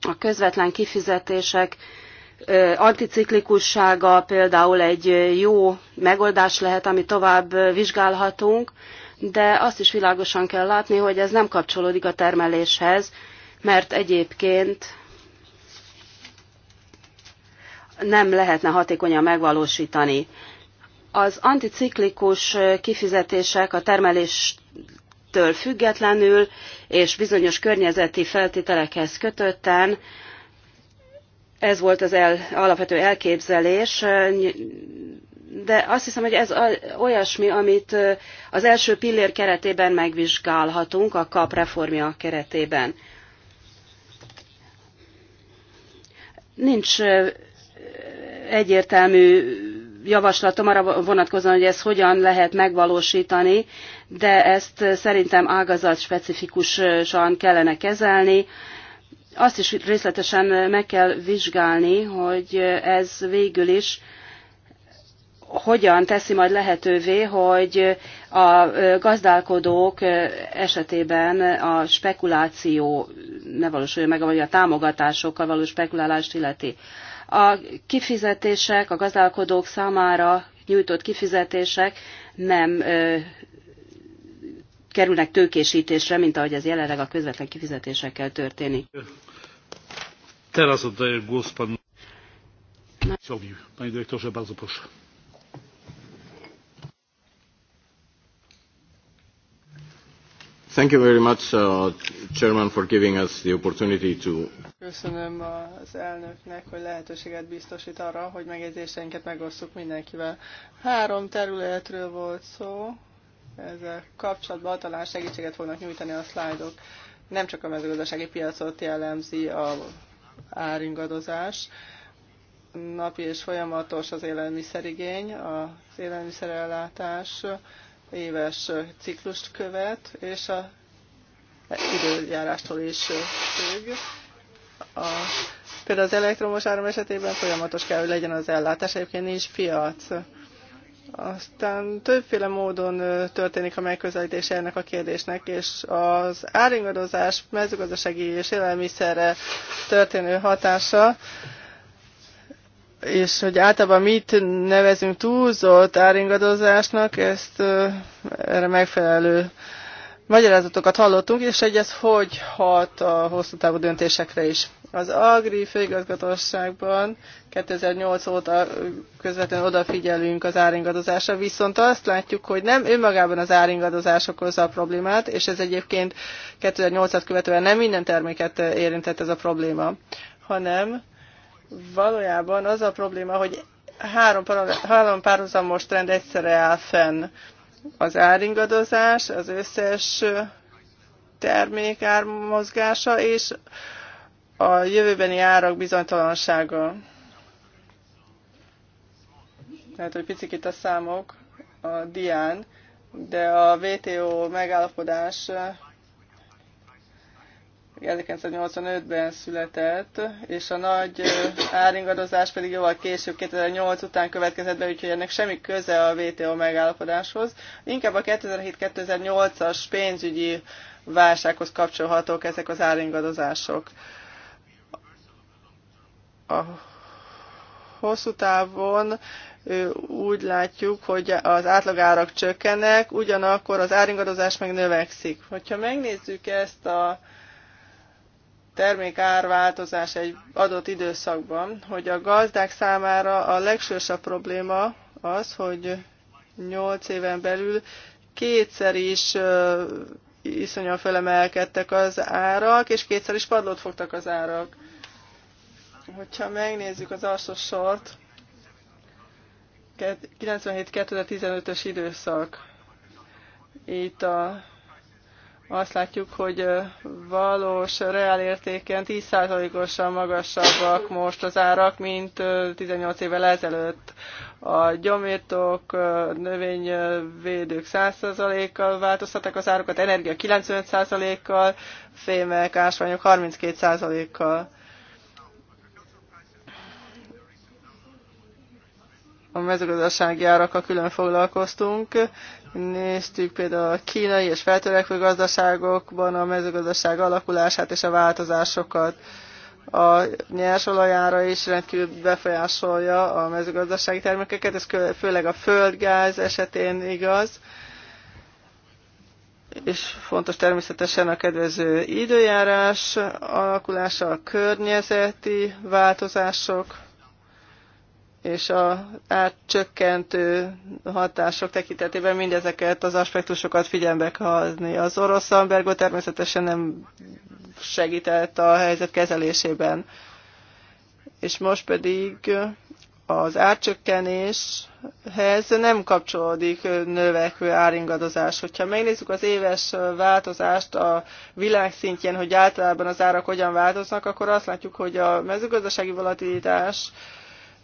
A közvetlen kifizetések anticiklikussága például egy jó megoldás lehet, amit tovább vizsgálhatunk, de azt is világosan kell látni, hogy ez nem kapcsolódik a termeléshez, mert egyébként nem lehetne hatékonyan megvalósítani. Az anticiklikus kifizetések a termeléstől függetlenül és bizonyos környezeti feltételekhez kötötten ez volt az el, alapvető elképzelés, de azt hiszem, hogy ez olyasmi, amit az első pillér keretében megvizsgálhatunk, a KAP reformja keretében. Nincs egyértelmű javaslatom arra vonatkozóan, hogy ezt hogyan lehet megvalósítani, de ezt szerintem ágazat specifikusan kellene kezelni, azt is részletesen meg kell vizsgálni, hogy ez végül is hogyan teszi majd lehetővé, hogy a gazdálkodók esetében a spekuláció ne valósulja meg, vagy a támogatásokkal való spekulálást illeti. A kifizetések a gazdálkodók számára nyújtott kifizetések nem kerülnek tőkésítésre, mint ahogy ez jelenleg a közvetlen kifizetésekkel történik. Teraz oddaję głos panu Sowiu. Panie dyrektorze, bardzo proszę. Thank you very much, uh, Chairman, for giving us the opportunity to... Köszönöm az elnöknek, hogy lehetőséget biztosít arra, hogy megjegyzéseinket megosszuk mindenkivel. Három területről volt szó, ezzel kapcsolatban talán segítséget fognak nyújtani a szlájdok. Nem csak a mezőgazdasági piacot jellemzi a áringadozás, napi és folyamatos az élelmiszerigény, az élelmiszerellátás éves ciklust követ, és a időjárástól is függ. A, például az elektromos áram esetében folyamatos kell, hogy legyen az ellátás, egyébként nincs piac aztán többféle módon történik a megközelítés ennek a kérdésnek, és az áringadozás mezőgazdasági és élelmiszerre történő hatása, és hogy általában mit nevezünk túlzott áringadozásnak, ezt erre megfelelő Magyarázatokat hallottunk, és hogy ez hogy hat a hosszú távú döntésekre is. Az Agri főigazgatóságban 2008 óta közvetlenül odafigyelünk az áringadozásra, viszont azt látjuk, hogy nem önmagában az áringadozás okozza a problémát, és ez egyébként 2008-at követően nem minden terméket érintett ez a probléma, hanem valójában az a probléma, hogy három, három párhuzamos trend egyszerre áll fenn az áringadozás, az összes termék ármozgása és a jövőbeni árak bizonytalansága. Tehát, hogy picik itt a számok a dián, de a WTO megállapodás 1985-ben született, és a nagy áringadozás pedig jóval később, 2008 után következett be, úgyhogy ennek semmi köze a WTO megállapodáshoz. Inkább a 2007-2008-as pénzügyi válsághoz kapcsolhatók ezek az áringadozások. A hosszú távon úgy látjuk, hogy az átlagárak csökkennek, ugyanakkor az áringadozás meg növekszik. Hogyha megnézzük ezt a termék árváltozás egy adott időszakban, hogy a gazdák számára a legsősebb probléma az, hogy 8 éven belül kétszer is iszonyan felemelkedtek az árak, és kétszer is padlót fogtak az árak. Hogyha megnézzük az alsó sort, 97-2015-ös időszak. Itt a azt látjuk, hogy valós reálértéken 10%-osan magasabbak most az árak, mint 18 évvel ezelőtt. A gyomírtók, növényvédők 100%-kal változtatták az árakat, energia 95%-kal, fémek, ásványok 32%-kal a mezőgazdasági árakkal külön foglalkoztunk. Néztük például a kínai és feltörekvő gazdaságokban a mezőgazdaság alakulását és a változásokat. A nyersolajára is rendkívül befolyásolja a mezőgazdasági termékeket, ez főleg a földgáz esetén igaz és fontos természetesen a kedvező időjárás alakulása, a környezeti változások, és a átcsökkentő hatások tekintetében mindezeket az aspektusokat figyelembe kell hazni. Az orosz ambergo természetesen nem segített a helyzet kezelésében. És most pedig az árcsökkenéshez nem kapcsolódik növekvő áringadozás. Hogyha megnézzük az éves változást a világ szintjén, hogy általában az árak hogyan változnak, akkor azt látjuk, hogy a mezőgazdasági volatilitás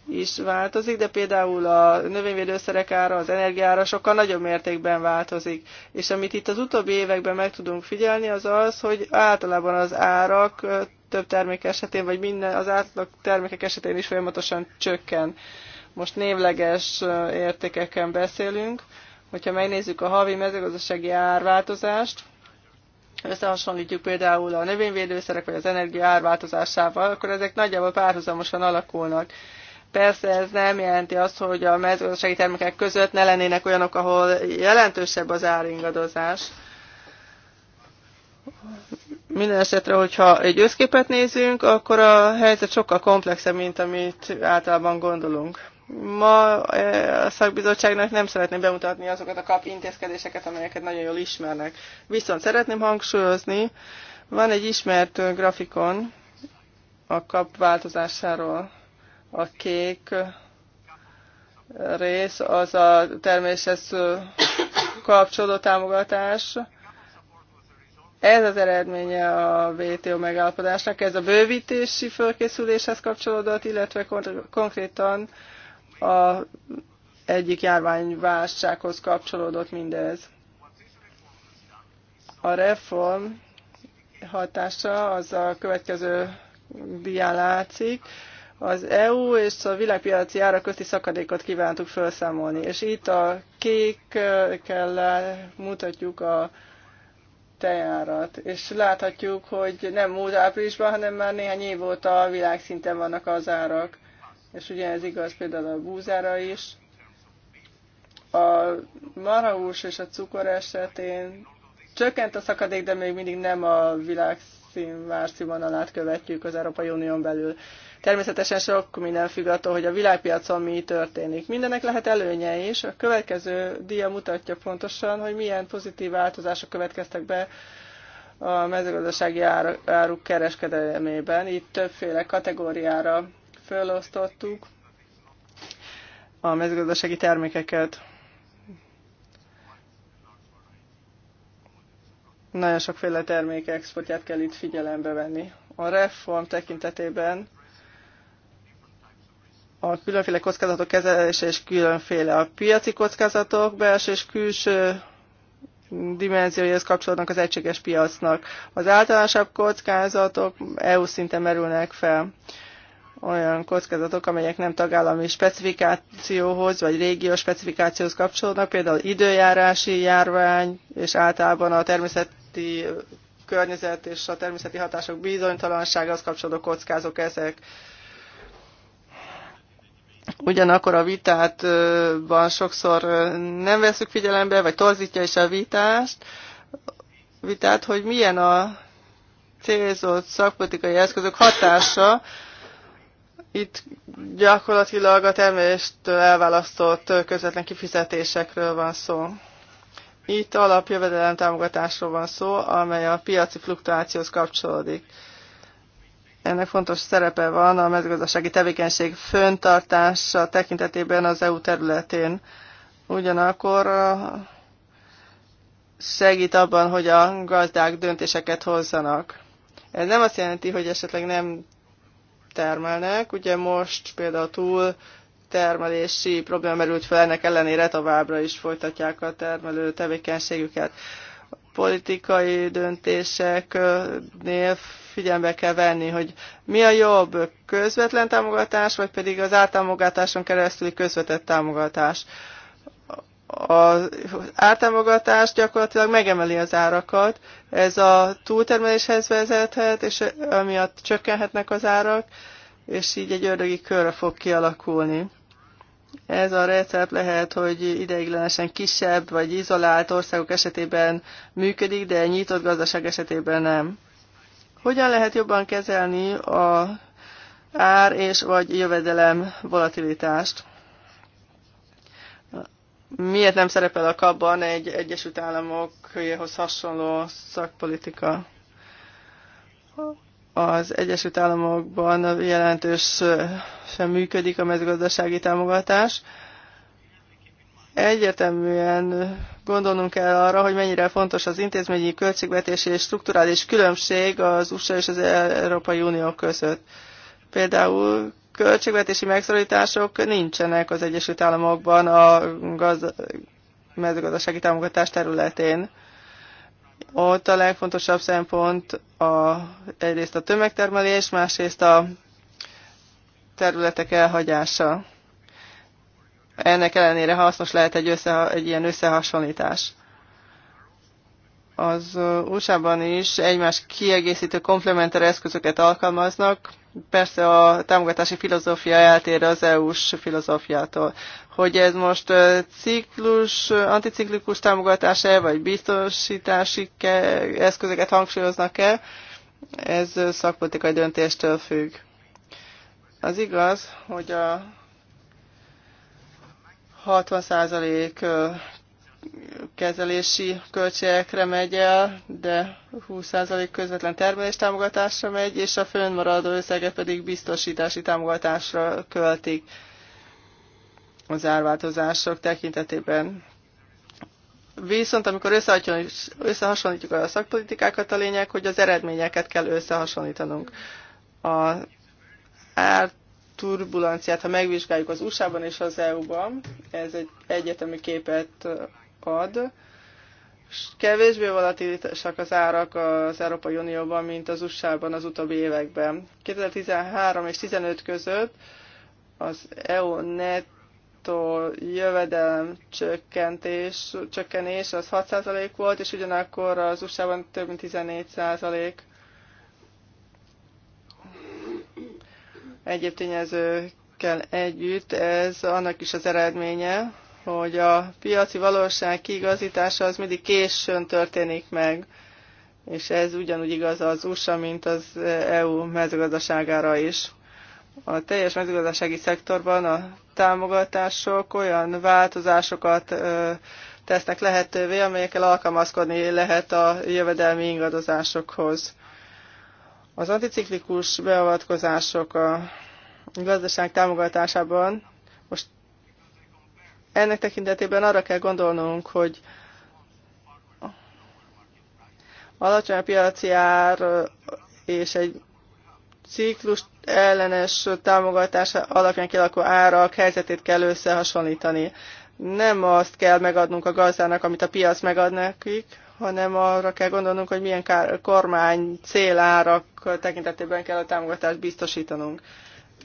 is változik, de például a növényvédőszerek ára, az energiára sokkal nagyobb mértékben változik. És amit itt az utóbbi években meg tudunk figyelni, az az, hogy általában az árak több termék esetén, vagy minden az átlag termékek esetén is folyamatosan csökken. Most névleges értékeken beszélünk. Hogyha megnézzük a havi mezőgazdasági árváltozást, összehasonlítjuk például a növényvédőszerek vagy az energia árváltozásával, akkor ezek nagyjából párhuzamosan alakulnak. Persze ez nem jelenti azt, hogy a mezőgazdasági termékek között ne lennének olyanok, ahol jelentősebb az áringadozás. Minden esetre, hogyha egy összképet nézünk, akkor a helyzet sokkal komplexebb, mint amit általában gondolunk. Ma e, a szakbizottságnak nem szeretném bemutatni azokat a kap intézkedéseket, amelyeket nagyon jól ismernek. Viszont szeretném hangsúlyozni, van egy ismert grafikon a kap változásáról. A kék rész az a természethez kapcsolódó támogatás. Ez az eredménye a WTO megállapodásnak, ez a bővítési fölkészüléshez kapcsolódott, illetve konkrétan a egyik járványválsághoz kapcsolódott mindez. A reform hatása az a következő diálátszik. látszik az EU és a világpiaci ára közti szakadékot kívántuk felszámolni. És itt a kell mutatjuk a tejárat, és láthatjuk, hogy nem múlt áprilisban, hanem már néhány év óta világszinten vannak az árak. És ugye ez igaz például a búzára is. A marahús és a cukor esetén csökkent a szakadék, de még mindig nem a világszín várszínvonalát követjük az Európai Unión belül. Természetesen sok minden függ attól, hogy a világpiacon mi történik. Mindenek lehet előnye is. A következő dia mutatja pontosan, hogy milyen pozitív változások következtek be a mezőgazdasági áruk kereskedelmében. Itt többféle kategóriára felosztottuk a mezőgazdasági termékeket. Nagyon sokféle termékek exportját kell itt figyelembe venni. A reform tekintetében a különféle kockázatok kezelése és különféle a piaci kockázatok belső és külső dimenzióihoz kapcsolódnak az egységes piacnak. Az általánosabb kockázatok EU szinten merülnek fel olyan kockázatok, amelyek nem tagállami specifikációhoz vagy régió specifikációhoz kapcsolódnak, például időjárási járvány és általában a természeti környezet és a természeti hatások az kapcsolódó kockázok ezek. Ugyanakkor a vitátban sokszor nem veszük figyelembe, vagy torzítja is a vitást, vitát, hogy milyen a célzott szakpolitikai eszközök hatása, itt gyakorlatilag a termeléstől elválasztott közvetlen kifizetésekről van szó. Itt alapjövedelem támogatásról van szó, amely a piaci fluktuációhoz kapcsolódik. Ennek fontos szerepe van a mezőgazdasági tevékenység föntartása tekintetében az EU területén. Ugyanakkor segít abban, hogy a gazdák döntéseket hozzanak. Ez nem azt jelenti, hogy esetleg nem termelnek. Ugye most például túl termelési probléma merült fel, ennek ellenére továbbra is folytatják a termelő tevékenységüket. Politikai döntéseknél figyelembe kell venni, hogy mi a jobb közvetlen támogatás, vagy pedig az ártámogatáson keresztüli közvetett támogatás. Az ártámogatás gyakorlatilag megemeli az árakat, ez a túltermeléshez vezethet, és amiatt csökkenhetnek az árak, és így egy ördögi körre fog kialakulni. Ez a recept lehet, hogy ideiglenesen kisebb vagy izolált országok esetében működik, de nyitott gazdaság esetében nem. Hogyan lehet jobban kezelni a ár és vagy jövedelem volatilitást? Miért nem szerepel a kapban egy Egyesült Államokhoz hasonló szakpolitika? Az Egyesült Államokban jelentős sem működik a mezőgazdasági támogatás Egyeteműen gondolnunk kell arra, hogy mennyire fontos az intézményi költségvetési és strukturális különbség az USA és az Európai Unió között. Például költségvetési megszorítások nincsenek az Egyesült Államokban a gaz- mezőgazdasági támogatás területén. Ott a legfontosabb szempont a, egyrészt a tömegtermelés, másrészt a területek elhagyása ennek ellenére hasznos lehet egy, össze, egy ilyen összehasonlítás. Az USA-ban is egymás kiegészítő komplementer eszközöket alkalmaznak. Persze a támogatási filozófia eltér az EU-s filozófiától. Hogy ez most ciklus, anticiklikus támogatás-e, vagy biztosítási eszközöket hangsúlyoznak-e, ez szakpolitikai döntéstől függ. Az igaz, hogy a 60% kezelési költségekre megy el, de 20% közvetlen termelés támogatásra megy, és a fönnmaradó összege pedig biztosítási támogatásra költik az árváltozások tekintetében. Viszont amikor összehasonlítjuk a szakpolitikákat, a lényeg, hogy az eredményeket kell összehasonlítanunk. A árt turbulenciát, ha megvizsgáljuk az USA-ban és az EU-ban, ez egy egyetemi képet ad. Kevésbé volatilitásak az árak az Európai Unióban, mint az USA-ban az utóbbi években. 2013 és 2015 között az EU netto jövedelem csökkenés az 6% volt, és ugyanakkor az USA-ban több mint 14% egyéb tényezőkkel együtt. Ez annak is az eredménye, hogy a piaci valóság kiigazítása az mindig későn történik meg, és ez ugyanúgy igaz az USA, mint az EU mezőgazdaságára is. A teljes mezőgazdasági szektorban a támogatások olyan változásokat tesznek lehetővé, amelyekkel alkalmazkodni lehet a jövedelmi ingadozásokhoz. Az anticiklikus beavatkozások a gazdaság támogatásában most ennek tekintetében arra kell gondolnunk, hogy alacsony a piaci ár és egy ciklus ellenes támogatás alapján kialakuló árak helyzetét kell összehasonlítani. Nem azt kell megadnunk a gazdának, amit a piac megad nekik, hanem arra kell gondolnunk, hogy milyen kormány célárak tekintetében kell a támogatást biztosítanunk.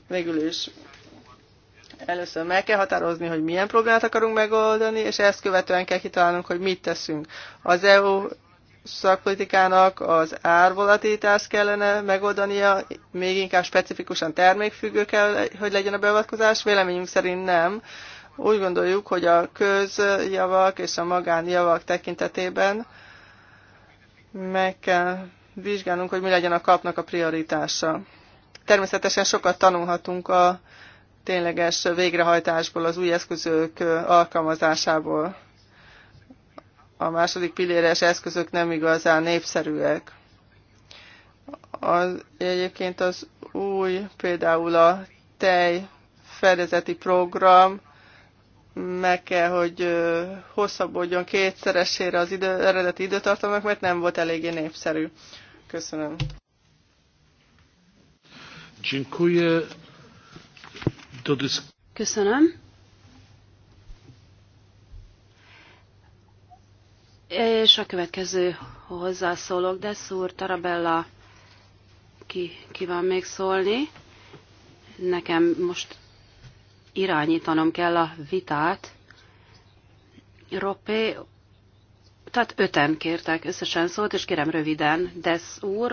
Végül is először meg kell határozni, hogy milyen problémát akarunk megoldani, és ezt követően kell kitalálnunk, hogy mit teszünk. Az EU szakpolitikának az árvolatítás kellene megoldania, még inkább specifikusan termékfüggő kell, hogy legyen a beavatkozás. Véleményünk szerint nem. Úgy gondoljuk, hogy a közjavak és a magánjavak tekintetében meg kell vizsgálnunk, hogy mi legyen a kapnak a prioritása. Természetesen sokat tanulhatunk a tényleges végrehajtásból, az új eszközök alkalmazásából. A második pilléres eszközök nem igazán népszerűek. Az, egyébként az új, például a tej fedezeti program meg kell, hogy hosszabbodjon kétszeresére az idő, eredeti időtartamnak, mert nem volt eléggé népszerű. Köszönöm. Köszönöm. És a következő hozzászólók, de szúr Tarabella, ki kíván még szólni. Nekem most irányítanom kell a vitát. Ropé tehát öten kértek összesen szót, és kérem röviden, Desz úr.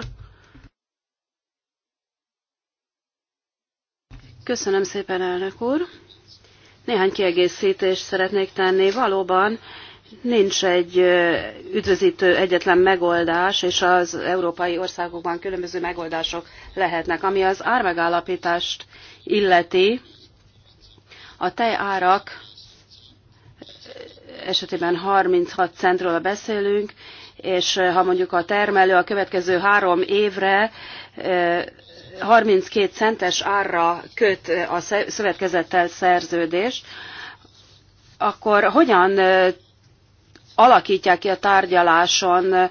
Köszönöm szépen, elnök úr. Néhány kiegészítést szeretnék tenni. Valóban nincs egy üdvözítő egyetlen megoldás, és az európai országokban különböző megoldások lehetnek. Ami az ármegállapítást illeti, a tejárak esetében 36 centről beszélünk, és eh, ha mondjuk a termelő a következő három évre 32 eh, centes árra köt eh, a szövetkezettel szerződés, akkor hogyan alakítják ki a tárgyaláson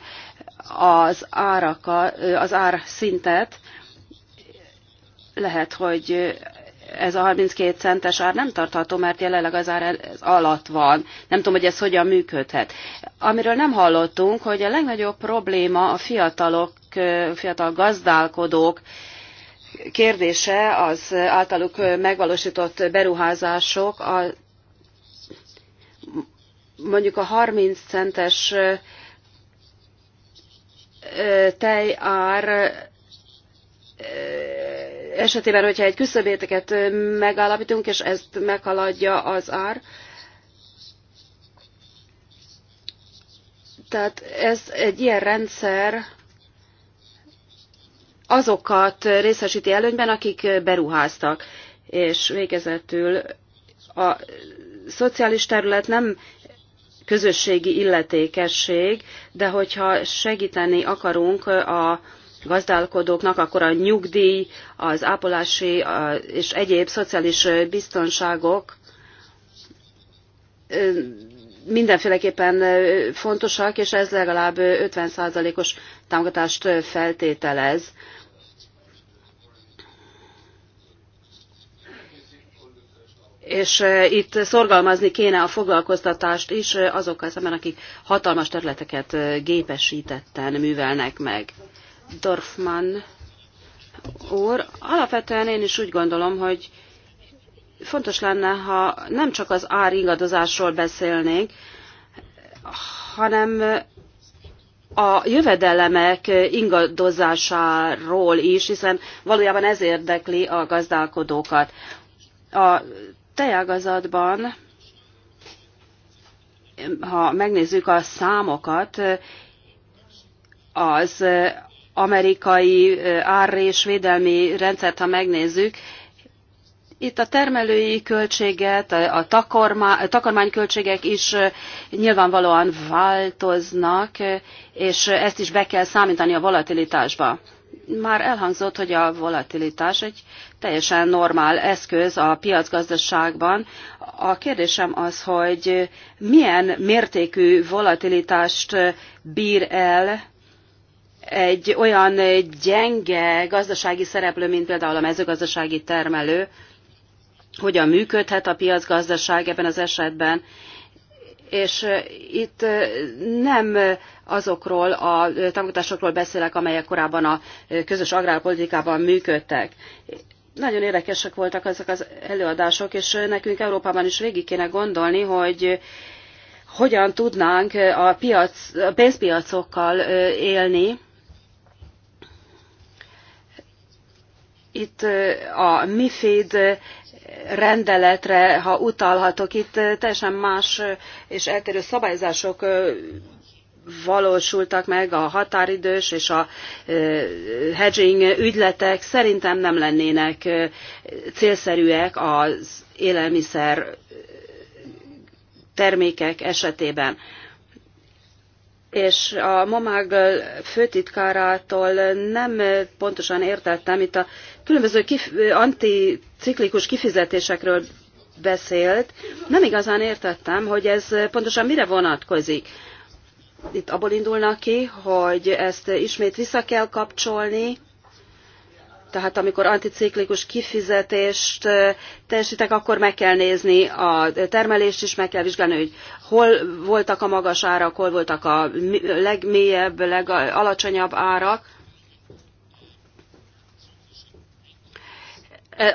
az, áraka, az árszintet? Lehet, hogy ez a 32 centes ár nem tartható, mert jelenleg az ár alatt van. Nem tudom, hogy ez hogyan működhet. Amiről nem hallottunk, hogy a legnagyobb probléma a fiatalok, fiatal gazdálkodók kérdése az általuk megvalósított beruházások, a, mondjuk a 30 centes tejár esetében, hogyha egy küszöbéteket megállapítunk, és ezt meghaladja az ár, tehát ez egy ilyen rendszer azokat részesíti előnyben, akik beruháztak. És végezetül a szociális terület nem közösségi illetékesség, de hogyha segíteni akarunk a gazdálkodóknak, akkor a nyugdíj, az ápolási és egyéb szociális biztonságok mindenféleképpen fontosak, és ez legalább 50%-os támogatást feltételez. És itt szorgalmazni kéne a foglalkoztatást is azokkal szemben, akik hatalmas területeket gépesítetten művelnek meg. Dorfman úr. Alapvetően én is úgy gondolom, hogy fontos lenne, ha nem csak az ár ingadozásról beszélnénk, hanem a jövedelemek ingadozásáról is, hiszen valójában ez érdekli a gazdálkodókat. A tejágazatban, ha megnézzük a számokat, az amerikai ár és védelmi rendszert, ha megnézzük, itt a termelői költséget, a takarmányköltségek is nyilvánvalóan változnak, és ezt is be kell számítani a volatilitásba. Már elhangzott, hogy a volatilitás egy teljesen normál eszköz a piacgazdaságban. A kérdésem az, hogy milyen mértékű volatilitást bír el egy olyan gyenge gazdasági szereplő, mint például a mezőgazdasági termelő, hogyan működhet a piacgazdaság ebben az esetben, és itt nem azokról a támogatásokról beszélek, amelyek korábban a közös agrárpolitikában működtek. Nagyon érdekesek voltak ezek az előadások, és nekünk Európában is végig kéne gondolni, hogy hogyan tudnánk a, piac, a pénzpiacokkal élni, itt a MIFID rendeletre, ha utalhatok, itt teljesen más és eltérő szabályzások valósultak meg a határidős és a hedging ügyletek szerintem nem lennének célszerűek az élelmiszer termékek esetében. És a MOMAG főtitkárától nem pontosan értettem, itt a különböző kif- anticiklikus kifizetésekről beszélt. Nem igazán értettem, hogy ez pontosan mire vonatkozik. Itt abból indulnak ki, hogy ezt ismét vissza kell kapcsolni, tehát amikor anticiklikus kifizetést eh, teljesítek, akkor meg kell nézni a termelést is, meg kell vizsgálni, hogy hol voltak a magas árak, hol voltak a legmélyebb, legalacsonyabb árak.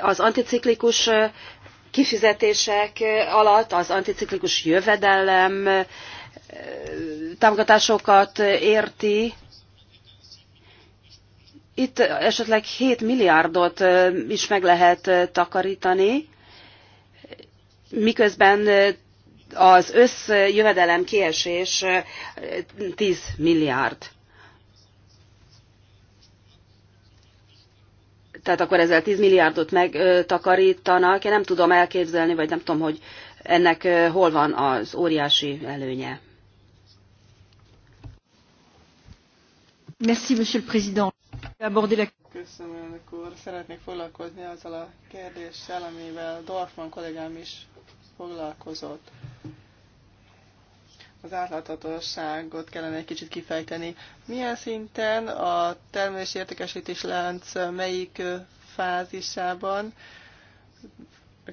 az anticiklikus kifizetések alatt az anticiklikus jövedelem támogatásokat érti. Itt esetleg 7 milliárdot is meg lehet takarítani, miközben az összjövedelem kiesés 10 milliárd. tehát akkor ezzel 10 milliárdot megtakarítanak. Én nem tudom elképzelni, vagy nem tudom, hogy ennek hol van az óriási előnye. Merci, Monsieur le Président. Köszönöm, elnök úr. Szeretnék foglalkozni azzal a kérdéssel, amivel Dorfman kollégám is foglalkozott az átláthatóságot kellene egy kicsit kifejteni. Milyen szinten a termelési értékesítés lánc melyik fázisában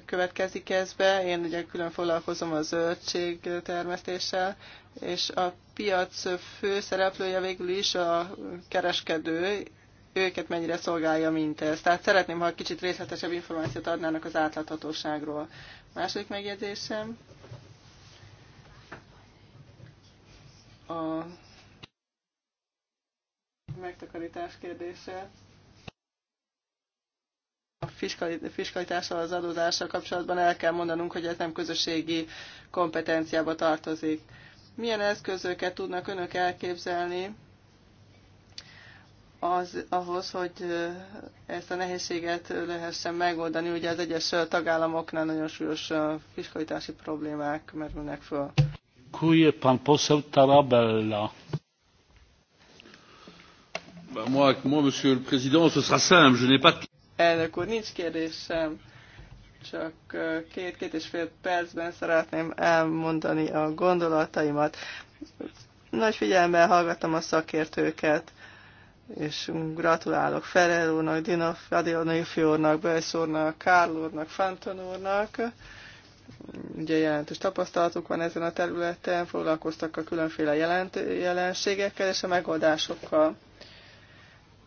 következik ez be. Én ugye külön foglalkozom a zöldség termesztéssel, és a piac fő szereplője végül is a kereskedő, őket mennyire szolgálja mindez. Tehát szeretném, ha kicsit részletesebb információt adnának az átláthatóságról. Második megjegyzésem a megtakarítás kérdése. A fiskalitással, az adózással kapcsolatban el kell mondanunk, hogy ez nem közösségi kompetenciába tartozik. Milyen eszközöket tudnak önök elképzelni az, ahhoz, hogy ezt a nehézséget lehessen megoldani? Ugye az egyes tagállamoknál nagyon súlyos fiskalitási problémák merülnek föl. Elnök úr, nincs kérdésem. Csak két-két és fél percben szeretném elmondani a gondolataimat. Nagy figyelemmel hallgattam a szakértőket, és gratulálok Ferrer úrnak, Dino Fadionai úrnak, Bölsz úrnak, Kárl úrnak, Fanton úrnak ugye jelentős tapasztalatuk van ezen a területen, foglalkoztak a különféle jelent, jelenségekkel és a megoldásokkal.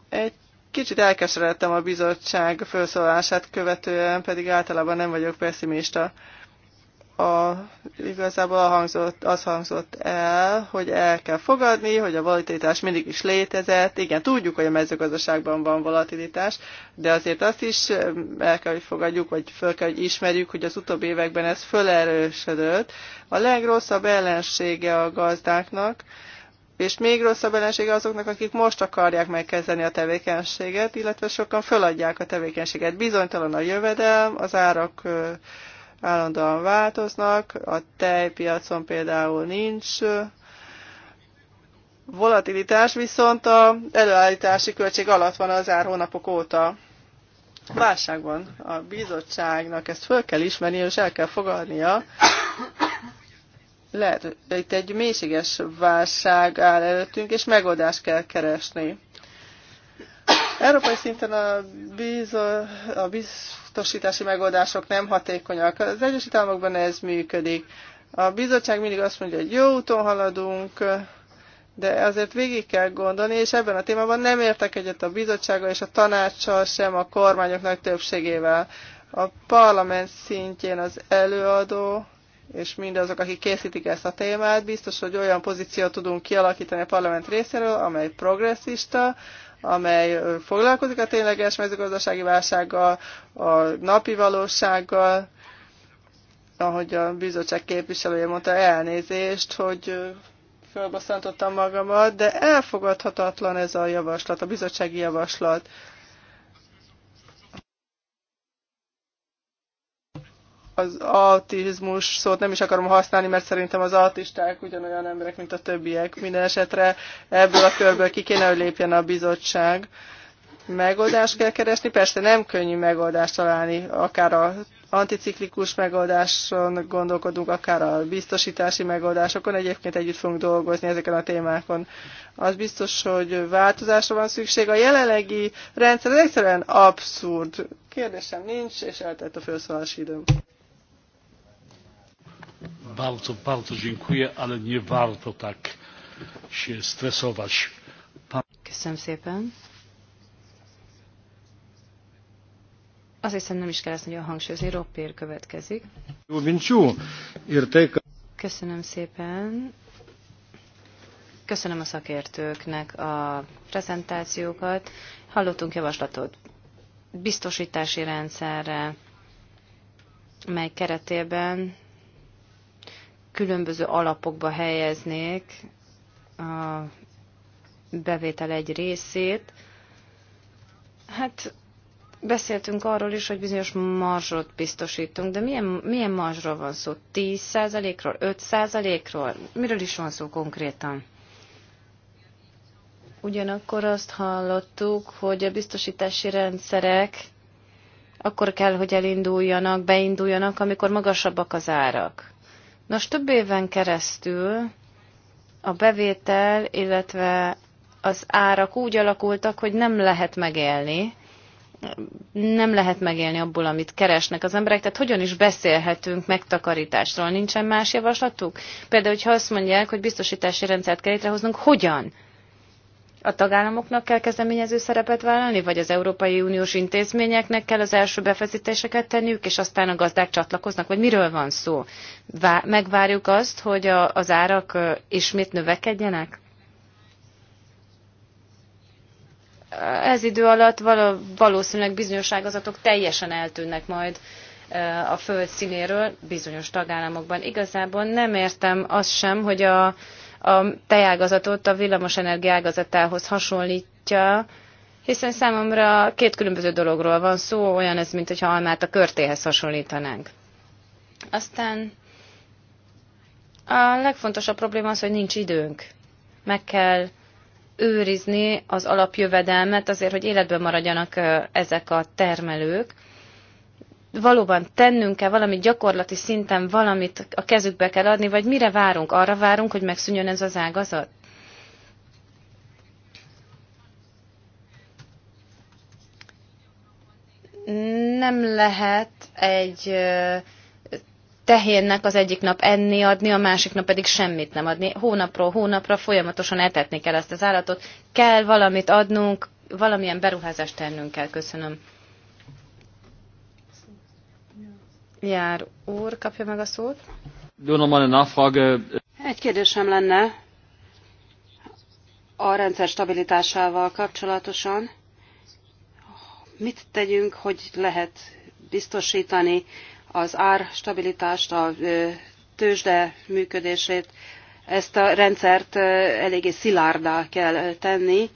Egy kicsit elkeseredtem a bizottság felszólását követően, pedig általában nem vagyok pessimista a, igazából a hangzott, az hangzott el, hogy el kell fogadni, hogy a volatilitás mindig is létezett. Igen, tudjuk, hogy a mezőgazdaságban van volatilitás, de azért azt is eh, el kell, hogy fogadjuk, vagy föl kell, hogy ismerjük, hogy az utóbbi években ez fölerősödött. A legrosszabb ellensége a gazdáknak, és még rosszabb ellensége azoknak, akik most akarják megkezdeni a tevékenységet, illetve sokan föladják a tevékenységet. Bizonytalan a jövedelm, az árak eh, állandóan változnak, a tejpiacon például nincs volatilitás, viszont a előállítási költség alatt van az ár hónapok óta. válságban. A bizottságnak ezt föl kell ismerni, és el kell fogadnia. Lehet, hogy itt egy mélységes válság áll előttünk, és megoldást kell keresni. Európai szinten a, bizo, a biz, biztosítási megoldások nem hatékonyak. Az Egyesült Államokban ez működik. A bizottság mindig azt mondja, hogy jó úton haladunk, de azért végig kell gondolni, és ebben a témában nem értek egyet a bizottsággal és a tanácssal sem a kormányok nagy többségével. A parlament szintjén az előadó és mindazok, akik készítik ezt a témát, biztos, hogy olyan pozíciót tudunk kialakítani a parlament részéről, amely progresszista, amely foglalkozik a tényleges mezőgazdasági válsággal, a napi valósággal, ahogy a bizottság képviselője mondta, elnézést, hogy fölbosszantottam magamat, de elfogadhatatlan ez a javaslat, a bizottsági javaslat. az autizmus szót nem is akarom használni, mert szerintem az autisták ugyanolyan emberek, mint a többiek. Minden esetre ebből a körből ki kéne, hogy lépjen a bizottság. Megoldást kell keresni, persze nem könnyű megoldást találni, akár a anticiklikus megoldáson gondolkodunk, akár a biztosítási megoldásokon, egyébként együtt fogunk dolgozni ezeken a témákon. Az biztos, hogy változásra van szükség. A jelenlegi rendszer egyszerűen abszurd. Kérdésem nincs, és eltelt a felszólalási időm. Bardzo, bardzo dziękuję, ale nie warto tak się stresować. Pan... Köszönöm szépen. Azt hiszem nem is kell ezt nagyon hangsúlyozni, Roppér következik. Köszönöm szépen. Köszönöm a szakértőknek a prezentációkat. Hallottunk javaslatot biztosítási rendszerre, mely keretében különböző alapokba helyeznék a bevétel egy részét. Hát beszéltünk arról is, hogy bizonyos marzsot biztosítunk, de milyen, milyen marzsról van szó? 10%-ról? 5%-ról? Miről is van szó konkrétan? Ugyanakkor azt hallottuk, hogy a biztosítási rendszerek akkor kell, hogy elinduljanak, beinduljanak, amikor magasabbak az árak. Nos, több éven keresztül a bevétel, illetve az árak úgy alakultak, hogy nem lehet megélni, nem lehet megélni abból, amit keresnek az emberek, tehát hogyan is beszélhetünk megtakarításról, nincsen más javaslatuk? Például, hogyha azt mondják, hogy biztosítási rendszert kell létrehoznunk, hogyan? A tagállamoknak kell kezdeményező szerepet vállalni, vagy az Európai Uniós intézményeknek kell az első befektetéseket tenniük, és aztán a gazdák csatlakoznak, vagy miről van szó? Vá- megvárjuk azt, hogy a- az árak ismét növekedjenek? Ez idő alatt val- valószínűleg bizonyos ágazatok teljesen eltűnnek majd a föld színéről bizonyos tagállamokban. Igazából nem értem azt sem, hogy a a tejágazatot a villamosenergia ágazatához hasonlítja, hiszen számomra két különböző dologról van szó, olyan ez, mint hogyha almát a körtéhez hasonlítanánk. Aztán a legfontosabb probléma az, hogy nincs időnk. Meg kell őrizni az alapjövedelmet azért, hogy életben maradjanak ezek a termelők, valóban tennünk kell valamit gyakorlati szinten, valamit a kezükbe kell adni, vagy mire várunk? Arra várunk, hogy megszűnjön ez az ágazat? Nem lehet egy tehénnek az egyik nap enni adni, a másik nap pedig semmit nem adni. Hónapról hónapra folyamatosan etetni kell ezt az állatot. Kell valamit adnunk, valamilyen beruházást tennünk kell. Köszönöm. Jár úr, kapja meg a szót. Egy kérdésem lenne a rendszer stabilitásával kapcsolatosan. Mit tegyünk, hogy lehet biztosítani az árstabilitást, a tőzsde működését? Ezt a rendszert eléggé szilárdá kell tenni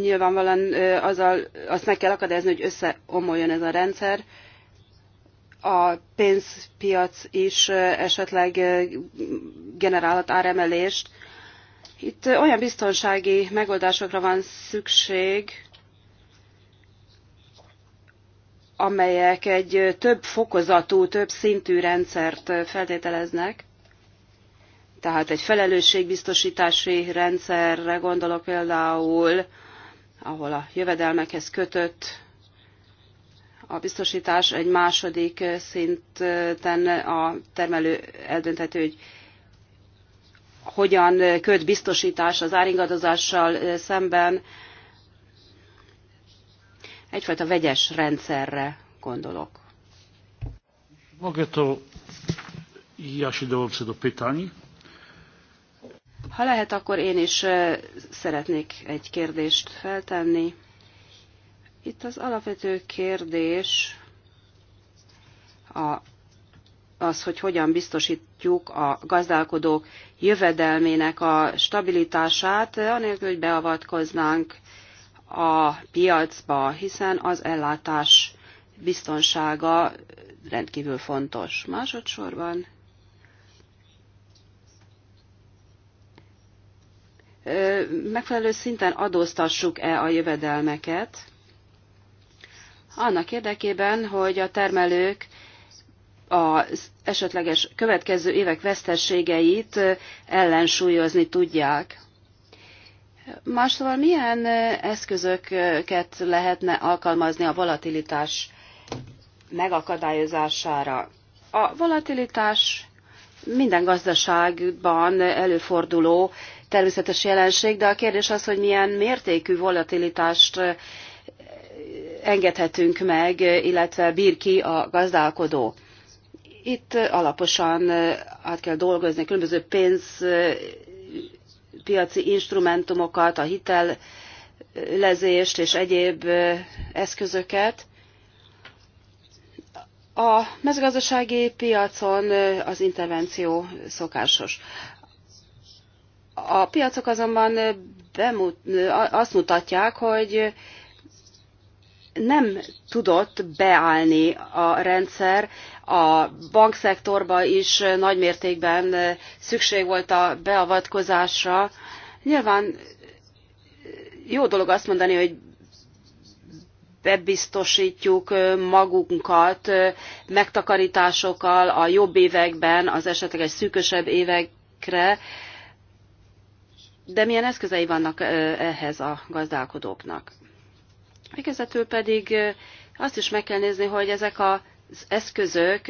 nyilvánvalóan azzal, azt meg kell akadályozni, hogy összeomoljon ez a rendszer. A pénzpiac is esetleg generálhat áremelést. Itt olyan biztonsági megoldásokra van szükség, amelyek egy több fokozatú, több szintű rendszert feltételeznek. Tehát egy felelősségbiztosítási rendszerre gondolok például, ahol a jövedelmekhez kötött a biztosítás egy második szinten a termelő eldönthető, hogy hogyan köt biztosítás az áringadozással szemben. Egyfajta vegyes rendszerre gondolok. Mogę to ja się dołączę do pytań. Ha lehet, akkor én is szeretnék egy kérdést feltenni. Itt az alapvető kérdés a, az, hogy hogyan biztosítjuk a gazdálkodók jövedelmének a stabilitását, anélkül, hogy beavatkoznánk a piacba, hiszen az ellátás biztonsága rendkívül fontos. Másodszorban megfelelő szinten adóztassuk-e a jövedelmeket, annak érdekében, hogy a termelők az esetleges következő évek vesztességeit ellensúlyozni tudják. Másszóval milyen eszközöket lehetne alkalmazni a volatilitás megakadályozására? A volatilitás minden gazdaságban előforduló természetes jelenség, de a kérdés az, hogy milyen mértékű volatilitást eh, engedhetünk meg, illetve bír ki a gazdálkodó. Itt eh, alaposan eh, át kell dolgozni különböző pénzpiaci instrumentumokat, a hitellezést és egyéb eszközöket. A mezőgazdasági piacon az intervenció szokásos. A piacok azonban bemut, azt mutatják, hogy nem tudott beállni a rendszer, a bankszektorba is nagy mértékben szükség volt a beavatkozásra. Nyilván jó dolog azt mondani, hogy bebiztosítjuk magunkat megtakarításokkal a jobb években, az esetleges szűkösebb évekre, de milyen eszközei vannak ehhez a gazdálkodóknak? Végezetül pedig azt is meg kell nézni, hogy ezek az eszközök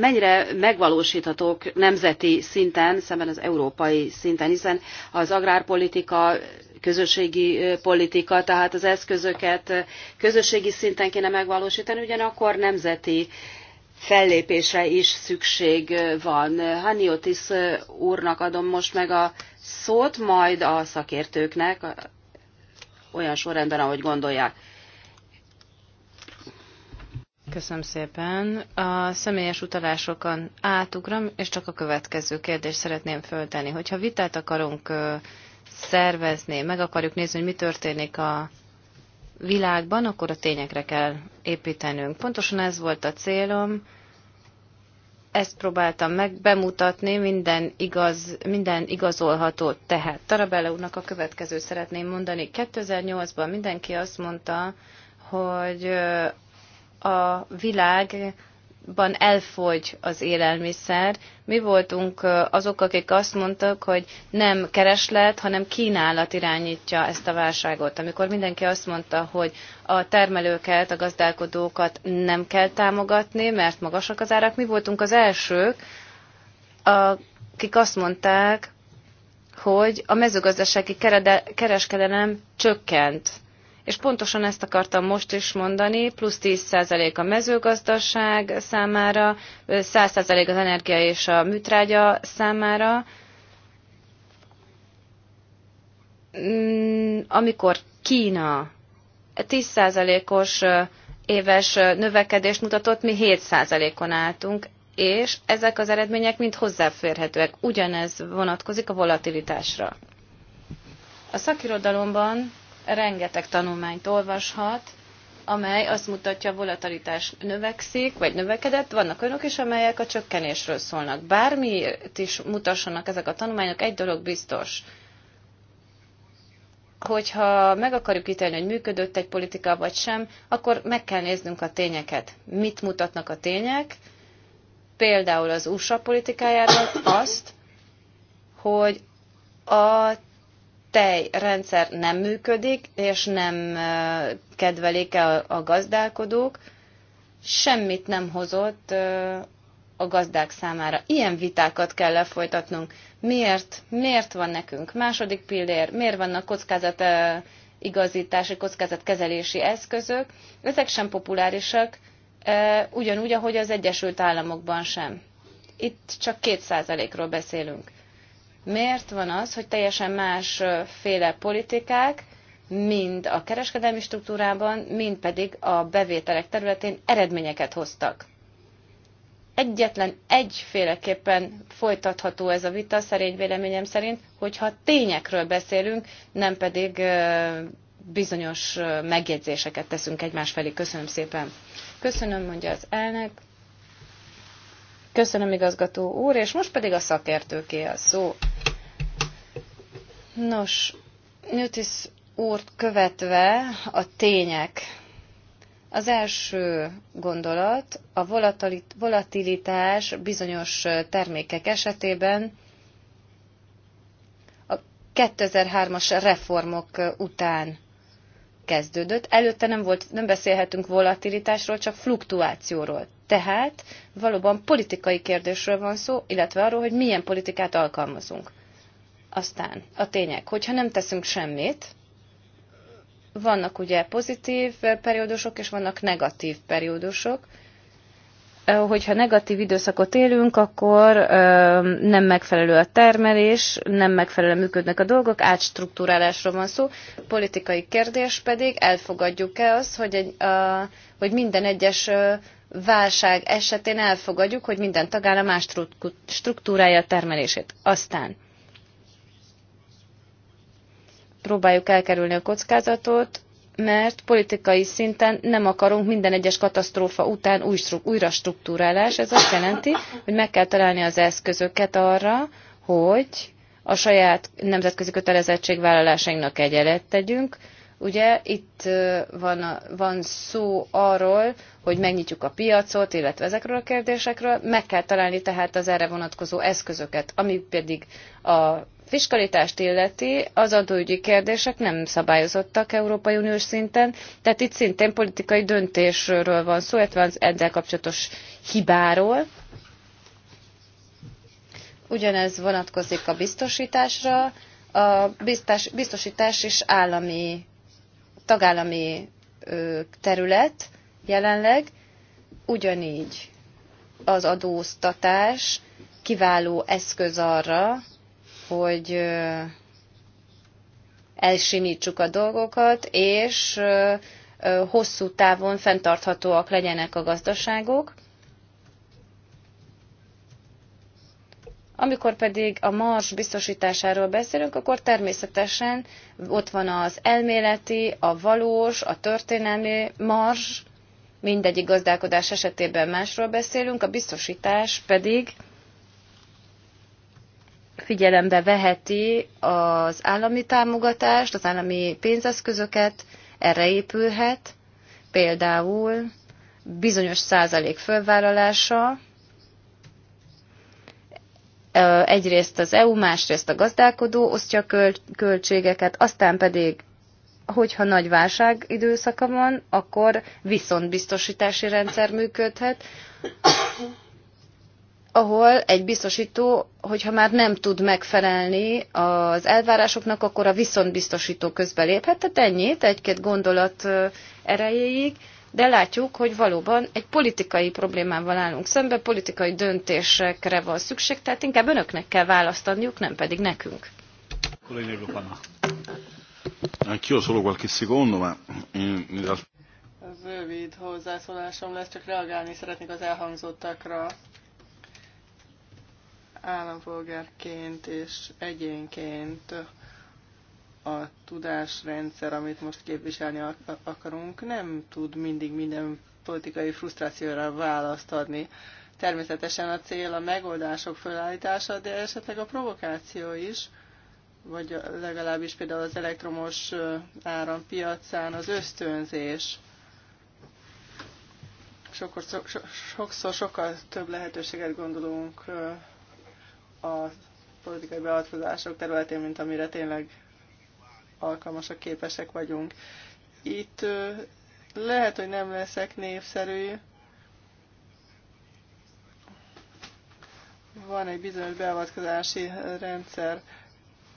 mennyire megvalósíthatók nemzeti szinten, szemben az európai szinten, hiszen az agrárpolitika, közösségi politika, tehát az eszközöket közösségi szinten kéne megvalósítani, ugyanakkor nemzeti fellépésre is szükség van. Haniotis úrnak adom most meg a szót, majd a szakértőknek olyan sorrendben, ahogy gondolják. Köszönöm szépen. A személyes utalásokon átugram, és csak a következő kérdést szeretném föltenni. Hogyha vitát akarunk szervezni, meg akarjuk nézni, hogy mi történik a világban, akkor a tényekre kell építenünk. Pontosan ez volt a célom, ezt próbáltam meg bemutatni, minden, igaz, minden igazolható. Tehát Tarabella úrnak a következő szeretném mondani. 2008-ban mindenki azt mondta, hogy a világ ban elfogy az élelmiszer. Mi voltunk azok, akik azt mondtak, hogy nem kereslet, hanem kínálat irányítja ezt a válságot. Amikor mindenki azt mondta, hogy a termelőket, a gazdálkodókat nem kell támogatni, mert magasak az árak, mi voltunk az elsők, akik azt mondták, hogy a mezőgazdasági kereskedelem csökkent és pontosan ezt akartam most is mondani, plusz 10% a mezőgazdaság számára, 100% az energia és a műtrágya számára. Mm, amikor Kína 10%-os éves növekedést mutatott, mi 7%-on álltunk, és ezek az eredmények mind hozzáférhetőek. Ugyanez vonatkozik a volatilitásra. A szakirodalomban rengeteg tanulmányt olvashat, amely azt mutatja, a volatilitás növekszik, vagy növekedett. Vannak önök is, amelyek a csökkenésről szólnak. Bármit is mutassanak ezek a tanulmányok, egy dolog biztos. Hogyha meg akarjuk ítélni, hogy működött egy politika vagy sem, akkor meg kell néznünk a tényeket. Mit mutatnak a tények? Például az USA politikájáról azt, hogy a tejrendszer nem működik, és nem kedvelik el a gazdálkodók, semmit nem hozott a gazdák számára. Ilyen vitákat kell lefolytatnunk. Miért? Miért van nekünk második pillér? Miért vannak kockázat igazítási, kockázatkezelési eszközök? Ezek sem populárisak, ugyanúgy, ahogy az Egyesült Államokban sem. Itt csak 2%-ról beszélünk miért van az, hogy teljesen másféle politikák, mind a kereskedelmi struktúrában, mind pedig a bevételek területén eredményeket hoztak. Egyetlen egyféleképpen folytatható ez a vita, szerény véleményem szerint, hogyha tényekről beszélünk, nem pedig bizonyos megjegyzéseket teszünk egymás felé. Köszönöm szépen. Köszönöm, mondja az elnök. Köszönöm, igazgató úr, és most pedig a szakértőké a szó. Nos, Newtis úrt követve a tények. Az első gondolat a volatilitás bizonyos termékek esetében a 2003-as reformok után kezdődött. Előtte nem, volt, nem beszélhetünk volatilitásról, csak fluktuációról. Tehát valóban politikai kérdésről van szó, illetve arról, hogy milyen politikát alkalmazunk. Aztán a tények, hogyha nem teszünk semmit, vannak ugye pozitív periódusok, és vannak negatív periódusok, hogyha negatív időszakot élünk, akkor nem megfelelő a termelés, nem megfelelően működnek a dolgok, átstruktúrálásról van szó. Politikai kérdés pedig, elfogadjuk-e azt, hogy, egy, a, hogy minden egyes válság esetén elfogadjuk, hogy minden tagállam más struktúrája a termelését. Aztán próbáljuk elkerülni a kockázatot, mert politikai szinten nem akarunk minden egyes katasztrófa után új, újra struktúrálás. Ez azt jelenti, hogy meg kell találni az eszközöket arra, hogy a saját nemzetközi kötelezettségvállalásainknak egyelet tegyünk. Ugye itt van, a, van szó arról, hogy megnyitjuk a piacot, illetve ezekről a kérdésekről. Meg kell találni tehát az erre vonatkozó eszközöket, ami pedig a fiskalitást illeti, az adóügyi kérdések nem szabályozottak Európai Uniós szinten, tehát itt szintén politikai döntésről van szó, illetve az ezzel kapcsolatos hibáról. Ugyanez vonatkozik a biztosításra, a biztosítás is állami, tagállami terület jelenleg, ugyanígy az adóztatás kiváló eszköz arra, hogy elsimítsuk a dolgokat, és hosszú távon fenntarthatóak legyenek a gazdaságok. Amikor pedig a mars biztosításáról beszélünk, akkor természetesen ott van az elméleti, a valós, a történelmi mars, mindegyik gazdálkodás esetében másról beszélünk, a biztosítás pedig figyelembe veheti az állami támogatást, az állami pénzeszközöket, erre épülhet, például bizonyos százalék fölvállalása, egyrészt az EU, másrészt a gazdálkodó osztja költségeket, aztán pedig, hogyha nagy válság időszaka van, akkor viszont biztosítási rendszer működhet, ahol egy biztosító, hogyha már nem tud megfelelni az elvárásoknak, akkor a viszonbiztosító közbeléphet. Tehát ennyit, egy-két gondolat erejéig, de látjuk, hogy valóban egy politikai problémával állunk szembe, politikai döntésekre van szükség, tehát inkább önöknek kell választaniuk, nem pedig nekünk. Anch'io solo qualche secondo, ma eh, rövid hozzászólásom lesz, csak reagálni szeretnék az elhangzottakra állampolgárként és egyénként a tudásrendszer, amit most képviselni akarunk, nem tud mindig minden politikai frusztrációra választ adni. Természetesen a cél a megoldások felállítása, de esetleg a provokáció is, vagy legalábbis például az elektromos árampiacán az ösztönzés. Sokszor, so, sokszor sokkal több lehetőséget gondolunk a politikai beavatkozások területén, mint amire tényleg alkalmasak, képesek vagyunk. Itt lehet, hogy nem leszek népszerű. Van egy bizonyos beavatkozási rendszer.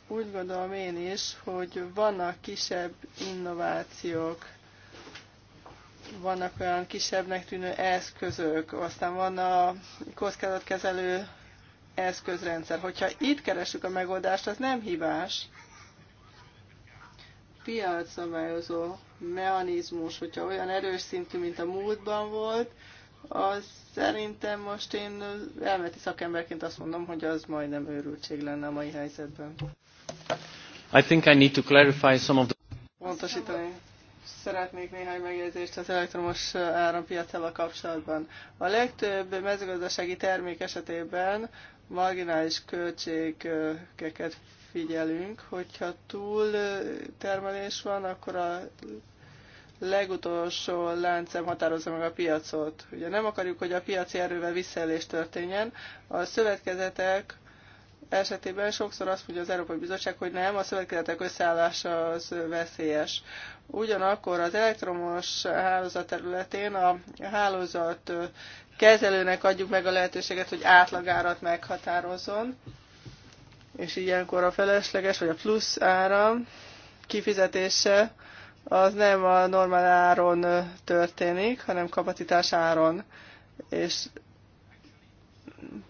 Úgy gondolom én is, hogy vannak kisebb innovációk, vannak olyan kisebbnek tűnő eszközök, aztán van a kockázatkezelő eszközrendszer. Hogyha itt keresünk a megoldást, az nem hibás. Piacszabályozó mechanizmus, hogyha olyan erős szintű, mint a múltban volt, az szerintem most én elméleti szakemberként azt mondom, hogy az majdnem őrültség lenne a mai helyzetben. I think I need to clarify some of the... Pontosítani szeretnék néhány megjegyzést az elektromos árampiacával kapcsolatban. A legtöbb mezőgazdasági termék esetében marginális költségeket figyelünk, hogyha túl termelés van, akkor a legutolsó láncem határozza meg a piacot. Ugye nem akarjuk, hogy a piaci erővel visszaélés történjen. A szövetkezetek esetében sokszor azt mondja az Európai Bizottság, hogy nem, a szövetkezetek összeállása az veszélyes. Ugyanakkor az elektromos hálózat területén a hálózat kezelőnek adjuk meg a lehetőséget, hogy átlagárat meghatározzon, és ilyenkor a felesleges vagy a plusz ára kifizetése az nem a normál áron történik, hanem kapacitás áron. És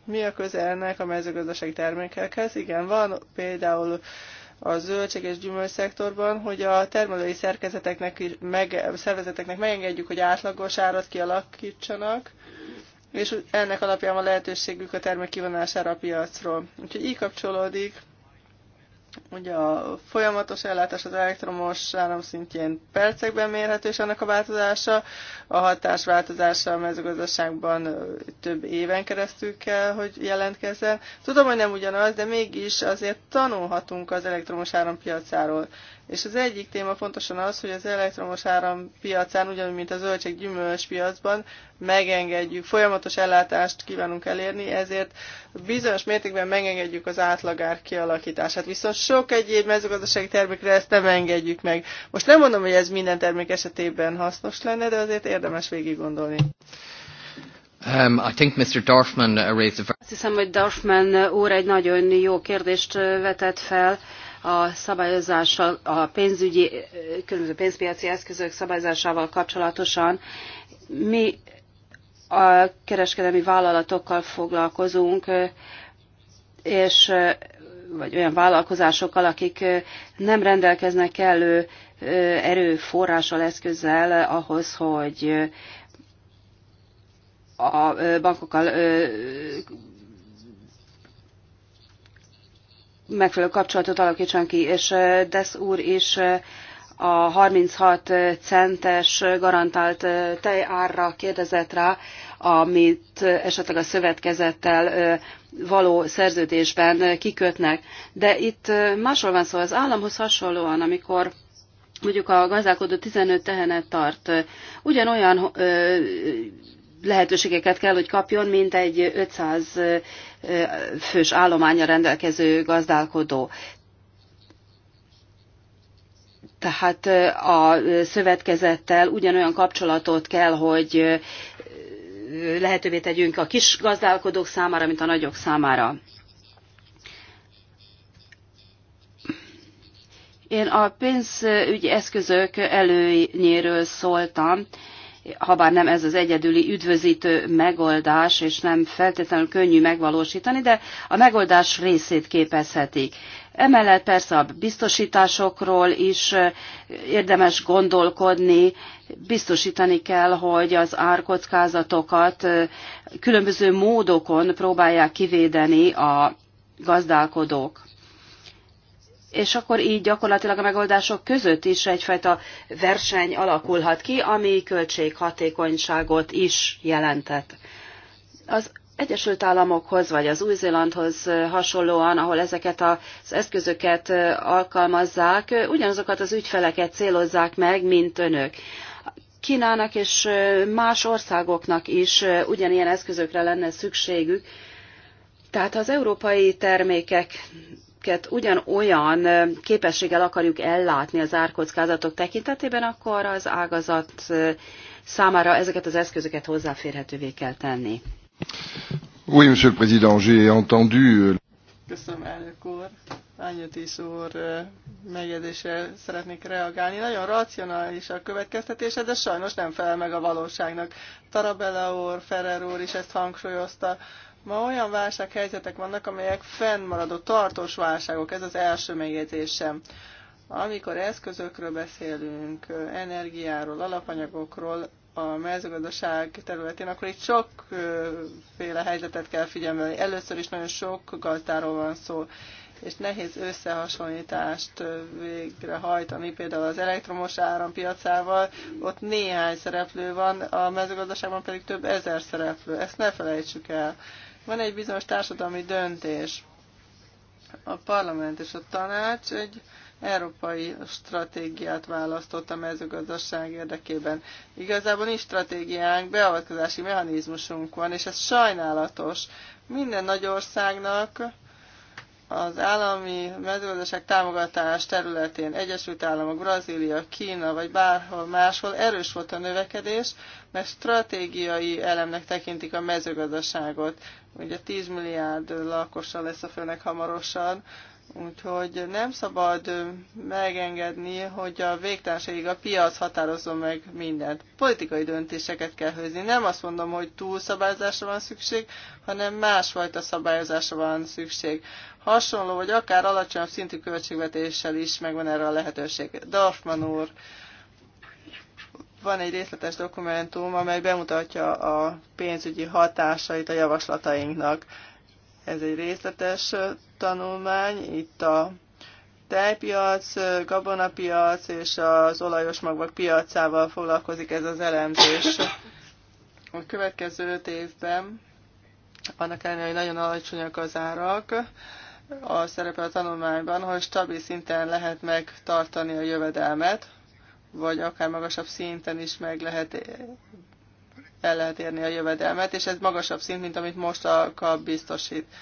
mi a köze ennek a mezőgazdasági termékekhez? Igen, van például a zöldség és gyümölcs szektorban, hogy a termelői szerkezeteknek, meg, szervezeteknek megengedjük, hogy átlagos árat kialakítsanak, és ennek alapján van lehetőségük a termék kivonására a piacról. Úgyhogy így kapcsolódik ugye a folyamatos ellátás az elektromos áram szintjén percekben mérhető és annak a változása, a hatás változása a mezőgazdaságban több éven keresztül kell, hogy jelentkezzen. Tudom, hogy nem ugyanaz, de mégis azért tanulhatunk az elektromos áram piacáról. És az egyik téma pontosan az, hogy az elektromos áram piacán, ugyanúgy, mint a zöldség gyümölcs piacban, megengedjük, folyamatos ellátást kívánunk elérni, ezért bizonyos mértékben megengedjük az átlagár kialakítását. Viszont sok egyéb mezőgazdasági termékre ezt nem engedjük meg. Most nem mondom, hogy ez minden termék esetében hasznos lenne, de azért érdemes végig gondolni. Um, I think Mr. Dorfman uh, raised a... Azt hiszem, hogy Dorfman uh, úr egy nagyon jó kérdést uh, vetett fel a szabályozással, a pénzügyi, különböző pénzpiaci eszközök szabályozásával kapcsolatosan. Mi a kereskedelmi vállalatokkal foglalkozunk, és vagy olyan vállalkozásokkal, akik nem rendelkeznek elő erőforrással, eszközzel ahhoz, hogy a bankokkal megfelelő kapcsolatot alakítson ki, és Desz úr is a 36 centes garantált tejárra kérdezett rá, amit esetleg a szövetkezettel való szerződésben kikötnek. De itt másról van szó, az államhoz hasonlóan, amikor mondjuk a gazdálkodó 15 tehenet tart, ugyanolyan lehetőségeket kell, hogy kapjon, mint egy 500 fős állománya rendelkező gazdálkodó. Tehát a szövetkezettel ugyanolyan kapcsolatot kell, hogy lehetővé tegyünk a kis gazdálkodók számára, mint a nagyok számára. Én a pénzügyi eszközök előnyéről szóltam, habár nem ez az egyedüli üdvözítő megoldás, és nem feltétlenül könnyű megvalósítani, de a megoldás részét képezhetik. Emellett persze a biztosításokról is érdemes gondolkodni, biztosítani kell, hogy az árkockázatokat különböző módokon próbálják kivédeni a gazdálkodók és akkor így gyakorlatilag a megoldások között is egyfajta verseny alakulhat ki, ami költséghatékonyságot is jelentett. Az Egyesült Államokhoz vagy az Új-Zélandhoz hasonlóan, ahol ezeket az eszközöket alkalmazzák, ugyanazokat az ügyfeleket célozzák meg, mint önök. Kínának és más országoknak is ugyanilyen eszközökre lenne szükségük. Tehát az európai termékek akiket ugyanolyan képességgel akarjuk ellátni az árkockázatok tekintetében, akkor az ágazat számára ezeket az eszközöket hozzáférhetővé kell tenni. Oui, monsieur le président, j'ai entendu... Euh, Köszönöm, elnök úr. Anyutis úr megjegyzésre szeretnék reagálni. Nagyon racionális a következtetése, de sajnos nem felel meg a valóságnak. Tarabella úr, Ferrer úr is ezt hangsúlyozta. Ma olyan válsághelyzetek vannak, amelyek fennmaradó tartós válságok, ez az első megjegyzésem. Amikor eszközökről beszélünk, energiáról, alapanyagokról, a mezőgazdaság területén, akkor itt sokféle helyzetet kell figyelni. Először is nagyon sok gazdáról van szó, és nehéz összehasonlítást végrehajtani, például az elektromos árampiacával, ott néhány szereplő van, a mezőgazdaságban pedig több ezer szereplő. Ezt ne felejtsük el. Van egy bizonyos társadalmi döntés. A parlament és a tanács egy európai stratégiát választott a mezőgazdaság érdekében. Igazából nincs stratégiánk, beavatkozási mechanizmusunk van, és ez sajnálatos. Minden nagy országnak az állami mezőgazdaság támogatás területén Egyesült Államok, Brazília, Kína vagy bárhol máshol erős volt a növekedés, mert stratégiai elemnek tekintik a mezőgazdaságot. Ugye 10 milliárd lakosa lesz a főnek hamarosan, úgyhogy nem szabad megengedni, hogy a végtelenségig a piac határozza meg mindent. Politikai döntéseket kell hozni. Nem azt mondom, hogy túlszabályozásra van szükség, hanem másfajta szabályozásra van szükség. Hasonló, vagy akár alacsonyabb szintű költségvetéssel is megvan erre a lehetőség. Dorfman úr, van egy részletes dokumentum, amely bemutatja a pénzügyi hatásait a javaslatainknak. Ez egy részletes tanulmány, itt a tejpiac, gabonapiac és az olajos magvak piacával foglalkozik ez az elemzés. A következő öt évben, annak ellenére, hogy nagyon alacsonyak az árak, a szerepel a tanulmányban, hogy stabil szinten lehet megtartani a jövedelmet, vagy akár magasabb szinten is meg lehet, el lehet érni a jövedelmet, és ez magasabb szint, mint amit most a kap biztosít.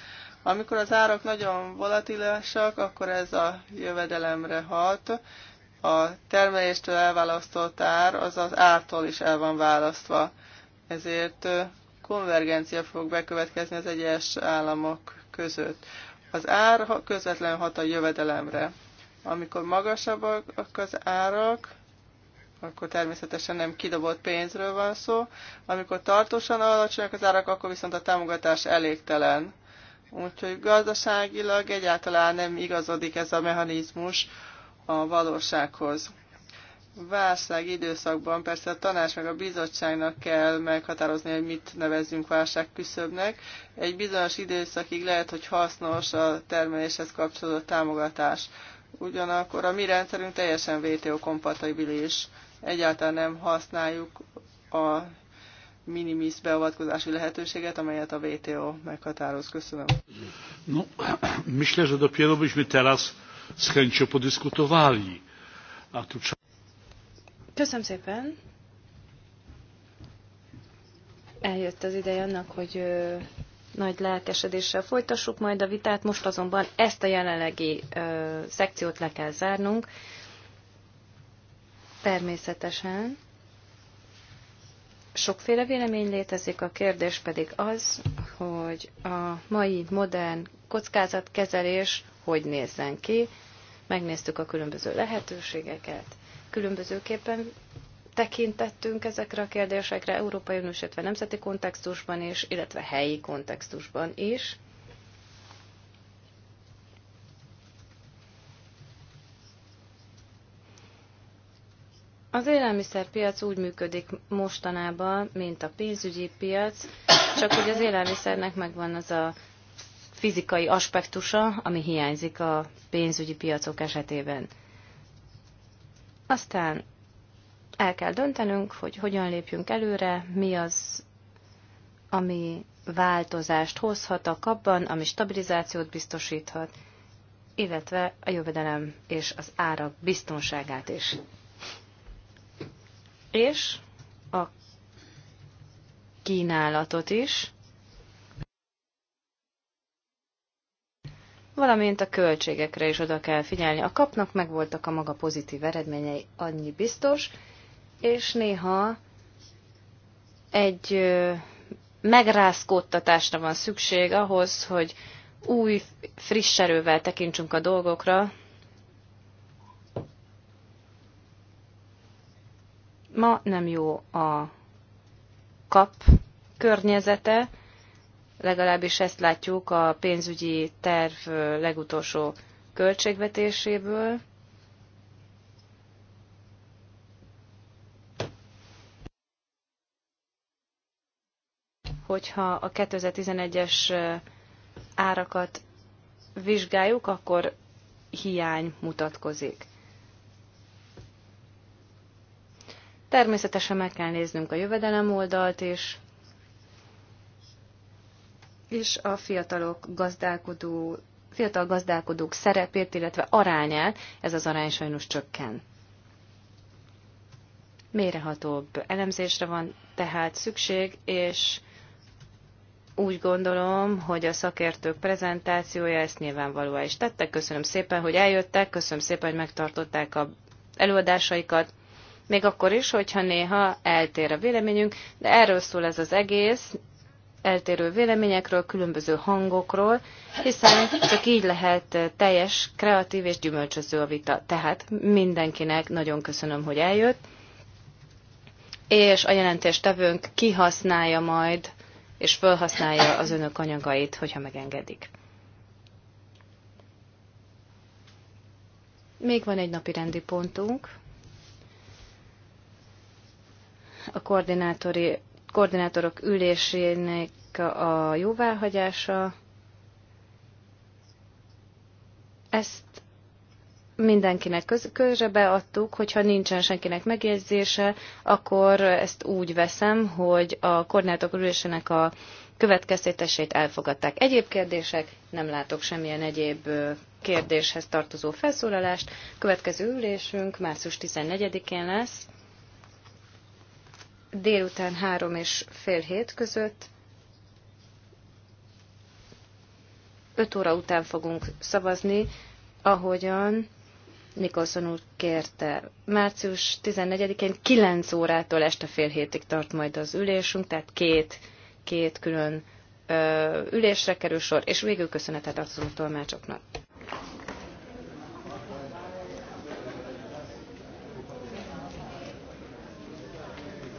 Amikor az árak nagyon volatilisak, akkor ez a jövedelemre hat. A termeléstől elválasztott ár az az ártól is el van választva. Ezért konvergencia fog bekövetkezni az egyes államok között. Az ár közvetlenül hat a jövedelemre. Amikor magasabbak az árak, akkor természetesen nem kidobott pénzről van szó. Amikor tartósan alacsonyak az árak, akkor viszont a támogatás elégtelen. Úgyhogy gazdaságilag egyáltalán nem igazodik ez a mechanizmus a valósághoz. Válság időszakban persze a tanács meg a bizottságnak kell meghatározni, hogy mit nevezzünk válság küszöbnek. Egy bizonyos időszakig lehet, hogy hasznos a termeléshez kapcsolódó támogatás. Ugyanakkor a mi rendszerünk teljesen WTO-kompatibilis egyáltalán nem használjuk a minimis beavatkozási lehetőséget, amelyet a WTO meghatároz. Köszönöm. No, myślę, że dopiero byśmy teraz z chęcią podyskutowali. A tu... Köszönöm szépen. Eljött az ideje annak, hogy ö, nagy lelkesedéssel folytassuk majd a vitát. Most azonban ezt a jelenlegi ö, szekciót le kell zárnunk. Természetesen sokféle vélemény létezik, a kérdés pedig az, hogy a mai modern kockázatkezelés hogy nézzen ki. Megnéztük a különböző lehetőségeket, különbözőképpen tekintettünk ezekre a kérdésekre Európai Uniós, illetve nemzeti kontextusban is, illetve helyi kontextusban is. Az élelmiszerpiac úgy működik mostanában, mint a pénzügyi piac, csak hogy az élelmiszernek megvan az a fizikai aspektusa, ami hiányzik a pénzügyi piacok esetében. Aztán el kell döntenünk, hogy hogyan lépjünk előre, mi az, ami változást hozhat a kapban, ami stabilizációt biztosíthat, illetve a jövedelem és az árak biztonságát is és a kínálatot is, valamint a költségekre is oda kell figyelni. A kapnak megvoltak a maga pozitív eredményei, annyi biztos, és néha egy megrázkódtatásra van szükség ahhoz, hogy új, friss erővel tekintsünk a dolgokra, Ma nem jó a kap környezete, legalábbis ezt látjuk a pénzügyi terv legutolsó költségvetéséből. Hogyha a 2011-es árakat vizsgáljuk, akkor hiány mutatkozik. Természetesen meg kell néznünk a jövedelem oldalt is, és a fiatalok gazdálkodó, fiatal gazdálkodók szerepét, illetve arányát, ez az arány sajnos csökken. Mérehatóbb elemzésre van tehát szükség, és úgy gondolom, hogy a szakértők prezentációja ezt nyilvánvalóan is tette. Köszönöm szépen, hogy eljöttek, köszönöm szépen, hogy megtartották a előadásaikat még akkor is, hogyha néha eltér a véleményünk, de erről szól ez az egész, eltérő véleményekről, különböző hangokról, hiszen csak így lehet teljes, kreatív és gyümölcsöző a vita. Tehát mindenkinek nagyon köszönöm, hogy eljött, és a jelentéstevőnk kihasználja majd, és felhasználja az önök anyagait, hogyha megengedik. Még van egy napi rendi pontunk a koordinátori, koordinátorok ülésének a jóváhagyása. Ezt mindenkinek közre beadtuk, hogyha nincsen senkinek megjegyzése, akkor ezt úgy veszem, hogy a koordinátorok ülésének a következtetését elfogadták. Egyéb kérdések, nem látok semmilyen egyéb kérdéshez tartozó felszólalást. Következő ülésünk március 14-én lesz délután három és fél hét között. Öt óra után fogunk szavazni, ahogyan Nikolson úr kérte. Március 14-én kilenc órától este fél hétig tart majd az ülésünk, tehát két, két külön ö, ülésre kerül sor, és végül köszönetet adunk tolmácsoknak.